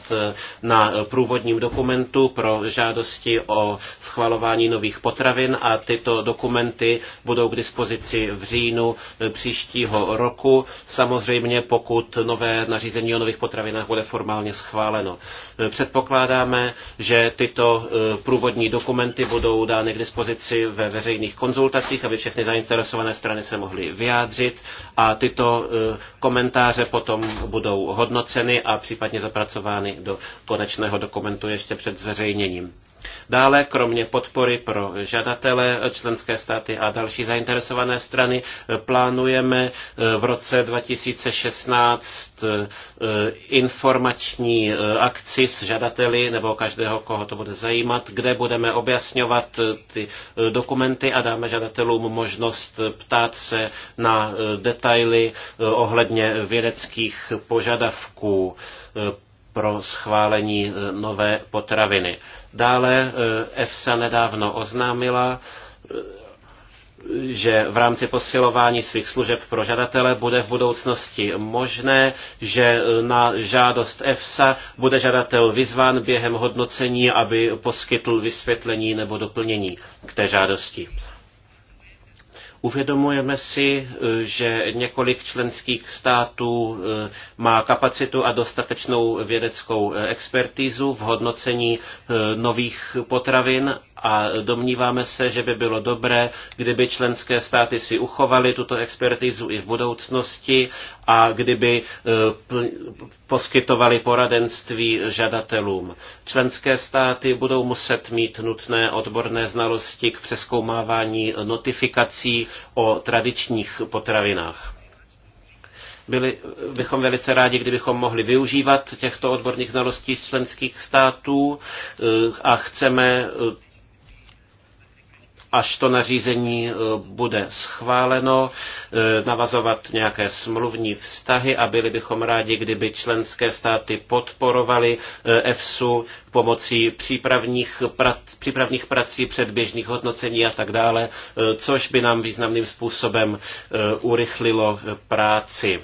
na průvodním dokumentu pro žádosti o schvalování nových potravin a tyto dokumenty budou k dispozici v říjnu příští příštího roku, samozřejmě pokud nové nařízení o nových potravinách bude formálně schváleno. Předpokládáme, že tyto e, průvodní dokumenty budou dány k dispozici ve veřejných konzultacích, aby všechny zainteresované strany se mohly vyjádřit a tyto e, komentáře potom budou hodnoceny a případně zapracovány do konečného dokumentu ještě před zveřejněním. Dále, kromě podpory pro žadatele, členské státy a další zainteresované strany, plánujeme eh, v roce 2016 eh, informační eh, akci s žadateli nebo každého, koho to bude zajímat, kde budeme objasňovat ty dokumenty a dáme žadatelům možnost ptát se na detaily ohledně vědeckých požadavků pro schválení nové potraviny. Dále eh, EFSA nedávno oznámila, eh, že v rámci posilování svých služeb pro žadatele bude v budoucnosti možné, že eh, na žádost EFSA bude žadatel vyzván během hodnocení, aby poskytl vysvětlení nebo doplnění k té žádosti. Uvědomujeme si, eh, že několik členských států eh, má kapacitu a dostatečnou vědeckou eh, expertízu v hodnocení nových potravin a domníváme se, že by bylo dobré, kdyby členské státy si uchovaly tuto expertizu i v budoucnosti a kdyby e, poskytovali poradenství žadatelům. Členské státy budou muset mít nutné odborné znalosti k přeskoumávání notifikací o tradičních potravinách byli, bychom velice rádi, kdybychom mohli využívat těchto odborných znalostí z členských států e, a chceme e, až to nařízení e, bude schváleno, e, navazovat nějaké smluvní vztahy a byli bychom rádi, kdyby členské státy podporovaly e, EFSU pomocí přípravních, prac, přípravných prací, předběžných hodnocení a tak dále, což by nám významným způsobem urychlilo práci.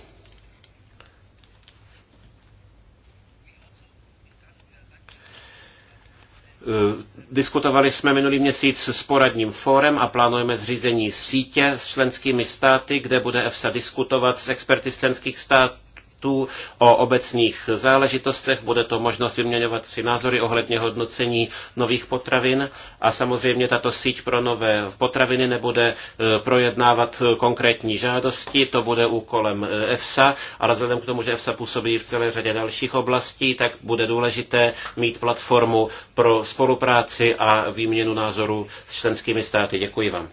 Diskutovali jsme minulý měsíc s poradním fórem a plánujeme zřízení sítě s členskými státy, kde bude EFSA diskutovat s experty z členských států kontaktů o obecných záležitostech. Bude to možnost vyměňovat si názory ohledně hodnocení nových potravin a samozřejmě tato síť pro nové potraviny nebude e, projednávat konkrétní žádosti, to bude úkolem e, EFSA, ale vzhledem k tomu, že EFSA působí v celé řadě dalších oblastí, tak bude důležité mít platformu pro spolupráci a výměnu názorů s členskými státy. Děkuji vám.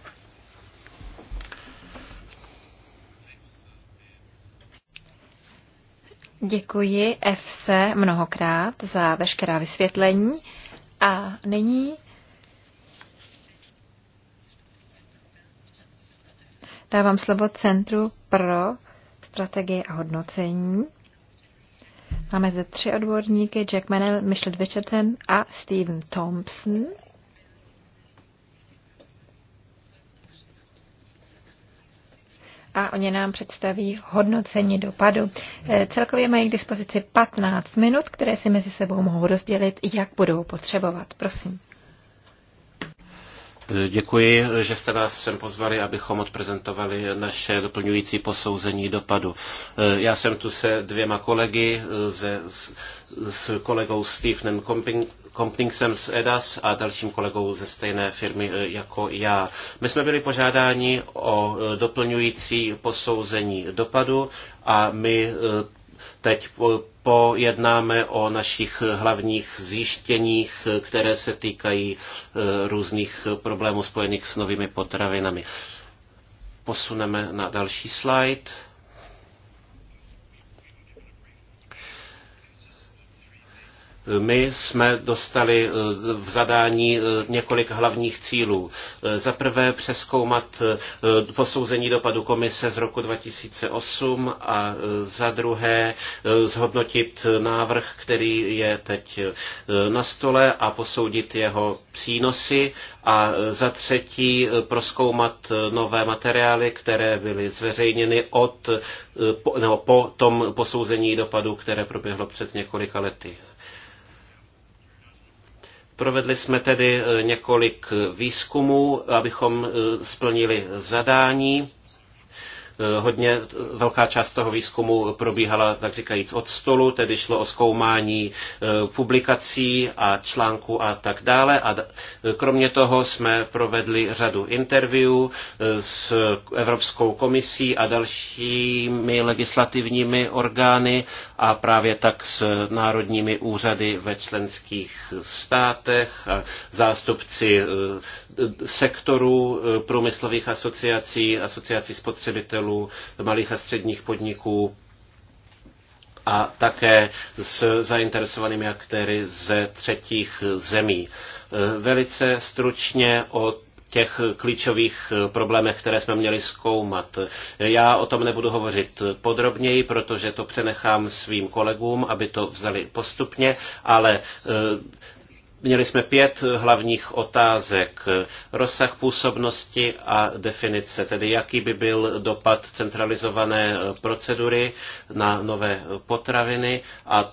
Děkuji FC mnohokrát za veškerá vysvětlení a nyní dávám slovo Centru pro strategie a hodnocení. Máme zde tři odborníky, Jack Manel, Michel Richardson a Steven Thompson. a oni nám představí hodnocení dopadu. Eh, celkově mají k dispozici 15 minut, které si mezi sebou mohou rozdělit, jak budou potřebovat. Prosím. Děkuji, že jste nás sem pozvali, abychom odprezentovali naše doplňující posouzení dopadu. Já jsem tu se dvěma kolegy, se, s kolegou Stephenem Compingsem z EDAS a dalším kolegou ze stejné firmy e, jako já. My jsme byli požádáni o e, doplňující posouzení dopadu a my e, Teď pojednáme o našich hlavních zjištěních, které se týkají e, různých problémů spojených s novými potravinami. Posuneme na další slide. My jsme dostali eh, v zadání eh, několik hlavních cílů. Eh, za prvé přeskoumat posouzení dopadu komise z roku 2008 a za druhé zhodnotit návrh, který je teď na stole a posoudit jeho přínosy a za třetí proskoumat nové materiály, které byly zveřejněny od, nebo po tom posouzení dopadu, které proběhlo před několika lety. Provedli jsme tedy eh, několik eh, výzkumů, abychom eh, splnili zadání Eh, hodně eh, velká část toho výzkumu probíhala, tak říkajíc, od stolu, tedy šlo o zkoumání eh, publikací a článků a tak dále. A kromě toho jsme provedli řadu interview s Evropskou komisí a dalšími legislativními orgány a právě tak s národními úřady ve členských státech, zástupci sektorů průmyslových asociací, asociací spotřebitelů, podnikatelů, malých a středních podniků a také s zainteresovanými aktéry ze třetích zemí. Velice stručně o těch klíčových problémech, které jsme měli zkoumat. Já o tom nebudu hovořit podrobněji, protože to přenechám svým kolegům, aby to vzali postupně, ale Měli jsme pět hlavních otázek. Rozsah působnosti a definice, tedy jaký by byl dopad centralizované procedury na nové potraviny a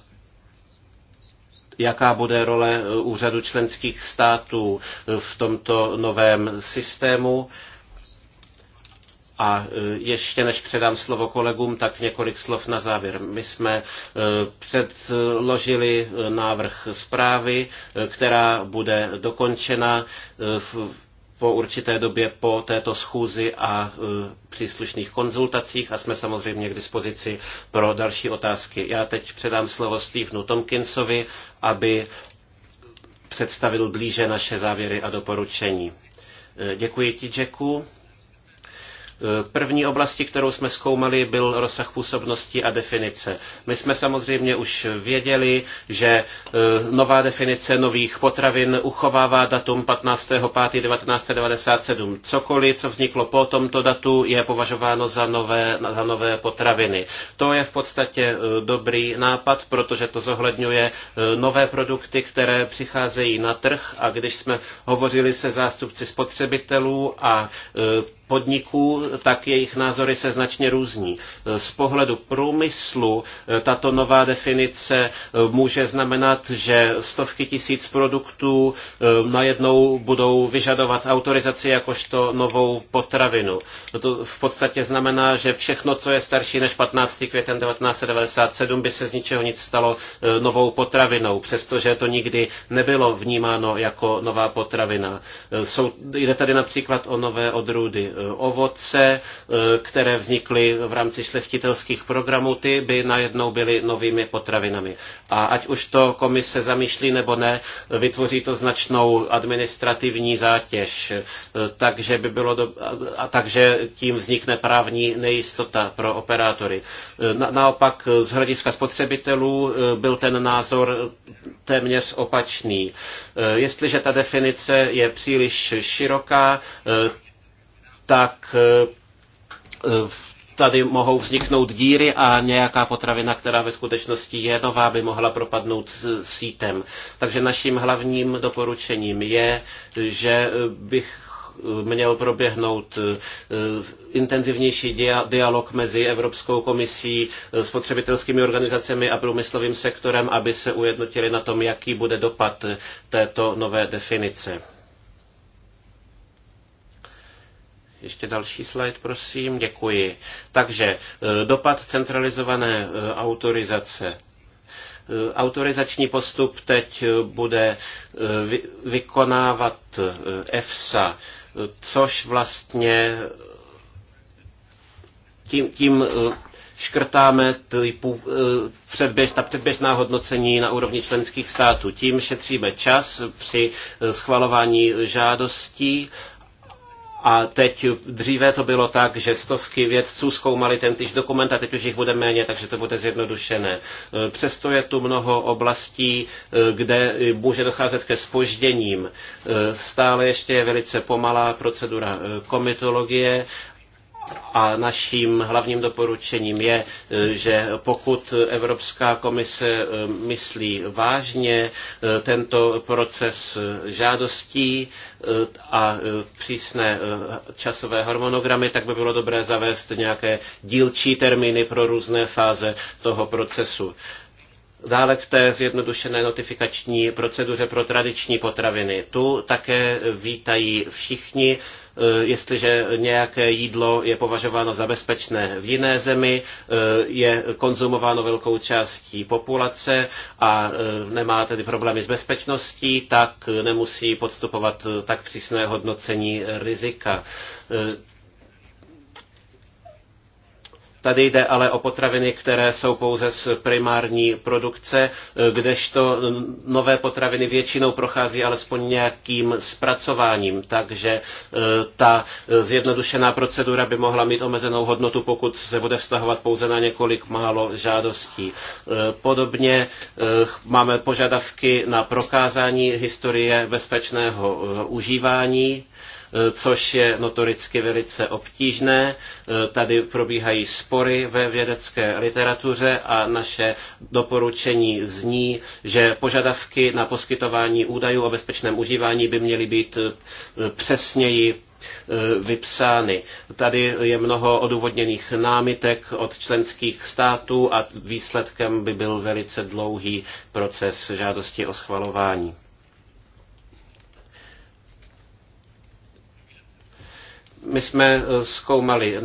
jaká bude role úřadu členských států v tomto novém systému a e, ještě než předám slovo kolegům, tak několik slov na závěr. My jsme e, předložili e, návrh zprávy, která bude dokončena v po určité době po této schůzi a příslušných konzultacích a jsme samozřejmě k dispozici pro další otázky. Já teď předám slovo Stevenu Tomkinsovi, aby představil blíže naše závěry a doporučení. Děkuji ti, Jacku. Eh, první oblasti, kterou jsme zkoumali, byl rozsah působnosti a definice. My jsme samozřejmě už věděli, že eh, nová definice nových potravin uchovává datum 15.5.1997. Cokoliv, co vzniklo po tomto datu, je považováno za nové, za nové potraviny. To je v podstatě eh, dobrý nápad, protože to zohledňuje nové produkty, které přicházejí na trh a když jsme hovořili se zástupci spotřebitelů a podniků, tak jejich názory se značně různí. Z pohledu průmyslu eh, tato nová definice eh, může znamenat, že stovky tisíc produktů eh, najednou budou vyžadovat autorizaci jakožto novou potravinu. To v podstatě znamená, že všechno, co je starší než 15. květen 1997, by se z ničeho nic stalo novou potravinou, přestože to nikdy nebylo vnímáno jako nová potravina. jde tady například o nové odrůdy ovoce, e, které vznikly v rámci šlechtitelských programů, ty by najednou byly novými potravinami. A ať už to komise zamýšlí nebo ne, vytvoří to značnou administrativní zátěž, e, takže, by bylo do... a takže tím vznikne právní nejistota pro operátory. E, na, naopak z hlediska spotřebitelů byl ten názor téměř opačný. Jestliže ta definice je příliš široká, tak eh, eh, tady mohou vzniknout díry a nějaká potravina, která ve skutečnosti je nová, by mohla propadnout sítem. Takže naším hlavním doporučením je, že eh, bych měl proběhnout intenzivnější dialog mezi Evropskou komisí, spotřebitelskými organizacemi a průmyslovým sektorem, aby se ujednotili na tom, jaký bude dopad této nové definice. Ještě další slide, prosím. Děkuji. Takže e, dopad centralizované e, autorizace e, autorizační postup teď bude vykonávat EFSA, což vlastně tím, tím škrtáme předběž, ta předběžná hodnocení na úrovni členských států. Tím šetříme čas při schvalování žádostí a teď dříve to bylo tak, že stovky vědců zkoumali ten týž dokument a teď už jich bude méně, takže to bude zjednodušené. E, přesto je tu mnoho oblastí, e, kde může docházet ke spožděním. E, stále ještě je velice pomalá procedura komitologie a naším hlavním doporučením je, e, že pokud Evropská komise e, myslí vážně e, tento proces žádostí a přísné časové harmonogramy, tak by bylo dobré zavést nějaké dílčí termíny pro různé fáze toho procesu. Dále k té zjednodušené notifikační proceduře pro tradiční potraviny. Tu také vítají všichni Eh, jestliže nějaké jídlo je považováno za bezpečné v jiné zemi, eh, je konzumováno velkou částí populace a eh, nemá tedy problémy s bezpečností, tak nemusí podstupovat tak přísné hodnocení rizika. Tady jde ale o potraviny, které jsou pouze z primární produkce, kdežto nové potraviny většinou prochází alespoň nějakým zpracováním, takže e, ta zjednodušená procedura by mohla mít omezenou hodnotu, pokud se bude vztahovat pouze na několik málo žádostí. E, podobně e, máme požadavky na prokázání historie bezpečného užívání což je notoricky velice obtížné. Tady probíhají spory ve vědecké literatuře a naše doporučení zní, že požadavky na poskytování údajů o bezpečném užívání by měly být eh, přesněji eh, vypsány. Tady je mnoho odůvodněných námitek od členských států a výsledkem by byl velice dlouhý proces žádosti o schvalování. my jsme eh, zkoumali eh,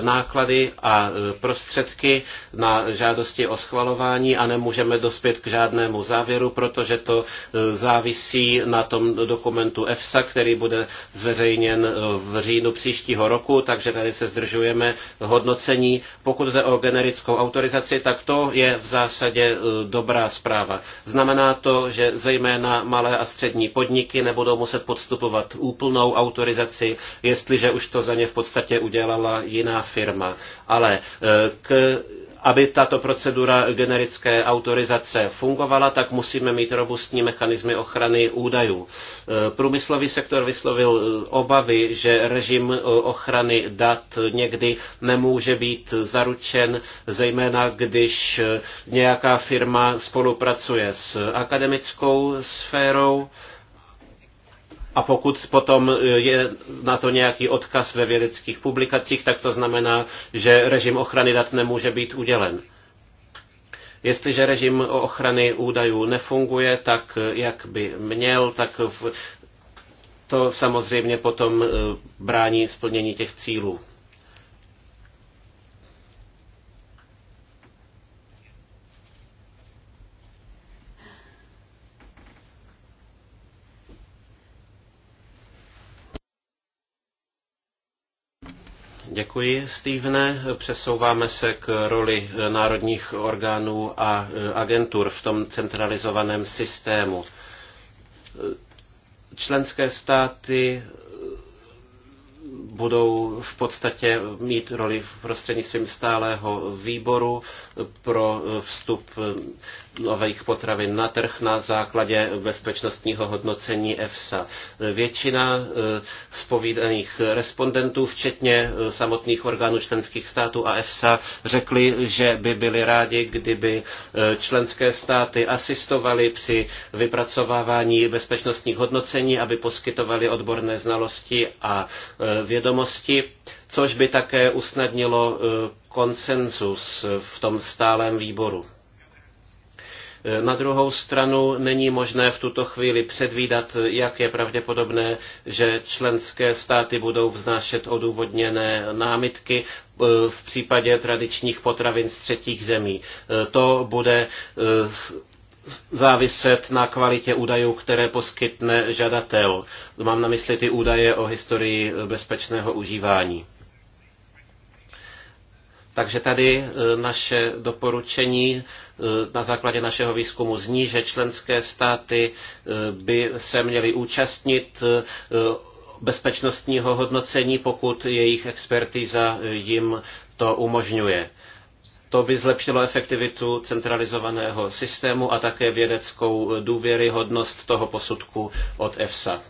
náklady a eh, prostředky na žádosti o schvalování a nemůžeme dospět k žádnému závěru, protože to závisí na tom dokumentu EFSA, který bude zveřejněn v říjnu příštího roku, takže tady se zdržujeme hodnocení. Pokud jde o generickou autorizaci, tak to je v zásadě dobrá zpráva. Znamená to, že zejména malé a střední podniky nebudou muset podstupovat úplnou autorizaci, jestli že už to za ně v podstatě udělala jiná firma. Ale eh, k, aby tato procedura generické autorizace fungovala, tak musíme mít robustní mechanismy ochrany údajů. Eh, průmyslový sektor vyslovil eh, obavy, že režim ochrany dat někdy nemůže být zaručen, zejména když nějaká firma spolupracuje s akademickou sférou, a pokud potom e, je na to nějaký odkaz ve vědeckých publikacích, tak to znamená, že režim ochrany dat nemůže být udělen. Jestliže režim ochrany údajů nefunguje tak, jak by měl, tak to samozřejmě potom e, brání splnění těch cílů. Děkuji, Stevene. Přesouváme se k roli národních orgánů a e, agentur v tom centralizovaném systému. Členské státy e, budou v podstatě mít roli v prostřednictvím stálého výboru pro e, vstup nových potravin na trh na základě bezpečnostního hodnocení EFSA. Většina eh, zpovídaných respondentů, včetně eh, samotných orgánů členských států a EFSA, řekli, že by byli rádi, kdyby eh, členské státy asistovali při vypracovávání bezpečnostních hodnocení, aby poskytovali odborné znalosti a vědomosti což by také usnadnilo konsenzus v tom stálem výboru. Na druhou stranu není možné v tuto chvíli předvídat, jak je pravděpodobné, že členské státy budou vznášet odůvodněné námitky e, v případě tradičních potravin z třetích zemí. E, to bude e, záviset na kvalitě údajů, které poskytne žadatel. Mám na mysli ty údaje o historii bezpečného užívání. Takže tady e, naše doporučení e, na základě našeho výzkumu zní, že členské státy e, by se měly účastnit bezpečnostního hodnocení, pokud jejich expertíza jim to umožňuje. To by zlepšilo efektivitu centralizovaného systému a také vědeckou důvěryhodnost toho posudku od EFSA.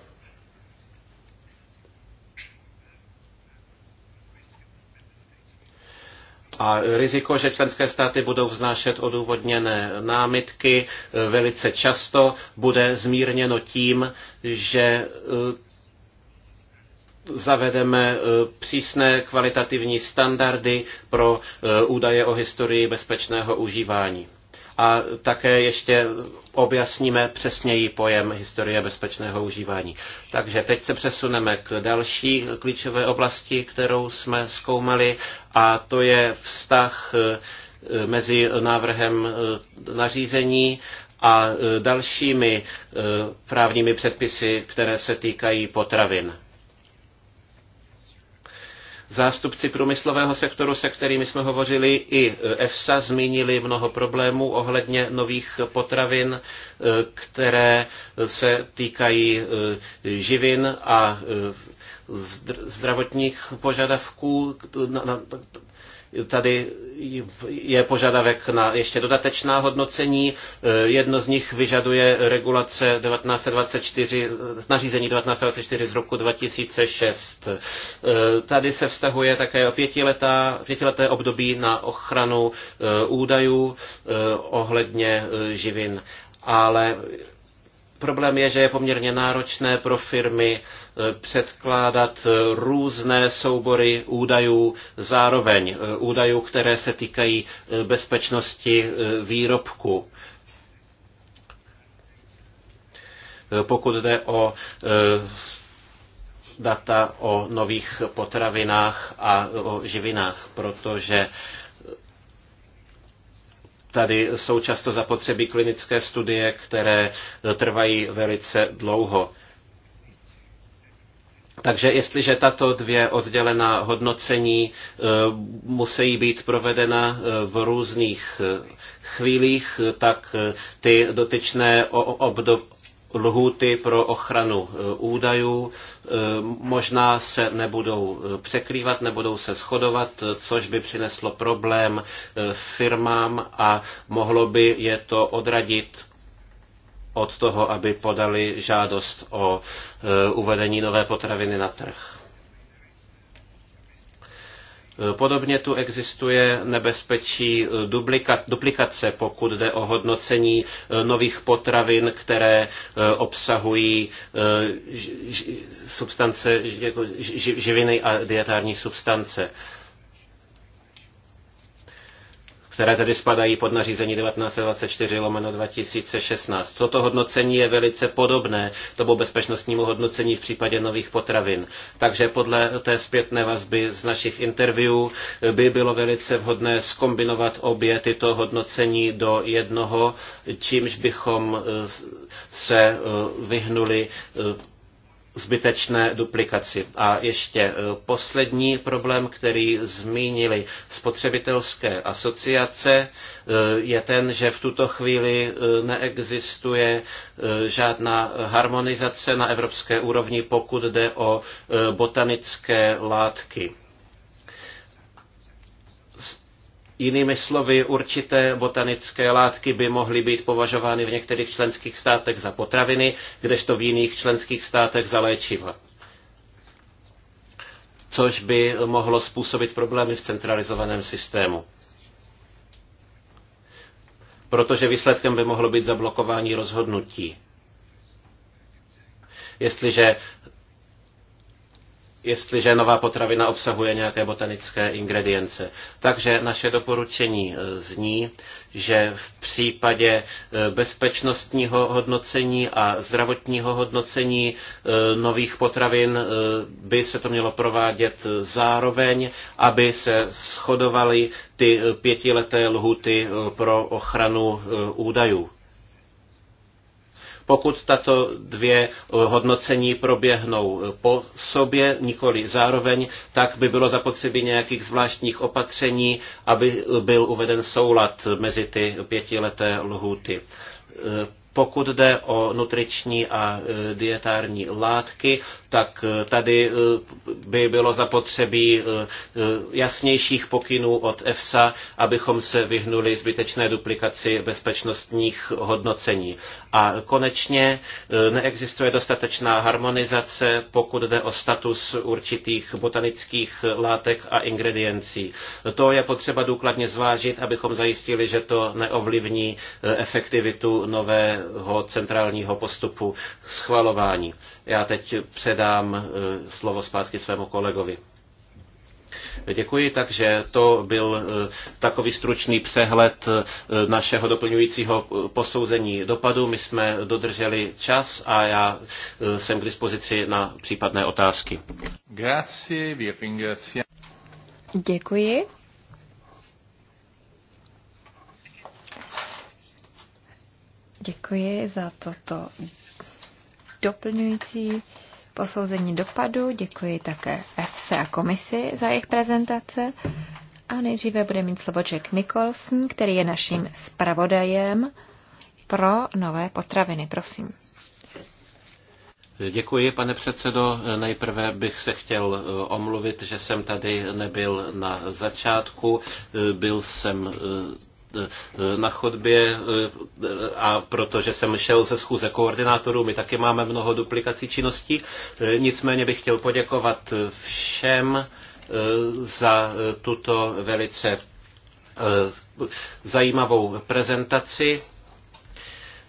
A riziko, že členské státy budou vznášet odůvodněné námitky e, velice často, bude zmírněno tím, že e, zavedeme e, přísné kvalitativní standardy pro údaje o historii bezpečného užívání a také ještě objasníme přesněji pojem historie bezpečného užívání. Takže teď se přesuneme k další klíčové oblasti, kterou jsme zkoumali a to je vztah eh, mezi návrhem eh, nařízení a eh, dalšími právními předpisy, které se týkají potravin. Zástupci průmyslového sektoru, se kterými jsme hovořili, i EFSA zmínili mnoho problémů ohledně nových potravin, eh, které se týkají eh, živin a eh, zdravotních požadavků, Tady je požadavek na ještě dodatečná hodnocení. Jedno z nich vyžaduje regulace 1924, nařízení 1924 z roku 2006. Tady se vztahuje také pětiletá, pětileté období na ochranu eh, údajů eh, ohledně eh, živin. Ale problém je, že je poměrně náročné pro firmy Eh, předkládat eh, různé soubory údajů zároveň, eh, údajů, které se týkají bezpečnosti výrobku. Pokud jde o data o nových potravinách a o živinách, protože tady jsou často zapotřebí klinické studie, které trvají velice dlouho. Takže jestliže tato dvě oddělená hodnocení e, musí být provedena e, v různých e, chvílích, tak ty dotyčné obdob, lhůty pro ochranu údajů možná se nebudou překrývat, nebudou se shodovat, což by přineslo problém firmám a mohlo by je to odradit od toho, aby podali žádost o e, uvedení nové potraviny na trh. E, podobně tu existuje nebezpečí e, duplikace, pokud jde o hodnocení nových potravin, které obsahují substance, jako živiny a dietární substance které tedy spadají pod nařízení 1924 lomeno 2016. Toto hodnocení je velice podobné tomu bezpečnostnímu hodnocení v případě nových potravin. Takže podle té zpětné vazby z našich interviewů by bylo velice vhodné skombinovat obě tyto hodnocení do jednoho, čímž bychom eh, se eh, vyhnuli eh, zbytečné duplikaci. A ještě e, poslední problém, který zmínili spotřebitelské asociace, e, je ten, že v tuto chvíli e, neexistuje žádná harmonizace na evropské úrovni, pokud jde o botanické látky. Jinými slovy, určité botanické látky by mohly být považovány v některých členských státech za potraviny, kdežto v jiných členských státech za léčiva. Což by mohlo způsobit problémy v centralizovaném systému. Protože výsledkem by mohlo být zablokování rozhodnutí. Jestliže jestliže nová potravina obsahuje nějaké botanické ingredience. Takže naše doporučení e, zní, že v případě e, bezpečnostního hodnocení a zdravotního hodnocení e, nových potravin by se to mělo provádět zároveň, aby se shodovaly ty pětileté lhuty pro ochranu údajů pokud tato dvě hodnocení proběhnou po sobě, nikoli zároveň, tak by bylo zapotřebí nějakých zvláštních opatření, aby byl uveden soulad mezi ty pětileté lhůty. Pokud jde o nutriční a e, dietární látky, tak e, tady e, by bylo zapotřebí jasnějších pokynů od EFSA, abychom se vyhnuli zbytečné duplikaci bezpečnostních hodnocení. A konečně neexistuje dostatečná harmonizace, pokud jde o status určitých botanických látek a ingrediencí. To je potřeba důkladně zvážit, abychom zajistili, že to neovlivní efektivitu nové jednotného centrálního postupu schvalování. Já teď předám e, slovo zpátky svému kolegovi. Děkuji, takže to byl e, takový stručný přehled e, našeho doplňujícího posouzení dopadu. My jsme dodrželi čas a já jsem k dispozici na případné otázky. Děkuji. Děkuji za toto doplňující posouzení dopadu. Děkuji také EFSE a komisi za jejich prezentace. A nejdříve bude mít slovo Jack Nicholson, který je naším zpravodajem pro nové potraviny. Prosím. Děkuji, pane předsedo. Nejprve bych se chtěl eh, omluvit, že jsem tady nebyl na začátku. Eh, byl jsem eh, Eh, na chodbě eh, a protože jsem šel ze schůze koordinátorů, my taky máme mnoho duplikací činností. Eh, nicméně bych chtěl poděkovat všem za tuto velice zajímavou prezentaci.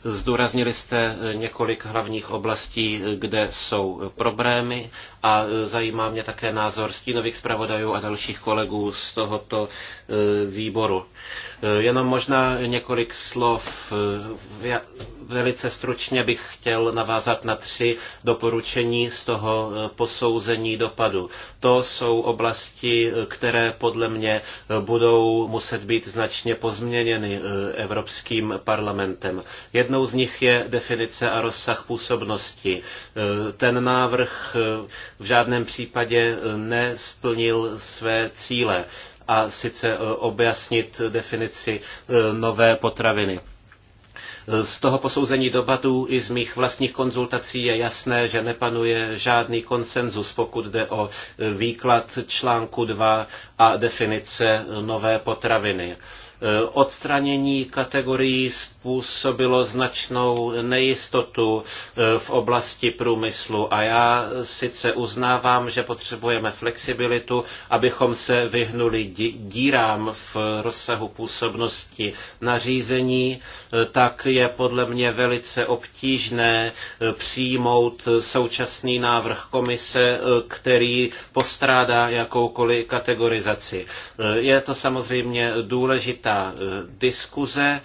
Zdůraznili jste několik hlavních oblastí, kde jsou problémy a zajímá mě také názor stínových zpravodajů a dalších kolegů z tohoto výboru. Eh, jenom možná několik slov. Eh, velice stručně bych chtěl navázat na tři doporučení z toho eh, posouzení dopadu. To jsou oblasti, které podle mě budou muset být značně pozměněny Evropským parlamentem. Jednou z nich je definice a rozsah působnosti. Ten návrh v žádném případě nesplnil své cíle a sice e, objasnit definici e, nové potraviny. E, z toho posouzení dopadů i z mých vlastních konzultací je jasné, že nepanuje žádný konsenzus, pokud jde o výklad článku 2 a definice nové potraviny. Odstranění kategorií způsobilo značnou nejistotu e, v oblasti průmyslu. A já sice uznávám, že potřebujeme flexibilitu, abychom se vyhnuli dírám v rozsahu působnosti nařízení, e, tak je podle mě velice obtížné e, přijmout současný návrh komise, který postrádá jakoukoliv kategorizaci. Je to samozřejmě důležitá diskuze,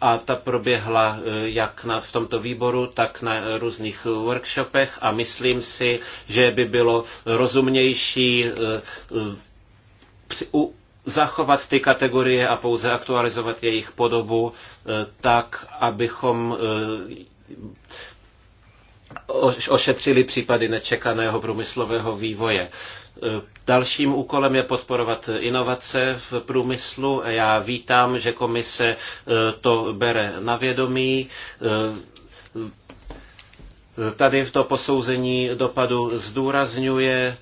a ta proběhla eh, jak na, v tomto výboru, tak na různých workshopech a myslím si, že by bylo rozumnější eh, eh, při, u, zachovat ty kategorie a pouze aktualizovat jejich podobu tak, abychom ošetřili případy nečekaného průmyslového vývoje. Dalším úkolem je podporovat inovace v průmyslu. Já vítám, že komise e, to bere na vědomí. E, tady v to posouzení dopadu zdůrazňuje,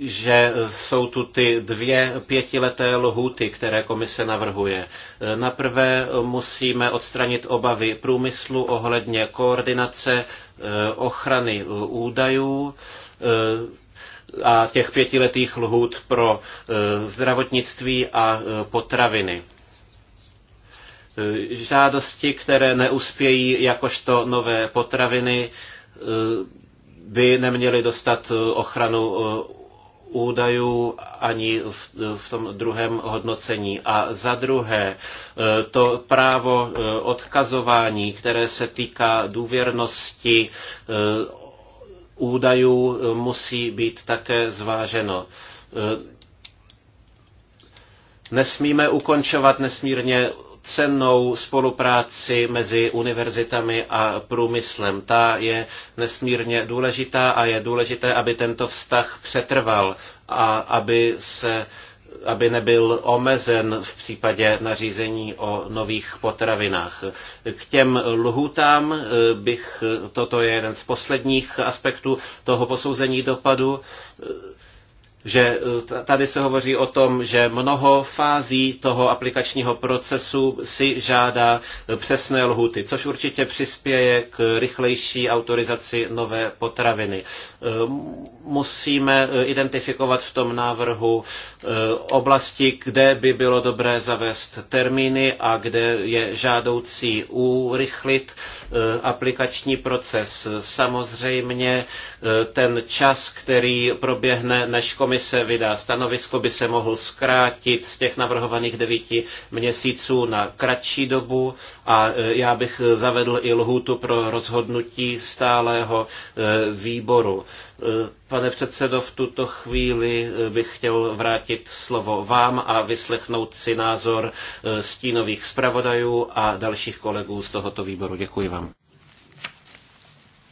že jsou tu ty dvě pětileté lhůty, které komise navrhuje. Naprvé musíme odstranit obavy průmyslu ohledně koordinace e, ochrany údajů a těch pětiletých lhůt pro eh, zdravotnictví a eh, potraviny eh, žádosti, které neuspějí jakožto nové potraviny, by neměly dostat ochranu údajů ani v, tom druhém hodnocení. A za druhé, to právo odkazování, které se týká důvěrnosti údajů e, musí být také zváženo. E, nesmíme ukončovat nesmírně cennou spolupráci mezi univerzitami a průmyslem. Ta je nesmírně důležitá a je důležité, aby tento vztah přetrval a aby se aby nebyl omezen v případě nařízení o nových potravinách. K těm lhůtám eh, bych, toto je jeden z posledních aspektů toho posouzení dopadu, že eh, tady se hovoří o tom, že mnoho fází toho aplikačního procesu si žádá eh, přesné lhuty, což určitě přispěje k rychlejší autorizaci nové potraviny. Eh, musíme identifikovat v tom návrhu oblasti, kde by bylo dobré zavést termíny a kde je žádoucí urychlit aplikační proces. Samozřejmě ten čas, který proběhne, než komise komise vydá stanovisko, by se mohl zkrátit z těch navrhovaných devíti měsíců na kratší dobu a e, já bych zavedl i lhůtu pro rozhodnutí stálého e, výboru. E, pane předsedo, v tuto chvíli bych chtěl vrátit slovo vám a vyslechnout si názor stínových zpravodajů a dalších kolegů z tohoto výboru. Děkuji vám.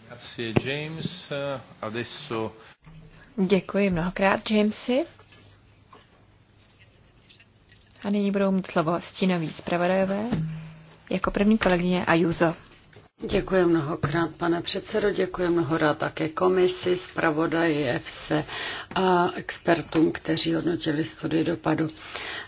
Grazie James. Adesso Děkuji mnohokrát, Jamesy. A nyní budou mít slovo stínoví zpravodajové. Jako první kolegyně Ajuzo. Děkuji mnohokrát, pane předsedo, děkuji mnohokrát také komisi, zpravodaji EFSE a expertům, kteří hodnotili studii dopadu.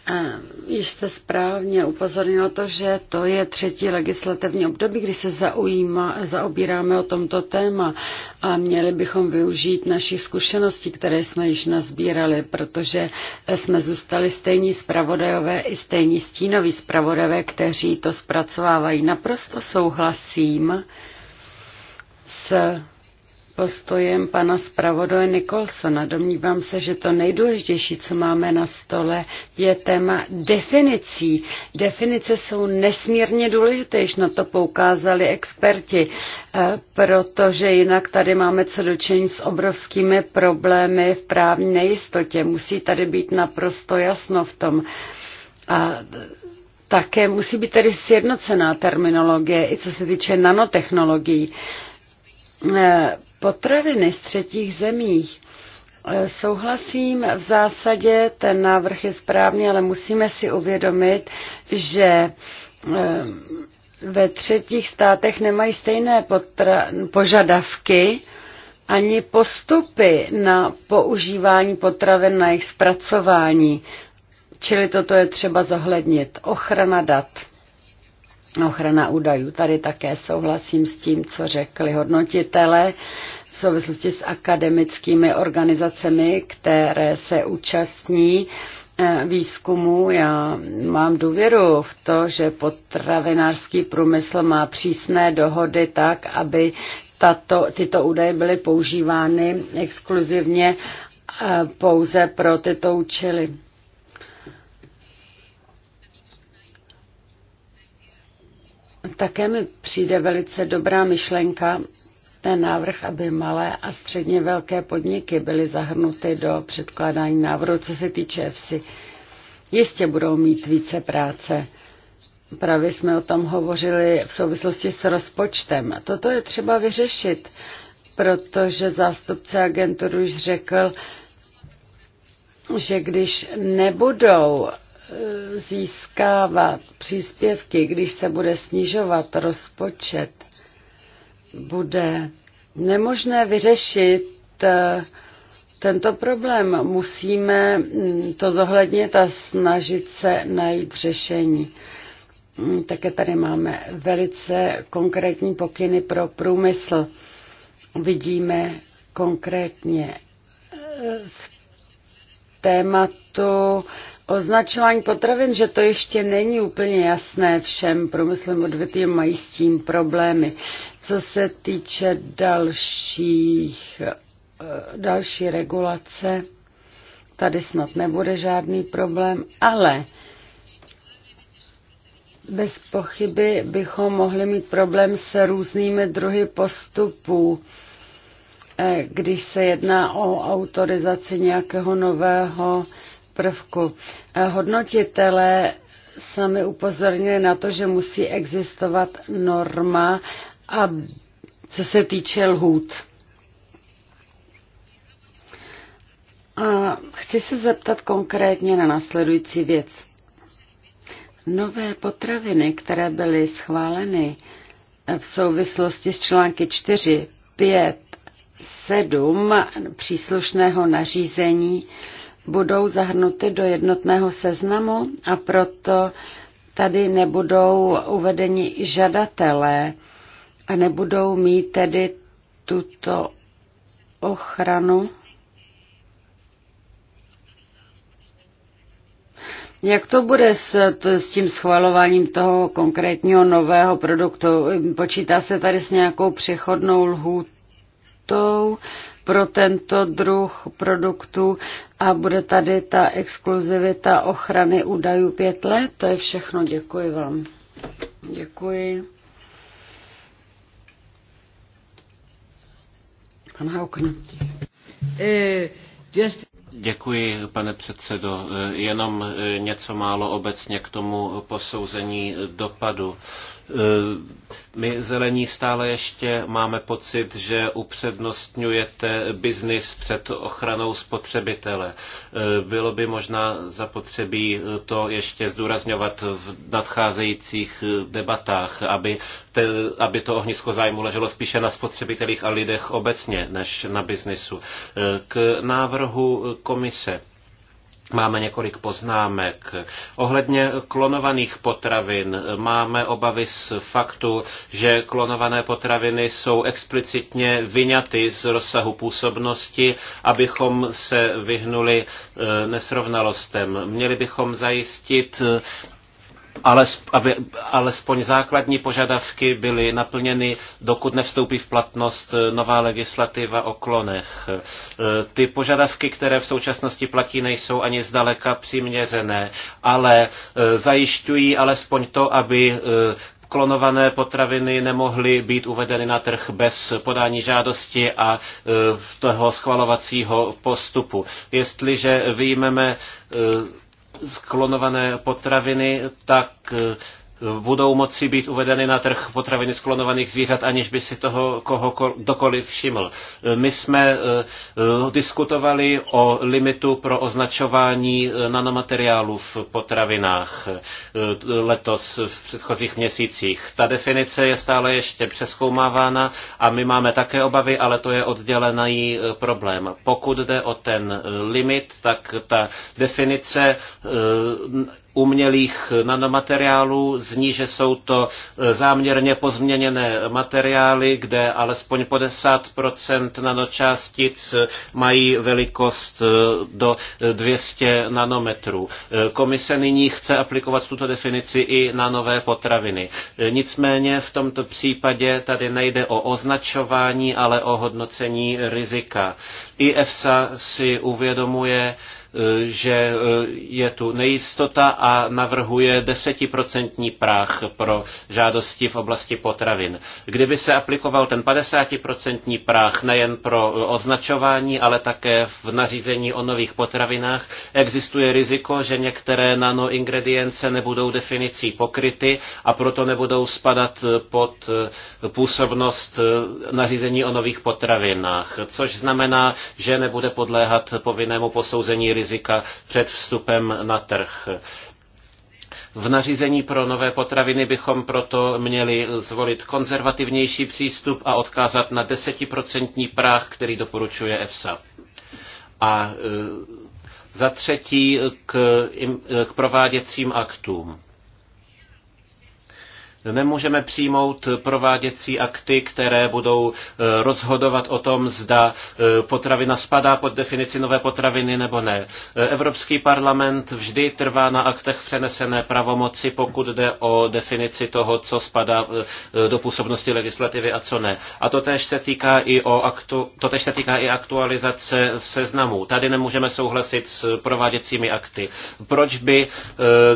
Eh, již jste správně upozornil to, že to je třetí legislativní období, kdy se zaujíma, zaobíráme o tomto téma a měli bychom využít našich zkušeností, které jsme již nazbírali, protože jsme zůstali stejní zpravodajové i stejní stínoví zpravodajové, kteří to zpracovávají. Naprosto souhlasím souhlasím s postojem pana zpravodaje Nikolsona. Domnívám se, že to nejdůležitější, co máme na stole, je téma definicí. Definice jsou nesmírně důležité, již na to poukázali experti, eh, protože jinak tady máme co dočení s obrovskými problémy v právní nejistotě. Musí tady být naprosto jasno v tom. A také musí být tedy sjednocená terminologie, i co se týče nanotechnologií. Eh, potraviny z třetích zemích. Eh, souhlasím, v zásadě ten návrh je správný, ale musíme si uvědomit, že eh, ve třetích státech nemají stejné požadavky ani postupy na používání potravin na jejich zpracování. Čili toto je třeba zohlednit. Ochrana dat. Ochrana údajů. Tady také souhlasím s tím, co řekli hodnotitele v souvislosti s akademickými organizacemi, které se účastní eh, výzkumu. Já mám důvěru v to, že potravinářský průmysl má přísné dohody tak, aby tato, tyto údaje byly používány exkluzivně eh, pouze pro tyto účely. Také mi přijde velice dobrá myšlenka ten návrh, aby malé a středně velké podniky byly zahrnuty do předkládání návrhu, co se týče EFSI. Jistě budou mít více práce. Právě jsme o tom hovořili v souvislosti s rozpočtem. Toto je třeba vyřešit, protože zástupce agentury už řekl, že když nebudou získávat příspěvky, když se bude snižovat rozpočet, bude nemožné vyřešit eh, tento problém. Musíme mm, to zohlednit a snažit se najít řešení. Mm, také tady máme velice konkrétní pokyny pro průmysl. Vidíme konkrétně eh, v tématu označování potravin, že to ještě není úplně jasné všem průmyslem odvětvím, mají s tím problémy. Co se týče dalších, eh, další regulace, tady snad nebude žádný problém, ale bez pochyby bychom mohli mít problém se různými druhy postupů, eh, když se jedná o autorizaci nějakého nového prvku. Eh, hodnotitele sami upozorňuje na to, že musí existovat norma, a co se týče lhůt. A chci se zeptat konkrétně na následující věc. Nové potraviny, které byly schváleny eh, v souvislosti s články 4, 5, 7 příslušného nařízení, budou zahrnuty do jednotného seznamu a proto tady nebudou uvedeni žadatelé a nebudou mít tedy tuto ochranu. Jak to bude s, to, s tím schvalováním toho konkrétního nového produktu? Počítá se tady s nějakou přechodnou lhůtou? kvótou pro tento druh produktů a bude tady ta exkluzivita ochrany údajů pět let. To je všechno. Děkuji vám. Děkuji. Pan Haukne. Eh, Děkuji, pane předsedo. Eh, jenom eh, něco málo obecně k tomu posouzení dopadu Eh, my zelení stále ještě máme pocit, že upřednostňujete biznis před ochranou spotřebitele. Eh, bylo by možná zapotřebí to ještě zdůrazňovat v nadcházejících eh, debatách, aby, te, aby to ohnisko zájmu leželo spíše na spotřebitelích a lidech obecně než na biznisu. K návrhu komise Máme několik poznámek. Ohledně klonovaných potravin máme obavy z faktu, že klonované potraviny jsou explicitně vyňaty z rozsahu působnosti, abychom se vyhnuli eh, nesrovnalostem. Měli bychom zajistit, ale, aby alespoň základní požadavky byly naplněny, dokud nevstoupí v platnost eh, nová legislativa o klonech. Eh, ty požadavky, které v současnosti platí, nejsou ani zdaleka přiměřené, ale eh, zajišťují alespoň to, aby klonované potraviny nemohly být uvedeny na trh bez podání žádosti a toho schvalovacího postupu. Jestliže vyjmeme sklonované potraviny, tak budou moci být uvedeny na trh potraviny z klonovaných zvířat, aniž by si toho koho, dokoliv všiml. My jsme eh, eh, diskutovali o limitu pro označování eh, nanomateriálů v potravinách letos v předchozích měsících. Ta definice je stále ještě přeskoumávána a my máme také obavy, ale to je oddělený problém. Pokud jde o ten limit, tak ta definice umělých nanomateriálů, zní, že jsou to e, záměrně pozměněné materiály, kde alespoň 50% nanočástic e, mají velikost e, do 200 nanometrů. Komise nyní chce aplikovat tuto definici i na nové potraviny. Nicméně v tomto případě tady nejde o označování, ale o hodnocení rizika. I EFSA si uvědomuje, že e, je tu nejistota a navrhuje desetiprocentní práh pro žádosti v oblasti potravin. Kdyby se aplikoval ten 50% práh nejen pro e, označování, ale také v nařízení o nových potravinách, existuje riziko, že některé nanoingredience nebudou definicí pokryty a proto nebudou spadat e, pod působnost nařízení o nových potravinách, což znamená, že nebude podléhat povinnému posouzení rizika před vstupem na trh. V nařízení pro nové potraviny bychom proto měli zvolit konzervativnější přístup a odkázat na desetiprocentní práh, který doporučuje EFSA. A e, za třetí k, e, k prováděcím aktům. Nemůžeme přijmout prováděcí akty, které budou eh, rozhodovat o tom, zda eh, potravina spadá pod definici nové potraviny nebo ne. Eh, Evropský parlament vždy trvá na aktech přenesené pravomoci, pokud jde o definici toho, co spadá do působnosti legislativy a co ne. A to tež se týká i, o aktu, to tež se týká i aktualizace seznamů. Tady nemůžeme souhlasit s prováděcími akty. Proč by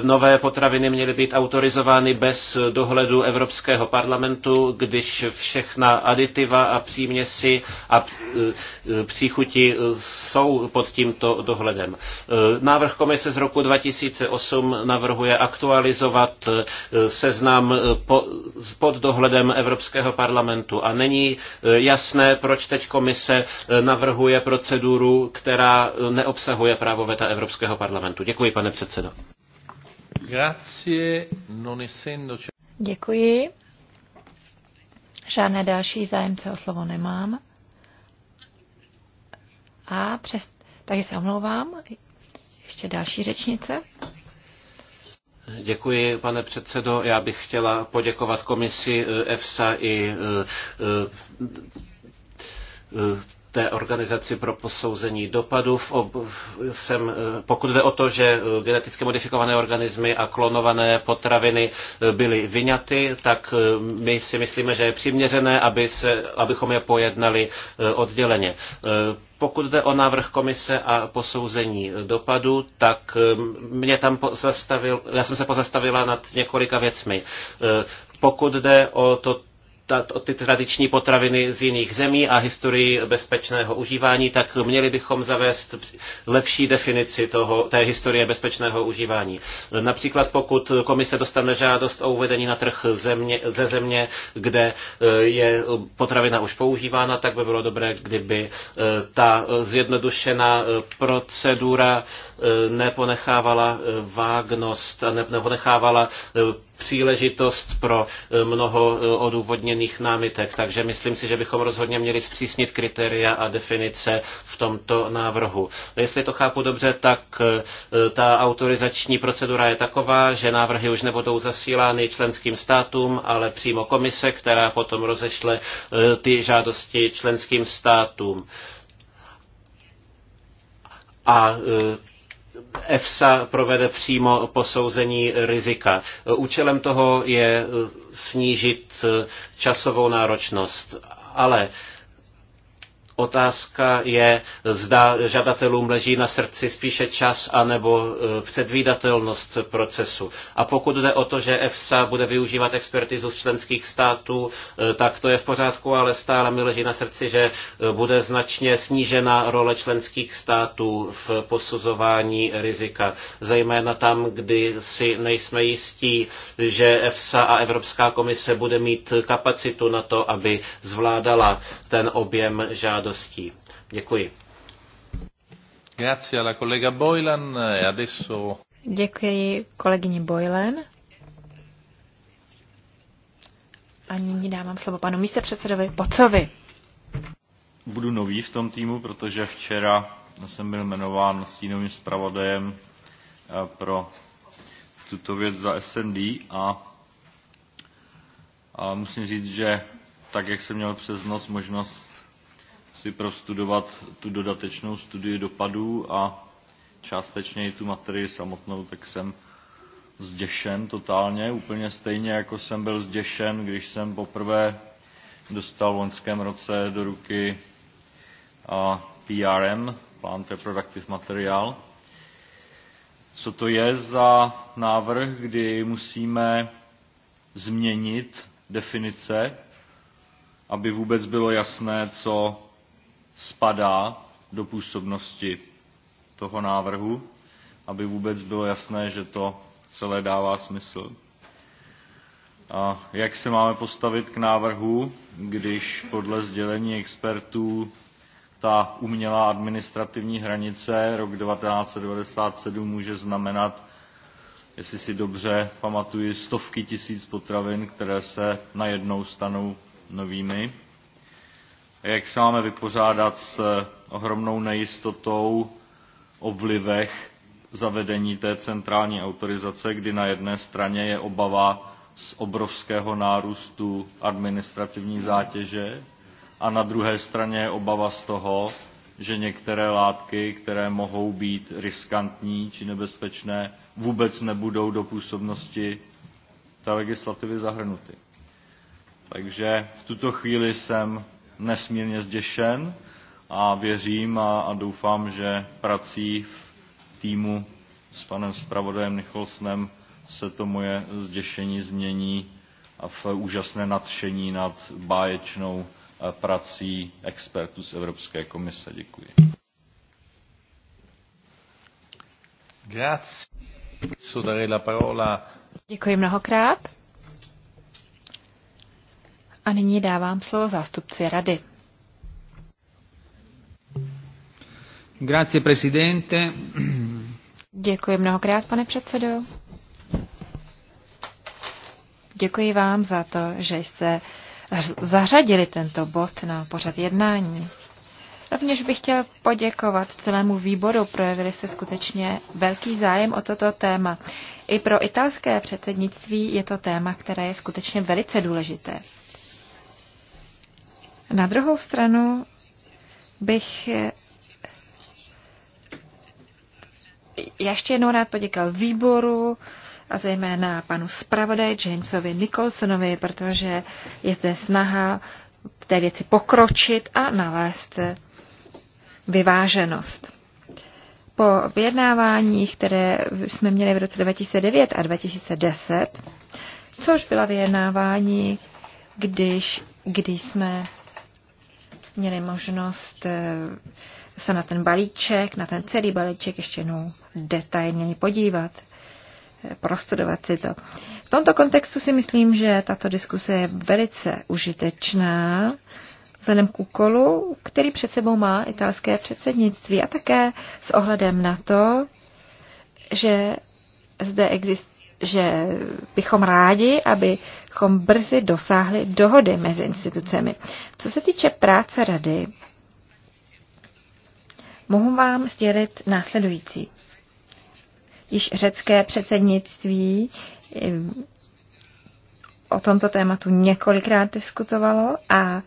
nové potraviny měly být autorizovány bez dohledu pohledu Evropského parlamentu, když všechna aditiva a příměsi a e, e, příchuti e, jsou pod tímto dohledem. Návrh komise z roku 2008 navrhuje aktualizovat seznam pod dohledem Evropského parlamentu a není jasné, proč teď komise navrhuje proceduru, která neobsahuje právo veta Evropského parlamentu. Děkuji, pane předsedo. Grazie, non essendo Děkuji. Žádné další zájemce o slovo nemám. A přes... Takže se omlouvám. Ještě další řečnice. Děkuji, pane předsedo. Já bych chtěla poděkovat komisi eh, EFSA i eh, eh, té organizaci pro posouzení dopadu. V ob, jsem, eh, pokud jde o to, že eh, geneticky modifikované organismy a klonované potraviny eh, byly vyňaty, tak my si myslíme, že je přiměřené, aby se, abychom je pojednali odděleně. Pokud jde o návrh komise a posouzení dopadu, tak mě tam pozastavil, já jsem se pozastavila nad několika věcmi. Pokud jde o to ty tradiční potraviny z jiných zemí a historii bezpečného užívání, tak měli bychom zavést lepší definici toho, té historie bezpečného užívání. Například pokud komise dostane žádost o uvedení na trh země, ze země, kde eh, je potravina už používána, tak by bylo dobré, kdyby eh, ta zjednodušená eh, procedura neponechávala vágnost a neponechávala příležitost pro eh, mnoho eh, odůvodněných námitek. Takže myslím si, že bychom rozhodně měli zpřísnit kritéria a definice v tomto návrhu. No, jestli to chápu dobře, tak eh, ta autorizační procedura je taková, že návrhy už nebudou zasílány členským státům, ale přímo komise, která potom rozešle ty žádosti členským státům. A EFSA provede přímo posouzení rizika. Účelem toho je snížit časovou náročnost, ale Otázka je, zda žadatelům leží na srdci spíše čas anebo eh, předvídatelnost procesu. A pokud jde o to, že EFSA bude využívat expertizu z členských států, eh, tak to je v pořádku, ale stále mi leží na srdci, že eh, bude značně snížena role členských států v posuzování rizika. Zejména tam, kdy si nejsme jistí, že EFSA a Evropská komise bude mít kapacitu na to, aby zvládala ten objem žádostí radostí. Děkuji. Grazie alla collega Boylan eh, e adesso... Děkuji kolegyni Boylan. A nyní dávám slovo panu místopředsedovi Pocovi. Budu nový v tom týmu, protože včera jsem byl jmenován stínovým zpravodajem eh, pro tuto věc za SND a, a musím říct, že tak, jak jsem měl přes noc možnost si prostudovat tu dodatečnou studii dopadů a částečně i tu materii samotnou, tak jsem zděšen totálně, úplně stejně jako jsem byl zděšen, když jsem poprvé dostal v loňském roce do ruky a PRM, Plant Reproductive Material. Co to je za návrh, kdy musíme změnit definice, aby vůbec bylo jasné, co spadá do působnosti toho návrhu, aby vůbec bylo jasné, že to celé dává smysl. A jak se máme postavit k návrhu, když podle sdělení expertů ta umělá administrativní hranice rok 1997 může znamenat, jestli si dobře pamatuji, stovky tisíc potravin, které se najednou stanou novými jak se máme vypořádat s eh, ohromnou nejistotou o vlivech zavedení té centrální autorizace, kdy na jedné straně je obava z obrovského nárůstu administrativní zátěže a na druhé straně je obava z toho, že některé látky, které mohou být riskantní či nebezpečné, vůbec nebudou do působnosti té legislativy zahrnuty. Takže v tuto chvíli jsem nesmírně zděšen a věřím a, a doufám, že prací v týmu s panem zpravodajem Nicholsnem se to moje zděšení změní a v úžasné nadšení nad báječnou eh, prací expertů z Evropské komise. Děkuji. Grazie. Děkuji mnohokrát. A nyní dávám slovo zástupci rady. Grazie, presidente. Děkuji mnohokrát, pane předsedo. Děkuji vám za to, že jste zařadili tento bod na pořad jednání. Rovněž bych chtěl poděkovat celému výboru, projevili se skutečně velký zájem o toto téma. I pro italské předsednictví je to téma, které je skutečně velice důležité. Na druhou stranu bych ještě jednou rád poděkal výboru a zejména panu zpravodaj Jamesovi Nicholsonovi, protože je zde snaha v té věci pokročit a nalézt vyváženost. Po vyjednávání, které jsme měli v roce 2009 a 2010, což byla vyjednávání, když, když jsme měli možnost eh, se na ten balíček, na ten celý balíček ještě jednou detailně podívat, eh, prostudovat si to. V tomto kontextu si myslím, že tato diskuse je velice užitečná vzhledem k úkolu, který před sebou má italské předsednictví a také s ohledem na to, že zde existuje že bychom rádi, abychom brzy dosáhli dohody mezi institucemi. Co se týče práce rady, mohu vám sdělit následující. Již řecké předsednictví eh, o tomto tématu několikrát diskutovalo a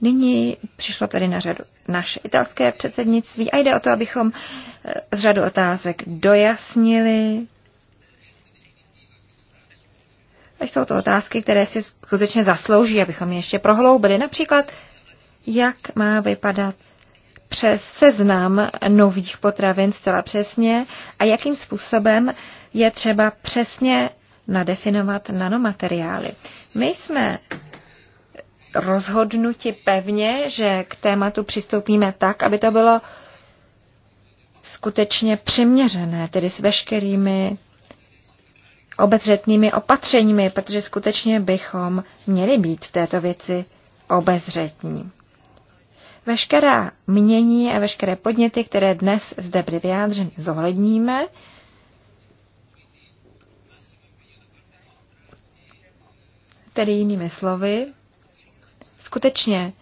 Nyní přišlo tedy na řadu naše italské předsednictví a jde o to, abychom eh, z řadu otázek dojasnili, jsou to otázky, které si skutečně zaslouží, abychom je ještě prohloubili. Například, jak má vypadat přes seznam nových potravin zcela přesně a jakým způsobem je třeba přesně nadefinovat nanomateriály. My jsme rozhodnuti pevně, že k tématu přistoupíme tak, aby to bylo skutečně přiměřené, tedy s veškerými obezřetnými opatřeními, protože skutečně bychom měli být v této věci obezřetní. Veškerá mění a veškeré podněty, které dnes zde byly vyjádřeny, zohledníme. Tedy jinými slovy, skutečně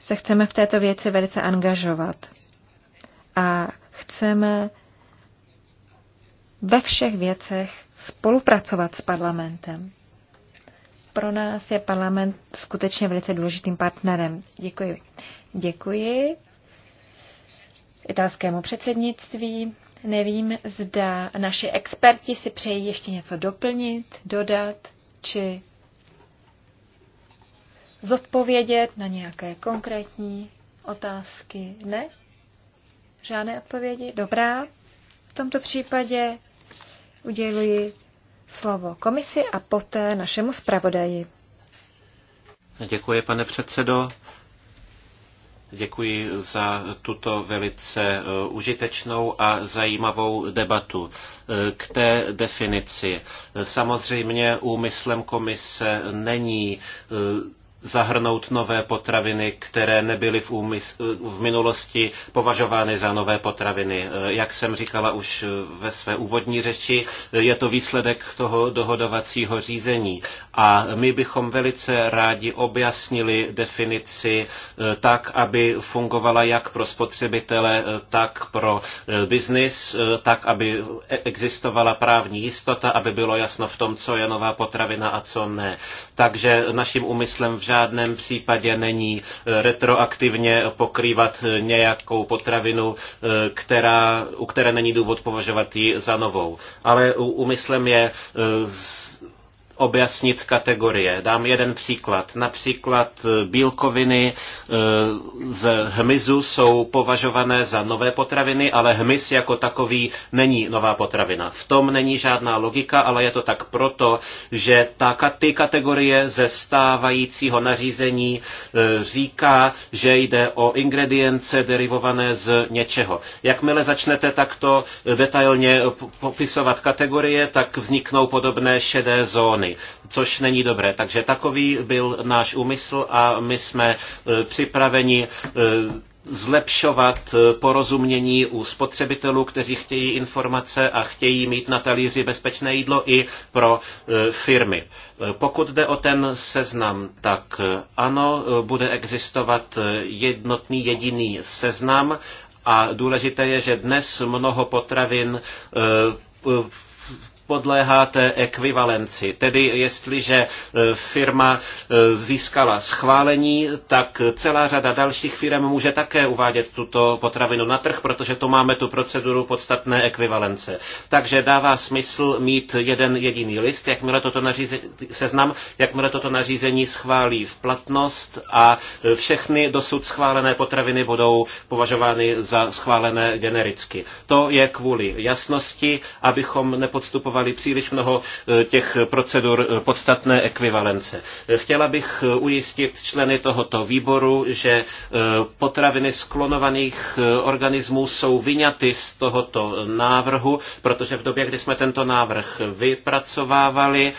se chceme v této věci velice angažovat a chceme ve všech věcech spolupracovat s parlamentem. Pro nás je parlament skutečně velice důležitým partnerem. Děkuji. Děkuji italskému předsednictví. Nevím, zda naši experti si přejí ještě něco doplnit, dodat, či zodpovědět na nějaké konkrétní otázky. Ne? Žádné odpovědi? Dobrá. V tomto případě uděluji slovo komisi a poté našemu zpravodaji. Děkuji, pane předsedo. Děkuji za tuto velice eh, užitečnou a zajímavou debatu eh, k té definici. Samozřejmě úmyslem komise není eh, zahrnout nové potraviny, které nebyly v, úmysl, v minulosti považovány za nové potraviny. Jak jsem říkala už ve své úvodní řeči, je to výsledek toho dohodovacího řízení. A my bychom velice rádi objasnili definici eh, tak, aby fungovala jak pro spotřebitele, eh, tak pro eh, biznis, tak, aby existovala právní jistota, aby bylo jasno v tom, co je nová potravina a co ne. Takže naším úmyslem v žádném případě není eh, retroaktivně pokrývat eh, nějakou potravinu, eh, která, u které není důvod považovat ji za novou. Ale úmyslem je objasnit kategorie. Dám jeden příklad. Například eh, bílkoviny eh, z hmyzu jsou považované za nové potraviny, ale hmyz jako takový není nová potravina. V tom není žádná logika, ale je to tak proto, že ta, ty kategorie ze stávajícího nařízení eh, říká, že jde o ingredience derivované z něčeho. Jakmile začnete takto detailně popisovat kategorie, tak vzniknou podobné šedé zóny strany, což není dobré. Takže takový byl náš úmysl a my jsme e, připraveni e, zlepšovat e, porozumění u spotřebitelů, kteří chtějí informace a chtějí mít na talíři bezpečné jídlo i pro firmy. Pokud jde o ten seznam, tak ano, bude existovat jednotný jediný seznam a důležité je, že dnes mnoho potravin podléhá té ekvivalenci. Tedy jestliže e, firma e, získala schválení, tak celá řada dalších firm může také uvádět tuto potravinu na trh, protože tu máme tu proceduru podstatné ekvivalence. Takže dává smysl mít jeden jediný list, jakmile toto nařízení, seznam, jakmile toto nařízení schválí v platnost a e, všechny dosud schválené potraviny budou považovány za schválené genericky. To je kvůli jasnosti, abychom nepodstupovali opakovali příliš mnoho eh, těch procedur eh, podstatné ekvivalence. Eh, chtěla bych ujistit členy tohoto výboru, že potraviny z klonovaných organismů jsou vyňaty z tohoto návrhu, protože v době, kdy jsme tento návrh vypracovávali,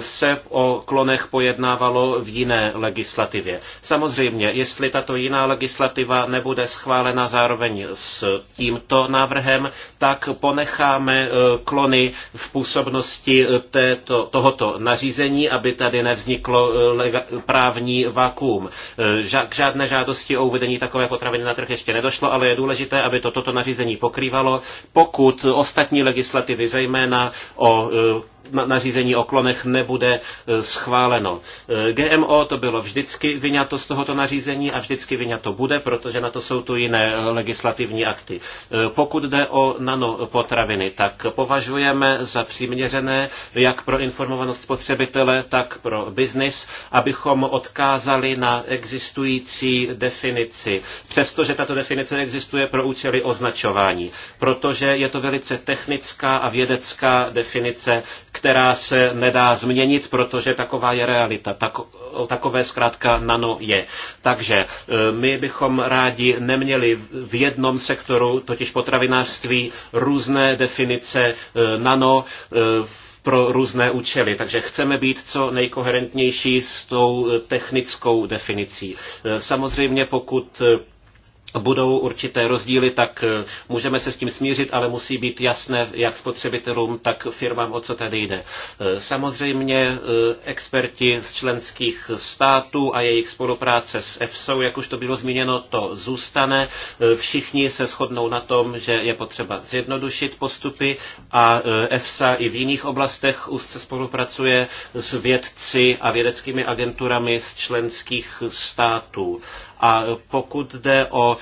se o klonech pojednávalo v jiné legislativě. Samozřejmě, jestli tato jiná legislativa nebude schválena zároveň s tímto návrhem, tak ponecháme klony v působnosti eh, této, tohoto nařízení, aby tady nevzniklo eh, lega, právní vakuum. Eh, k žádné žádosti o uvedení takové potraviny na trh ještě nedošlo, ale je důležité, aby to toto nařízení pokrývalo, pokud ostatní legislativy, zejména o nařízení o klonech nebude e, schváleno. E, GMO to bylo vždycky vyňato z tohoto nařízení a vždycky vyňato bude, protože na to jsou tu jiné e, legislativní akty. Pokud jde o nanopotraviny, tak považujeme za přiměřené jak pro informovanost spotřebitele, tak pro biznis, abychom odkázali na existující definici, přestože tato definice existuje pro účely označování, protože je to velice technická a vědecká definice, která se nedá změnit, protože taková je realita. Tak, takové zkrátka nano je. Takže e, my bychom rádi neměli v jednom sektoru, totiž potravinářství, různé definice e, nano e, pro různé účely. Takže chceme být co nejkoherentnější s tou technickou definicí. Samozřejmě pokud budou určité rozdíly, tak eh, můžeme se s tím smířit, ale musí být jasné jak spotřebitelům, tak firmám, o co tady jde. Eh, samozřejmě eh, experti z členských států a jejich spolupráce s EFSO, jak už to bylo zmíněno, to zůstane. Všichni se shodnou na tom, že je potřeba zjednodušit postupy a EFSA i v jiných oblastech úzce spolupracuje s vědci a vědeckými agenturami z členských států. A pokud jde o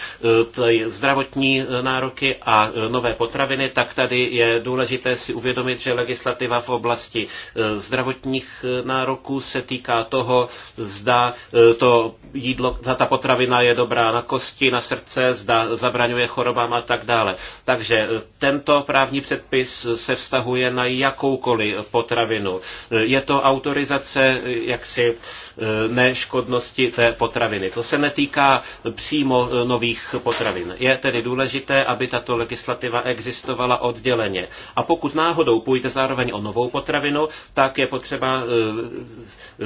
e, zdravotní e, nároky a e, nové potraviny, tak tady je důležité si uvědomit, že legislativa v oblasti zdravotních nároků se týká toho, zda to jídlo, zda ta potravina je dobrá na kosti, na srdce, zda zabraňuje chorobám a tak dále. Takže tento právní předpis se vztahuje na jakoukoliv potravinu. Je to autorizace jaksi neškodnosti té potraviny. To se netýká týká přímo e, nových potravin. Je tedy důležité, aby tato legislativa existovala odděleně. A pokud náhodou půjde zároveň o novou potravinu, tak je potřeba e,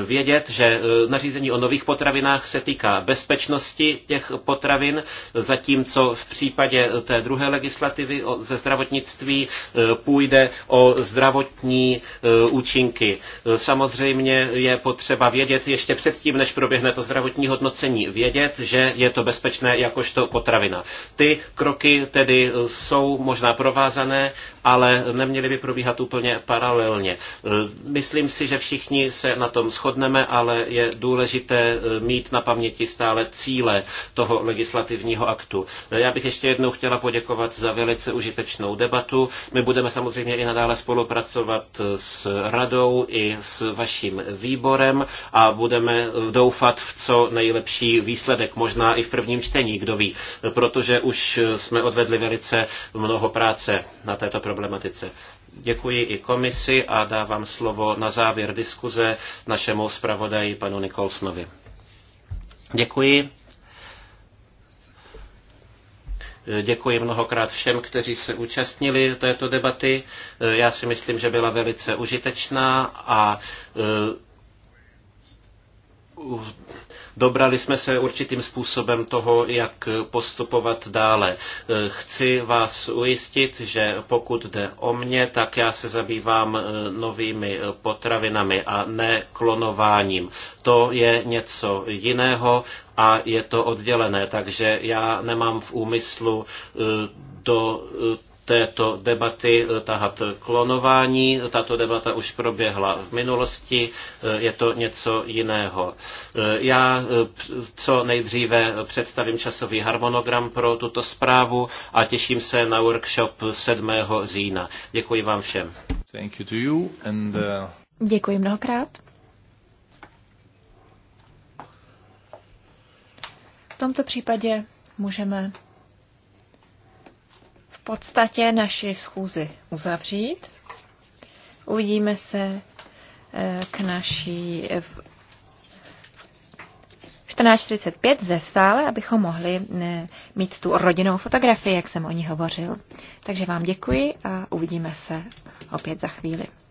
vědět, že e, nařízení o nových potravinách se týká bezpečnosti těch potravin, zatímco v případě té druhé legislativy ze zdravotnictví půjde o zdravotní účinky. Samozřejmě je potřeba vědět ještě předtím, než proběhne to zdravotní hodnocení, vědět, vědět, že je to bezpečné jakožto potravina. Ty kroky tedy jsou možná provázané, ale neměly by probíhat úplně paralelně. E, myslím si, že všichni se na tom shodneme, ale je důležité e, mít na paměti stále cíle toho legislativního aktu. E, já bych ještě jednou chtěla poděkovat za velice užitečnou debatu. My budeme samozřejmě i nadále spolupracovat s radou i s vaším výborem a budeme doufat v co nejlepší výsledek výsledek, možná i v prvním čtení, kdo ví, protože už jsme odvedli velice mnoho práce na této problematice. Děkuji i komisi a dávám slovo na závěr diskuze našemu zpravodaji panu Nikolsnovi. Děkuji. Děkuji mnohokrát všem, kteří se účastnili této debaty. Já si myslím, že byla velice užitečná a Dobrali jsme se určitým způsobem toho, jak postupovat dále. Eh, chci vás ujistit, že pokud jde o mě, tak já se zabývám eh, novými eh, potravinami a ne klonováním. To je něco jiného a je to oddělené, takže já nemám v úmyslu do této debaty eh, tahat klonování. Tato debata už proběhla v minulosti, eh, je to něco jiného. Eh, já co nejdříve představím časový harmonogram pro tuto zprávu a těším se na workshop 7. října. Děkuji vám všem. Thank you to you and, uh... Děkuji mnohokrát. V tomto případě můžeme podstatě naši schůzi uzavřít. Uvidíme se eh, k naší 14.45 eh, ze stále, abychom mohli eh, mít tu rodinnou fotografii, jak jsem o ní hovořil. Takže vám děkuji a uvidíme se opět za chvíli.